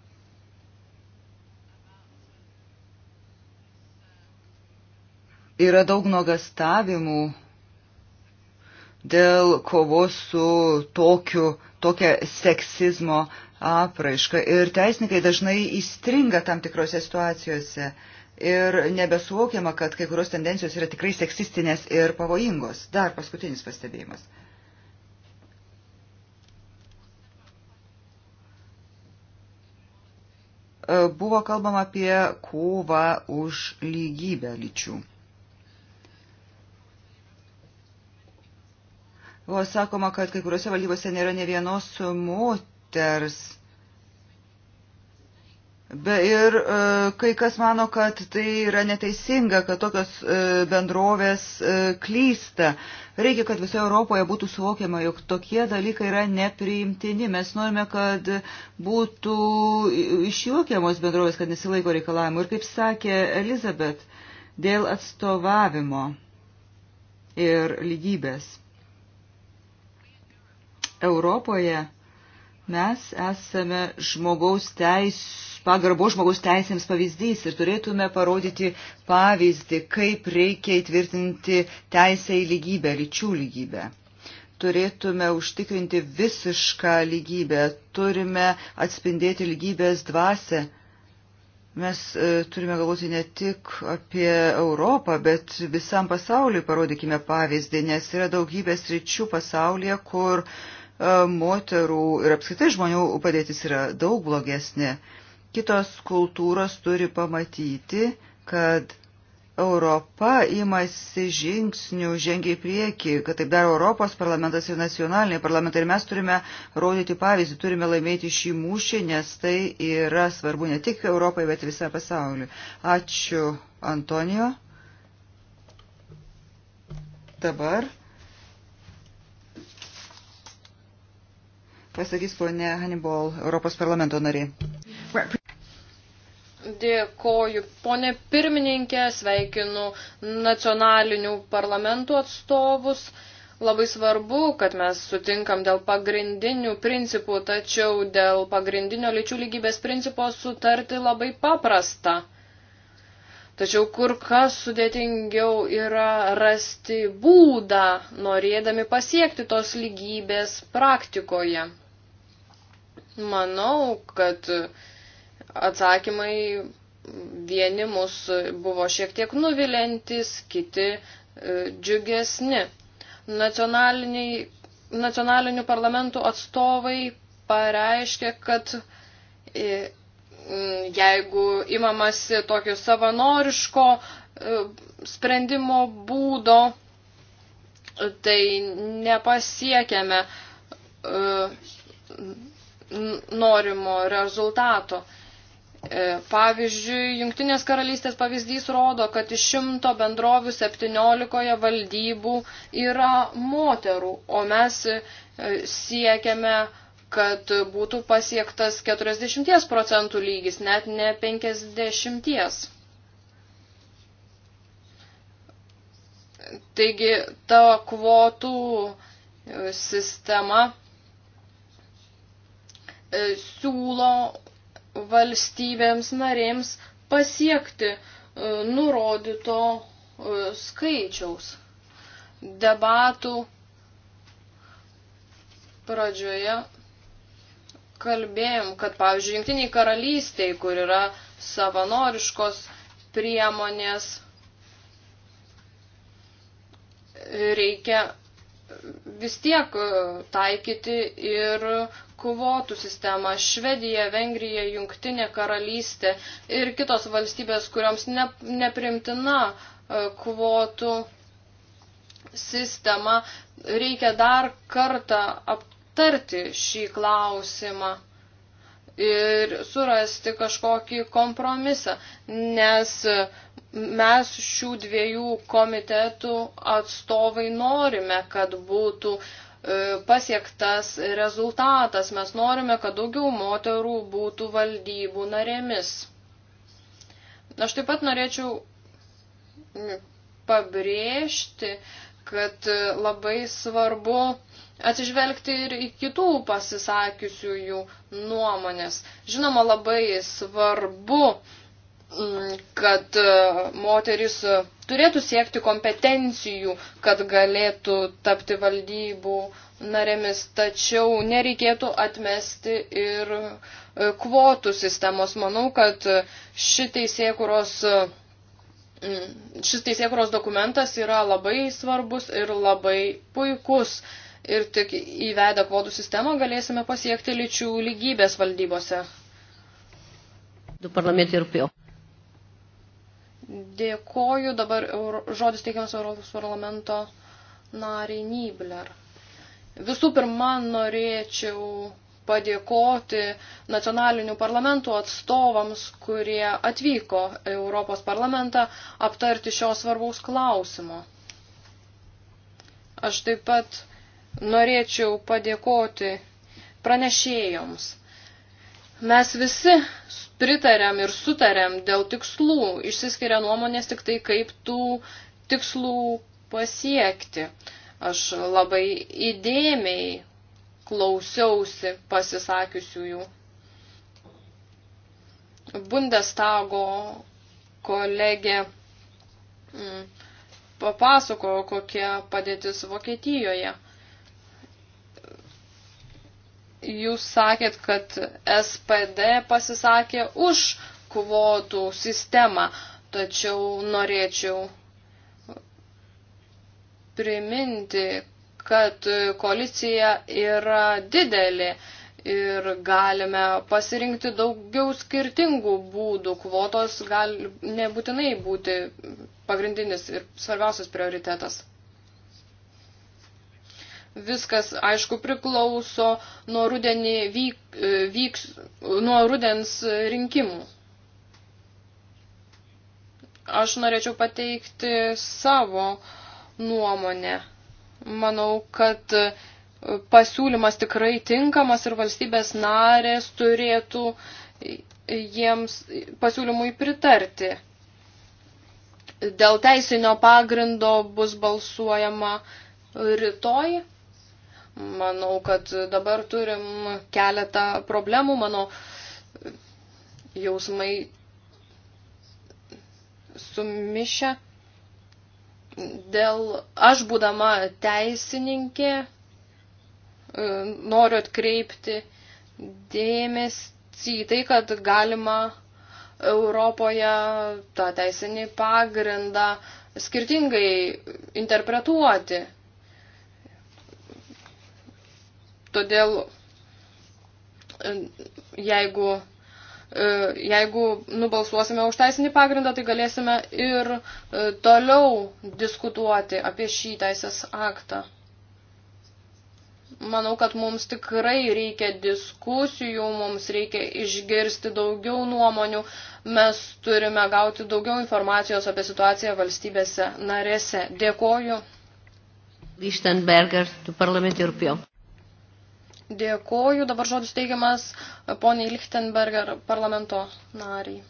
S1: Yra daug nuogastavimų dėl kovos su tokiu, tokia seksizmo apraiška. Ir teisininkai dažnai įstringa tam tikrose situacijose ir nebesuvokiama, kad kai kurios tendencijos yra tikrai seksistinės ir pavojingos. Dar paskutinis pastebėjimas. E, buvo kalbama apie kovą už lygybę lyčių. Buvo sakoma, kad kai kuriuose valdybose nėra ne vienos moters Be ir e, kai kas mano, kad tai yra neteisinga, kad tokios e, bendrovės e, klysta. Reikia, kad visoje Europoje būtų suvokiama, jog tokie dalykai yra nepriimtini. Mes norime, kad būtų išjuokiamos bendrovės, kad nesilaiko reikalavimų. Ir kaip sakė Elizabet, dėl atstovavimo ir lygybės. Europoje Mes esame žmogaus teis, pagarbo žmogaus teisėms pavyzdys ir turėtume parodyti pavyzdį, kaip reikia įtvirtinti teisę į lygybę, lyčių lygybę turėtume užtikrinti visišką lygybę, turime atspindėti lygybės dvasę. Mes e, turime galvoti ne tik apie Europą, bet visam pasauliu parodykime pavyzdį, nes yra daugybės ryčių pasaulyje, kur e, moterų ir apskritai žmonių padėtis yra daug blogesnė. Kitos kultūros turi pamatyti, kad Europa imasi žingsnių, žengia į priekį, kad taip daro Europos parlamentas ir nacionaliniai parlamentai. Ir mes turime rodyti pavyzdį, turime laimėti šį mūšį, nes tai yra svarbu ne tik Europai, bet visą pasaulį. Ačiū, Antonijo. Dabar pasakys ponė Hannibal, Europos parlamento narė.
S4: Dėkoju, ponė pirmininkė, sveikinu nacionalinių parlamentų atstovus. Labai svarbu, kad mes sutinkam dėl pagrindinių principų, tačiau dėl pagrindinio lyčių lygybės principo sutarti labai paprasta. Tačiau kur kas sudėtingiau yra rasti būdą, norėdami pasiekti tos lygybės praktikoje. Manau, kad atsakymai vieni mus buvo šiek tiek nuvilintis, kiti e, džiugesni. Nacionalinių parlamentų atstovai pareiškė, kad e, jeigu imamasi tokio savanoriško e, sprendimo būdo, tai nepasiekiame norimo rezultato. E, pavyzdžiui, Junktinės karalystės pavyzdys rodo, kad iš šimto bendrovių 17 valdybų yra moterų, o mes e, siekiame, kad būtų pasiektas 40 procentų lygis, net ne 50. Taigi ta kvotų e, sistema E, siūlo valstybėms narėms pasiekti e, nurodyto e, skaičiaus. Debatų pradžioje kalbėjom, kad, pavyzdžiui, Junktiniai karalystiai, kur yra savanoriškos priemonės, reikia vis tiek e, taikyti ir kvotų sistemą. Švedija, Vengrija, Jungtinė karalystė ir kitos valstybės, kurioms ne, neprimtina e, kvotų sistema, reikia dar kartą aptarti šį klausimą ir surasti kažkokį kompromisą, nes mes šių dviejų komitetų atstovai norime, kad būtų e, pasiektas rezultatas. Mes norime, kad daugiau moterų būtų valdybų narėmis. Aš taip pat norėčiau pabrėžti, kad e, labai svarbu atsižvelgti ir į kitų pasisakiusiųjų nuomonės. Žinoma, labai svarbu uh, Mm, kad e, moteris e, turėtų siekti kompetencijų, kad galėtų tapti valdybų narėmis, tačiau nereikėtų atmesti ir e, kvotų sistemos. Manau, kad ši teisėkuros, mm, šis teisėkuros dokumentas yra labai svarbus ir labai puikus. Ir tik įvedę kvotų sistemą galėsime pasiekti lyčių lygybės valdybose.
S2: Du parlamentai europeo.
S4: Dėkoju, dabar žodis teikiamas Europos parlamento nariai Nibler. Visų pirma, norėčiau padėkoti nacionalinių parlamentų atstovams, kurie atvyko Europos parlamentą aptarti šios svarbaus klausimo. Aš taip pat norėčiau padėkoti pranešėjoms Mes visi pritarėm ir sutarėm dėl tikslų, išsiskiria nuomonės tik tai, kaip tų tikslų pasiekti. Aš labai įdėmiai klausiausi pasisakiusiųjų Bundestago kolegė mm, papasakojo, kokia padėtis Vokietijoje jūs sakėt, kad SPD pasisakė už kvotų sistemą, tačiau norėčiau priminti, kad koalicija yra didelė ir galime pasirinkti daugiau skirtingų būdų. Kvotos gali nebūtinai būti pagrindinis ir svarbiausias prioritetas. Viskas, aišku, priklauso nuo, rudenį vyk, e, vyks, nuo rudens rinkimų. Aš norėčiau pateikti savo nuomonę. Manau, kad e, pasiūlymas tikrai tinkamas ir valstybės narės turėtų jiems pasiūlymui pritarti. Dėl teisinio pagrindo bus balsuojama rytoj. Manau, kad dabar turim keletą problemų. Mano jausmai sumišę. Dėl aš būdama teisininkė e, noriu atkreipti dėmesį į tai, kad galima Europoje tą teisinį pagrindą skirtingai interpretuoti. Todėl e, jeigu, e, jeigu nubalsuosime už teisinį pagrindą, tai galėsime ir e, toliau diskutuoti apie šį teisės aktą. Manau, kad mums tikrai reikia diskusijų, mums reikia išgirsti daugiau nuomonių, mes turime gauti daugiau informacijos apie situaciją valstybėse narėse. Dėkoju.
S2: Lichtenberger, du Parlamento Europeo.
S4: Dėkoju. Dabar žodis teigiamas poniai Lichtenberger parlamento nariai.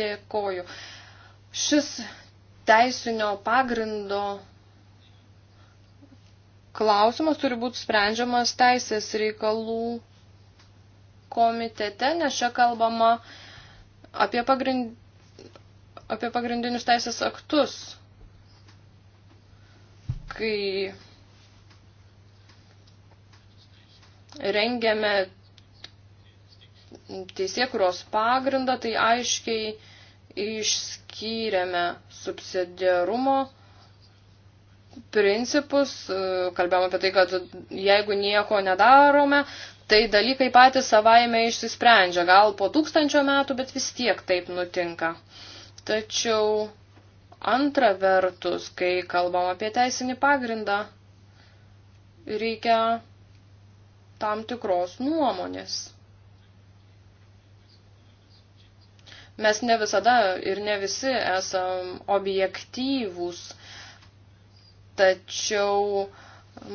S4: Dėkoju. Šis teisinio pagrindo klausimas turi būti sprendžiamas teisės reikalų komitete, nes čia kalbama apie, pagrind... apie pagrindinius teisės aktus kai rengiame teisėkuros pagrindą, tai aiškiai išskyrėme subsidiarumo principus, kalbėjom apie tai, kad jeigu nieko nedarome, tai dalykai patys savaime išsisprendžia, gal po tūkstančio metų, bet vis tiek taip nutinka. Tačiau Antra vertus, kai kalbam apie teisinį pagrindą, reikia tam tikros nuomonės. Mes ne visada ir ne visi esam objektyvūs, tačiau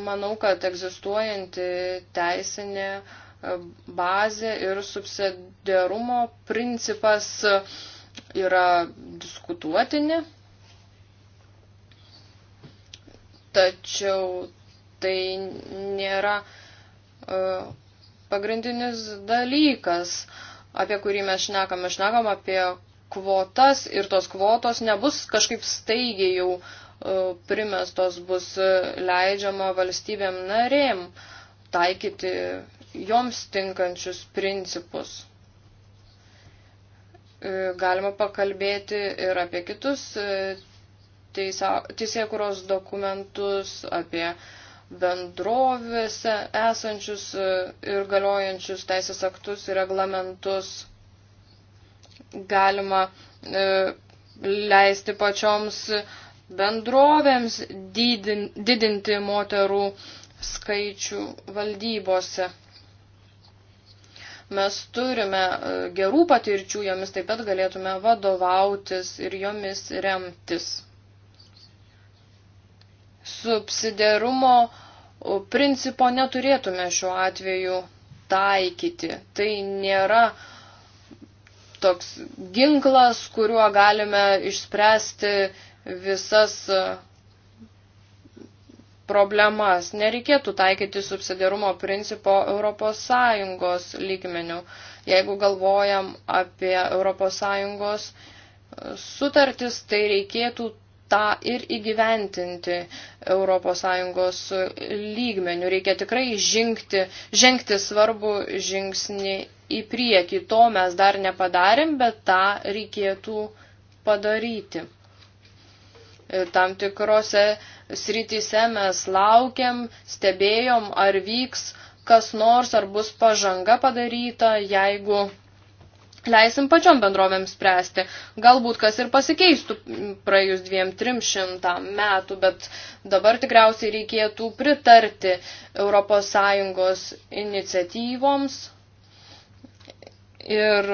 S4: manau, kad egzistuojanti teisinė bazė ir subsidiarumo principas yra diskutuotini. tačiau tai nėra e, pagrindinis dalykas, apie kurį mes šnekam. Mes šnekam apie kvotas ir tos kvotos nebus kažkaip staigiai jau e, primestos, bus e, leidžiama valstybėm narėm taikyti joms tinkančius principus. Galima pakalbėti ir apie kitus teisėkuros dokumentus, apie bendrovėse esančius e, ir galiojančius teisės aktus ir reglamentus. Galima e, leisti pačioms bendrovėms didinti moterų skaičių valdybose. Mes turime e, gerų patirčių, jomis taip pat galėtume vadovautis ir jomis remtis subsidiarumo principo neturėtume šiuo atveju taikyti. Tai nėra toks ginklas, kuriuo galime išspręsti visas problemas. Nereikėtų taikyti subsidiarumo principo ES lygmenių. Jeigu galvojam apie ES sutartis, tai reikėtų tą ir įgyventinti ES lygmenių. Reikia tikrai žingti, žengti svarbų žingsnį į priekį. To mes dar nepadarėm, bet tą reikėtų padaryti. Tam tikrose srityse mes laukiam, stebėjom, ar vyks kas nors, ar bus pažanga padaryta, jeigu leisim pačiom bendrovėms spręsti. Galbūt kas ir pasikeistų praėjus dviem, trim šimtam metų, bet dabar tikriausiai reikėtų pritarti ES iniciatyvoms ir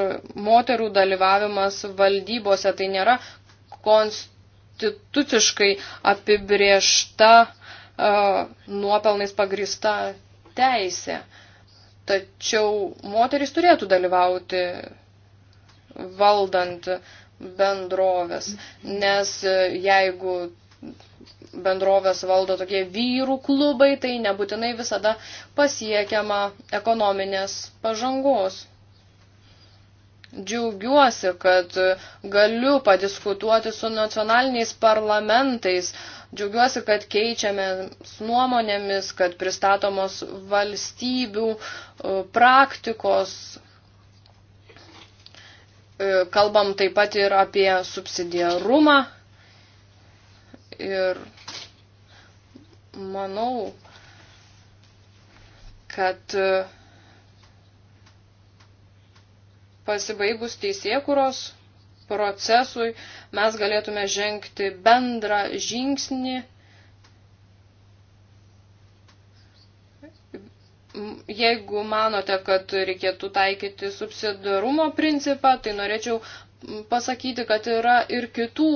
S4: moterų dalyvavimas valdybose tai nėra konstituciškai apibriešta uh, nuopelnais pagrįsta teisė. Tačiau moteris turėtų dalyvauti valdant bendrovės. Nes e, jeigu bendrovės valdo tokie vyrų klubai, tai nebūtinai visada pasiekiama ekonominės pažangos. Džiaugiuosi, kad galiu padiskutuoti su nacionaliniais parlamentais. Džiaugiuosi, kad keičiame nuomonėmis, kad pristatomos valstybių e, praktikos, E, kalbam taip pat ir apie subsidiarumą. Ir manau, kad e, pasibaigus teisėkuros procesui mes galėtume žengti bendrą žingsnį Jeigu manote, kad reikėtų taikyti subsidarumo principą, tai norėčiau pasakyti, kad yra ir kitų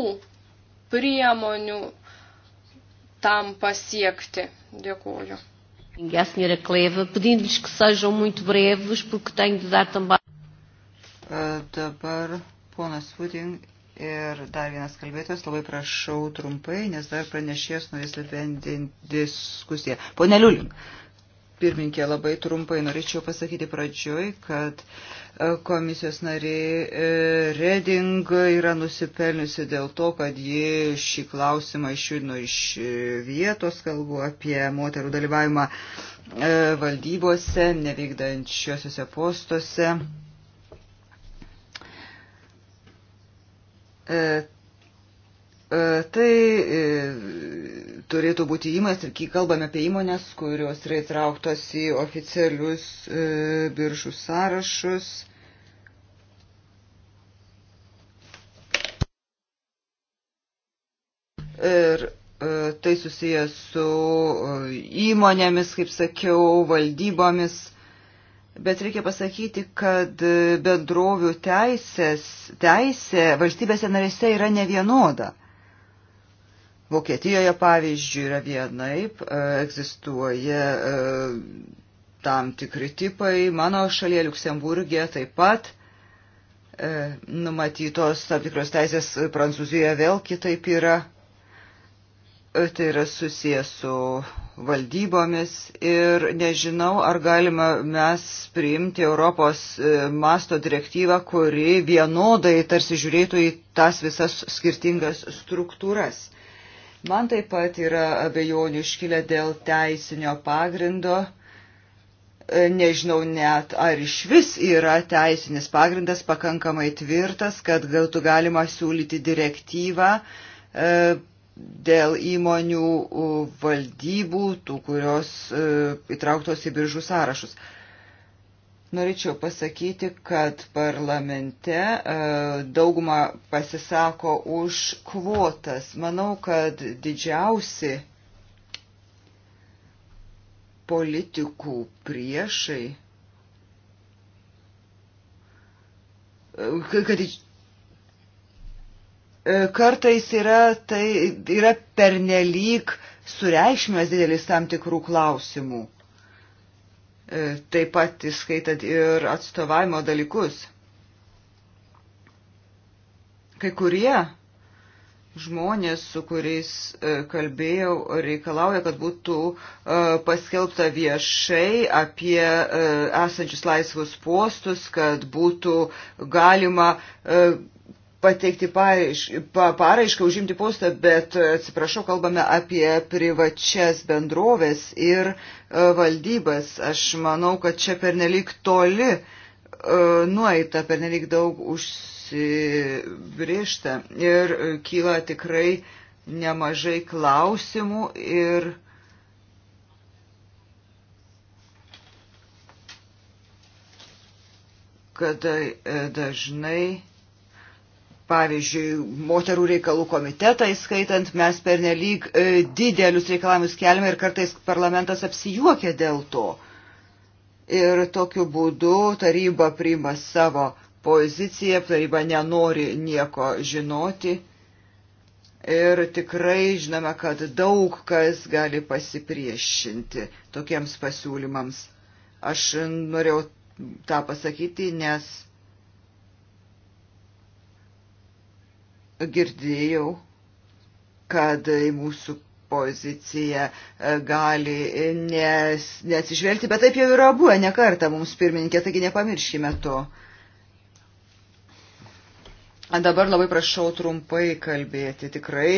S4: priemonių tam pasiekti. Dėkuoju.
S2: A senhora Cleva, pedindo-lhes que sejam muito breves, porque tenho de dar também.
S1: Uh, dabar ponas Fuding ir dar vienas kalbėtojas, labai prašau trumpai, nes dar pranešės norės apendinti diskusiją. Pone Liulink, pirminkė, labai trumpai norėčiau pasakyti pradžioj, kad e, komisijos nariai e, Reding yra nusipelniusi dėl to, kad ji šį klausimą išjudino iš e, vietos, kalbu apie moterų dalyvavimą valdybose, nevykdančiosiuose postuose E, tai e, turėtų būti įmonės ir kai kalbame apie įmonės, kurios yra įtrauktos į oficialius e, biržų sąrašus. Ir tai susijęs su įmonėmis, kaip sakiau, valdybomis. Bet reikia pasakyti, kad bendrovių teisės, teisė valstybėse narėse yra nevienoda. Vokietijoje, pavyzdžiui, yra vienaip, e, egzistuoja e, tam tikri tipai. Mano šalyje Luksemburgė taip pat e, numatytos tam tikros teisės Prancūzijoje vėl kitaip yra. Tai yra susijęs su valdybomis ir nežinau, ar galima mes priimti Europos masto direktyvą, kuri vienodai tarsi žiūrėtų į tas visas skirtingas struktūras. Man taip pat yra abejonių iškilę dėl teisinio pagrindo. E, nežinau net, ar iš vis yra teisinis pagrindas pakankamai tvirtas, kad galtų galima siūlyti direktyvą e, dėl įmonių valdybų, tų, kurios e, įtrauktos į biržų sąrašus. Norėčiau pasakyti, kad parlamente e, dauguma pasisako už kvotas. Manau, kad didžiausi politikų priešai, e, kad e, kartais yra, tai yra pernelyg sureikšmės didelis tam tikrų klausimų E, taip pat įskaitant ir atstovavimo dalykus. Kai kurie žmonės, su kuriais e, kalbėjau, reikalauja, kad būtų e, paskelbta viešai apie esančius laisvus postus, kad būtų galima pateikti paraišką užimti postą, bet e, atsiprašau, kalbame apie privačias bendrovės ir e, valdybas. Aš manau, kad čia pernelyg toli e, nueita, pernelyg daug užsibriešta ir kyla tikrai nemažai klausimų ir kada dažnai pavyzdžiui, moterų reikalų komitetą įskaitant, mes pernelyg e, didelius reikalavimus keliame ir kartais parlamentas apsijuokia dėl to. Ir tokiu būdu taryba priima savo poziciją, taryba nenori nieko žinoti. Ir tikrai žinome, kad daug kas gali pasipriešinti tokiems pasiūlymams. Aš norėjau tą pasakyti, nes girdėjau, kad į mūsų poziciją e, gali nes, neatsižvelgti, bet taip jau yra buvę ne kartą mums pirmininkė, taigi nepamirškime to. Dabar labai prašau trumpai kalbėti, tikrai.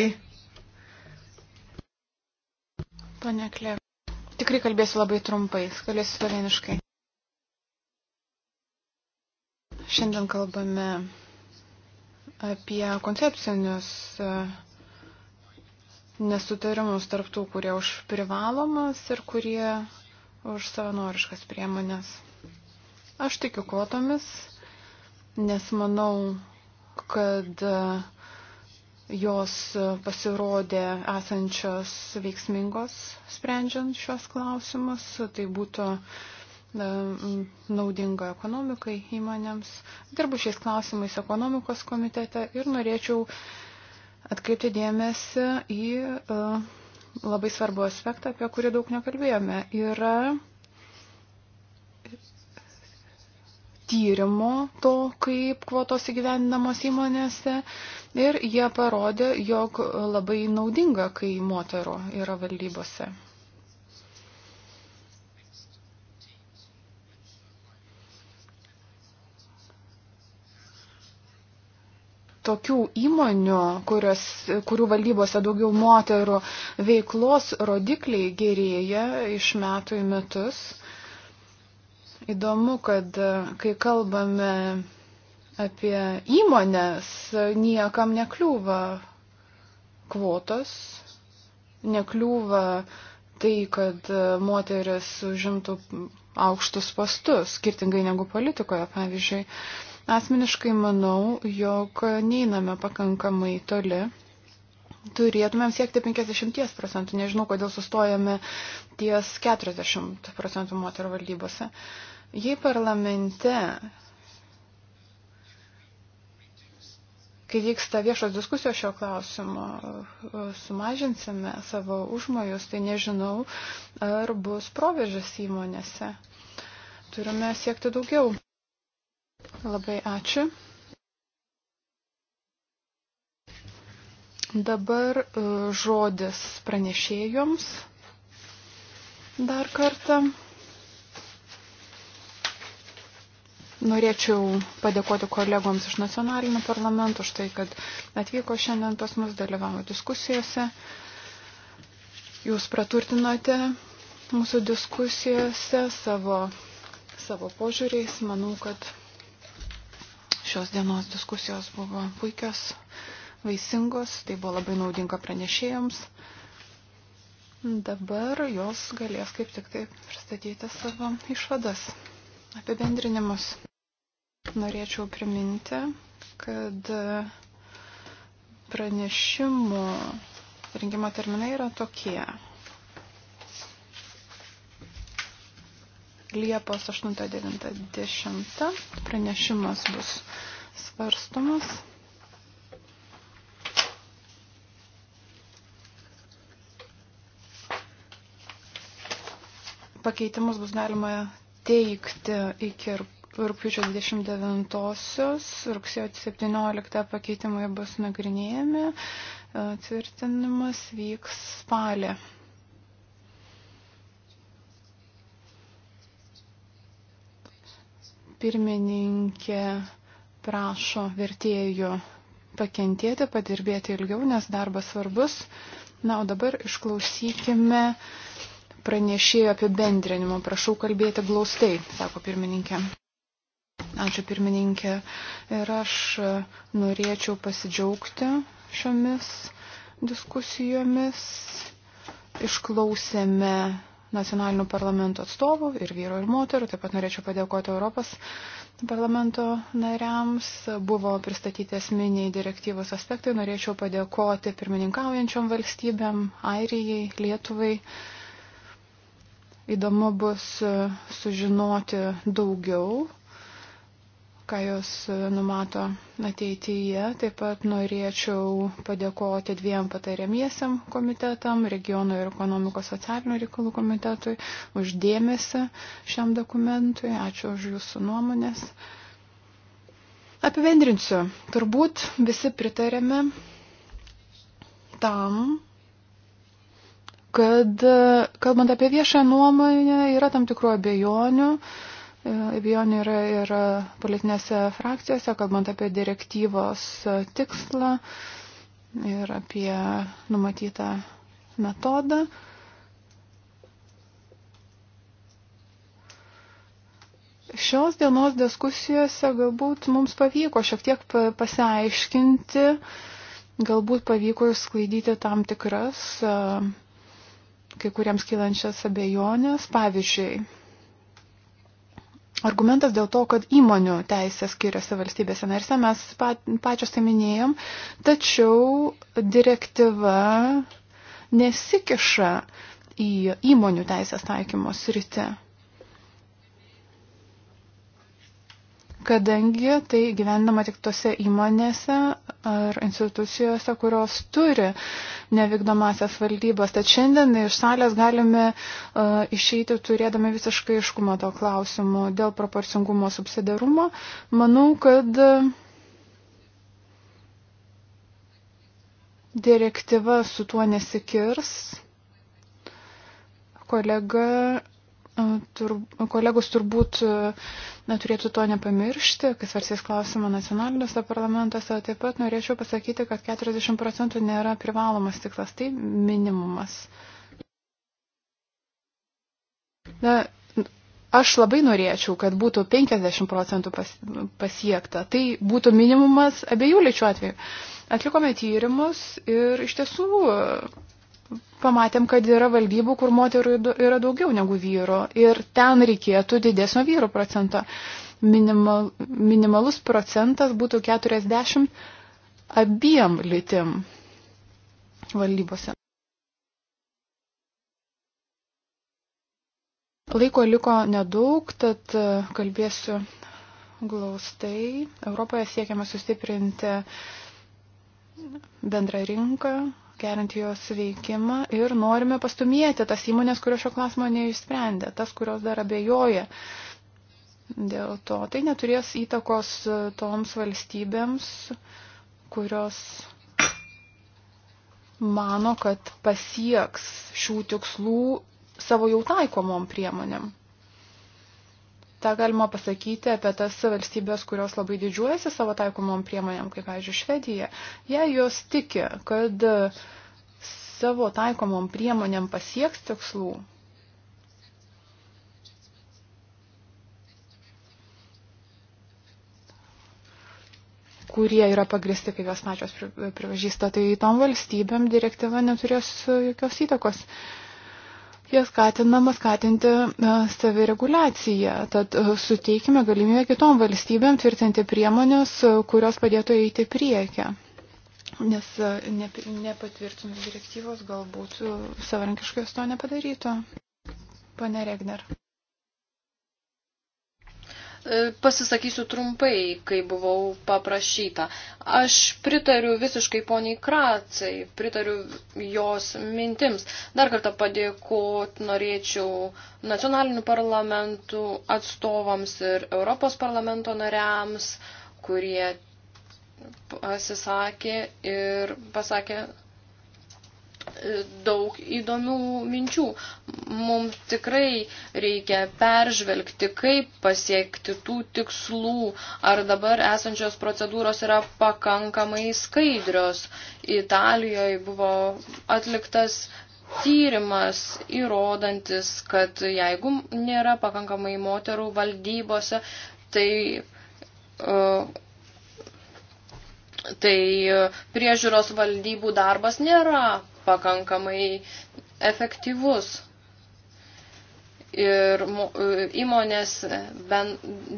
S3: Pane Kler, tikrai kalbėsiu labai trumpai, kalbėsiu sloveniškai. Šiandien kalbame apie koncepcinius e, nesutarimus tarptų, kurie už privalomas ir kurie už savanoriškas priemonės. Aš tikiu kvotomis, nes manau, kad e, jos pasirodė esančios veiksmingos sprendžiant šios klausimus. Tai būtų uh, naudinga ekonomikai įmonėms. Dirbu šiais klausimais ekonomikos komitete ir norėčiau atkreipti dėmesį į e, labai svarbų aspektą, apie kurį daug nekalbėjome. Yra tyrimo to, kaip kvotos įgyvendinamos įmonėse ir jie parodė, jog labai naudinga, kai moterų yra valdybose. tokių įmonių, kurios, kurių valdybose daugiau moterų veiklos rodikliai gerėja iš metų į metus. Įdomu, kad e, kai kalbame apie įmonės, niekam nekliūva kvotos, nekliūva tai, kad e, moteris užimtų aukštus postus, skirtingai negu politikoje, pavyzdžiui. Asmeniškai manau, jog neiname pakankamai toli. Turėtumėm siekti 50 procentų, nežinau, kodėl sustojame ties 40 procentų moterų valdybose. Jei parlamente kai vyksta viešos diskusijos šio klausimo, sumažinsime savo užmojus, tai nežinau, ar bus proveržas įmonėse. Turime siekti daugiau. Labai ačiū. Dabar e, žodis pranešėjoms dar kartą. Norėčiau padėkoti kolegoms iš nacionalinių parlamentų už tai, kad atvyko šiandien pas mus, dalyvavo diskusijose. Jūs praturtinote mūsų diskusijose savo, savo požiūriais. Manau, kad Šios dienos diskusijos buvo puikios, vaisingos, tai buvo labai naudinga pranešėjams. Dabar jos galės kaip tik tai pristatyti savo išvadas, apibendrinimus. Norėčiau priminti, kad pranešimų rengimo terminai yra tokie. Liepos 8.90 pranešimas bus svarstomas. Pakeitimus bus galima teikti iki rūpiučio 29-osios, rugsėjo 17 pakeitimai bus nagrinėjami, tvirtinimas vyks spalį. Pirmininkė prašo vertėjų pakentėti, padirbėti ilgiau, nes darbas svarbus. Na, o dabar išklausykime pranešėjo apibendrinimo. Prašau kalbėti glaustai, sako pirmininkė. Ačiū pirmininkė. Ir aš norėčiau pasidžiaugti šiomis diskusijomis. Išklausėme nacionalinių parlamentų atstovų ir vyro ir moterų. Taip pat norėčiau padėkoti Europos parlamento nariams. Buvo pristatyti esminiai direktyvos aspektai. Norėčiau padėkoti pirmininkaujančiom valstybėm, Airijai, Lietuvai. Įdomu bus sužinoti daugiau ką jos e, numato ateityje. Taip pat norėčiau padėkoti dviem patariamiesiam komitetam, regionų ir ekonomikos socialinių reikalų komitetui, uždėmėsi šiam dokumentui. Ačiū už jūsų nuomonės. Apivendrinsiu. Turbūt visi pritarėme tam, kad, kalbant apie viešąją nuomonę, yra tam tikruo abejonių abejonių yra ir politinėse frakcijose, kalbant apie direktyvos tikslą ir apie numatytą metodą. Šios dienos diskusijose galbūt mums pavyko šiek tiek pasiaiškinti, galbūt pavyko išsklaidyti tam tikras kai kuriems kylančias abejonės. Pavyzdžiui, Argumentas dėl to, kad įmonių teisė skiriasi valstybėse narse, mes pačios tai minėjom, tačiau direktyva nesikiša į įmonių teisės taikymos rytį. kadangi tai gyvenama tik tose įmonėse ar institucijose, kurios turi nevykdomasias valdybas. Tad šiandien iš salės galime uh, išeiti turėdami visiškai iškumą to klausimu dėl proporcingumo subsidarumo. Manau, kad direktyva su tuo nesikirs. Kolega tur, kolegos turbūt neturėtų to nepamiršti, kai svarsys klausimą nacionaliniuose parlamentuose, taip pat norėčiau pasakyti, kad 40 procentų nėra privalomas tikslas, tai minimumas. Na, aš labai norėčiau, kad būtų 50 procentų pas, pasiekta, tai būtų minimumas abiejų lyčių atveju. Atlikome tyrimus ir iš tiesų pamatėm, kad yra valdybų, kur moterų yra daugiau negu vyro ir ten reikėtų didesnio vyro procento. Minimal, minimalus procentas būtų 40 abiem lytim valdybose. Laiko liko nedaug, tad e, kalbėsiu glaustai. Europoje siekiama sustiprinti bendrą rinką, gerinti jos veikimą ir norime pastumėti tas įmonės, kurios šio klausimo neišsprendė, tas, kurios dar abejoja. Dėl to tai neturės įtakos e, toms valstybėms, kurios mano, kad pasieks šių tikslų savo jau taikomom priemonėm tą galima pasakyti apie tas valstybės, kurios labai didžiuojasi savo taikomom priemonėm, kaip, pavyzdžiui, Švedija. Jei jos tiki, kad savo taikomom priemonėm pasieks tikslų, kurie yra pagristi, kaip jos pačios pripažįsta, tai tom valstybėm direktyva neturės jokios įtakos. Uh, jie skatinama skatinti e, savireguliaciją. Tad e, suteikime galimybę kitom valstybėm tvirtinti priemonės, e, kurios padėtų eiti priekę. Nes ne, nepatvirtinus direktyvos galbūt savarankiškai jos to nepadarytų. Pane Regner.
S4: E, pasisakysiu trumpai, kai buvau paprašyta. Aš pritariu visiškai poniai Kracai, pritariu jos mintims. Dar kartą padėkot norėčiau nacionalinių parlamentų atstovams ir Europos parlamento nariams, kurie pasisakė ir pasakė daug įdomių minčių. Mums tikrai reikia peržvelgti, kaip pasiekti tų tikslų, ar dabar esančios procedūros yra pakankamai skaidrios. Italijoje buvo atliktas tyrimas įrodantis, kad jeigu nėra pakankamai moterų valdybose, tai, e, tai priežiūros valdybų darbas nėra pakankamai efektyvus. Ir e, įmonės ben,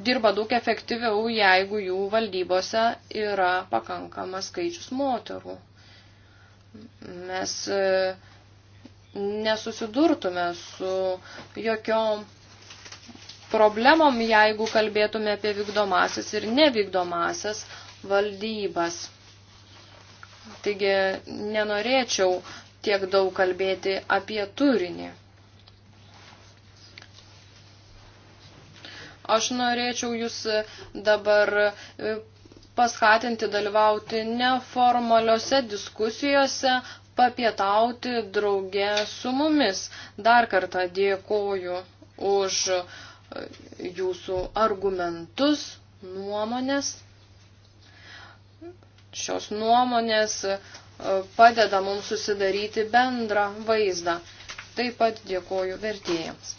S4: dirba daug efektyviau, jeigu jų valdybose yra pakankamas skaičius moterų. Mes e, nesusidurtume su jokiom problemom, jeigu kalbėtume apie vykdomasias ir nevykdomasias valdybas. Taigi nenorėčiau tiek daug kalbėti apie turinį. Aš norėčiau jūs dabar e, paskatinti dalyvauti neformaliuose diskusijose, papietauti drauge su mumis. Dar kartą dėkoju už e, jūsų argumentus, nuomonės šios nuomonės e, padeda mums susidaryti bendrą vaizdą. Taip pat dėkoju vertėjams.